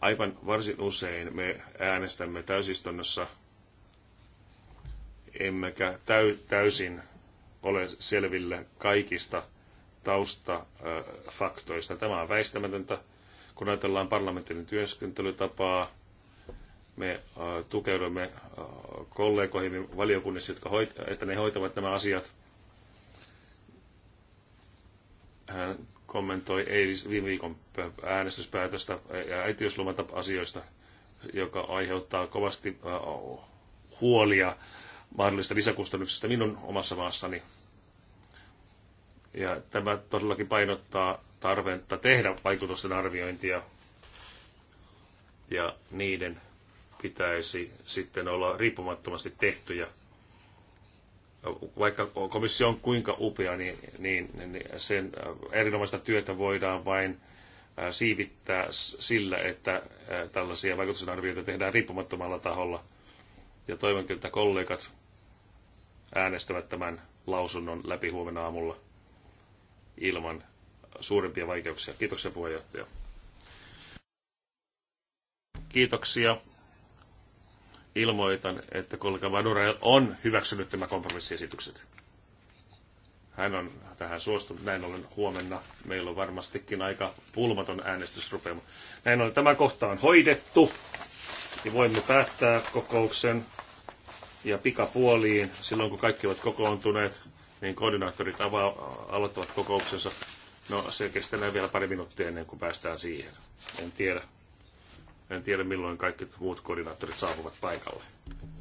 aivan varsin usein me äänestämme täysistunnossa emmekä täysin ole selville kaikista taustafaktoista. Tämä on väistämätöntä, kun ajatellaan parlamentin työskentelytapaa. Me äh, tukeudumme äh, kollegoihin valiokunnissa, jotka hoit- että ne hoitavat nämä asiat. Hän kommentoi eilis, viime viikon äänestyspäätöstä ja äitiyslomata-asioista, joka aiheuttaa kovasti äh, huolia mahdollisista lisäkustannuksista minun omassa maassani ja tämä todellakin painottaa tarvetta tehdä vaikutusten arviointia. Ja niiden pitäisi sitten olla riippumattomasti tehtyjä. Vaikka komissio on kuinka upea, niin, niin, niin sen erinomaista työtä voidaan vain siivittää sillä, että tällaisia vaikutusarvioita tehdään riippumattomalla taholla. Ja toivonkin, että kollegat äänestävät tämän lausunnon läpi huomenna aamulla ilman suurimpia vaikeuksia. Kiitoksia puheenjohtaja. Kiitoksia. Ilmoitan, että kollega Madurel on hyväksynyt tämä kompromissiesitykset. Hän on tähän suostunut. Näin ollen huomenna meillä on varmastikin aika pulmaton äänestysrupeama. Näin ollen tämä kohta on hoidettu ja voimme päättää kokouksen ja pikapuoliin silloin, kun kaikki ovat kokoontuneet niin koordinaattorit avaa, aloittavat kokouksensa. No se kestää vielä pari minuuttia ennen kuin päästään siihen. En tiedä, en tiedä milloin kaikki muut koordinaattorit saapuvat paikalle.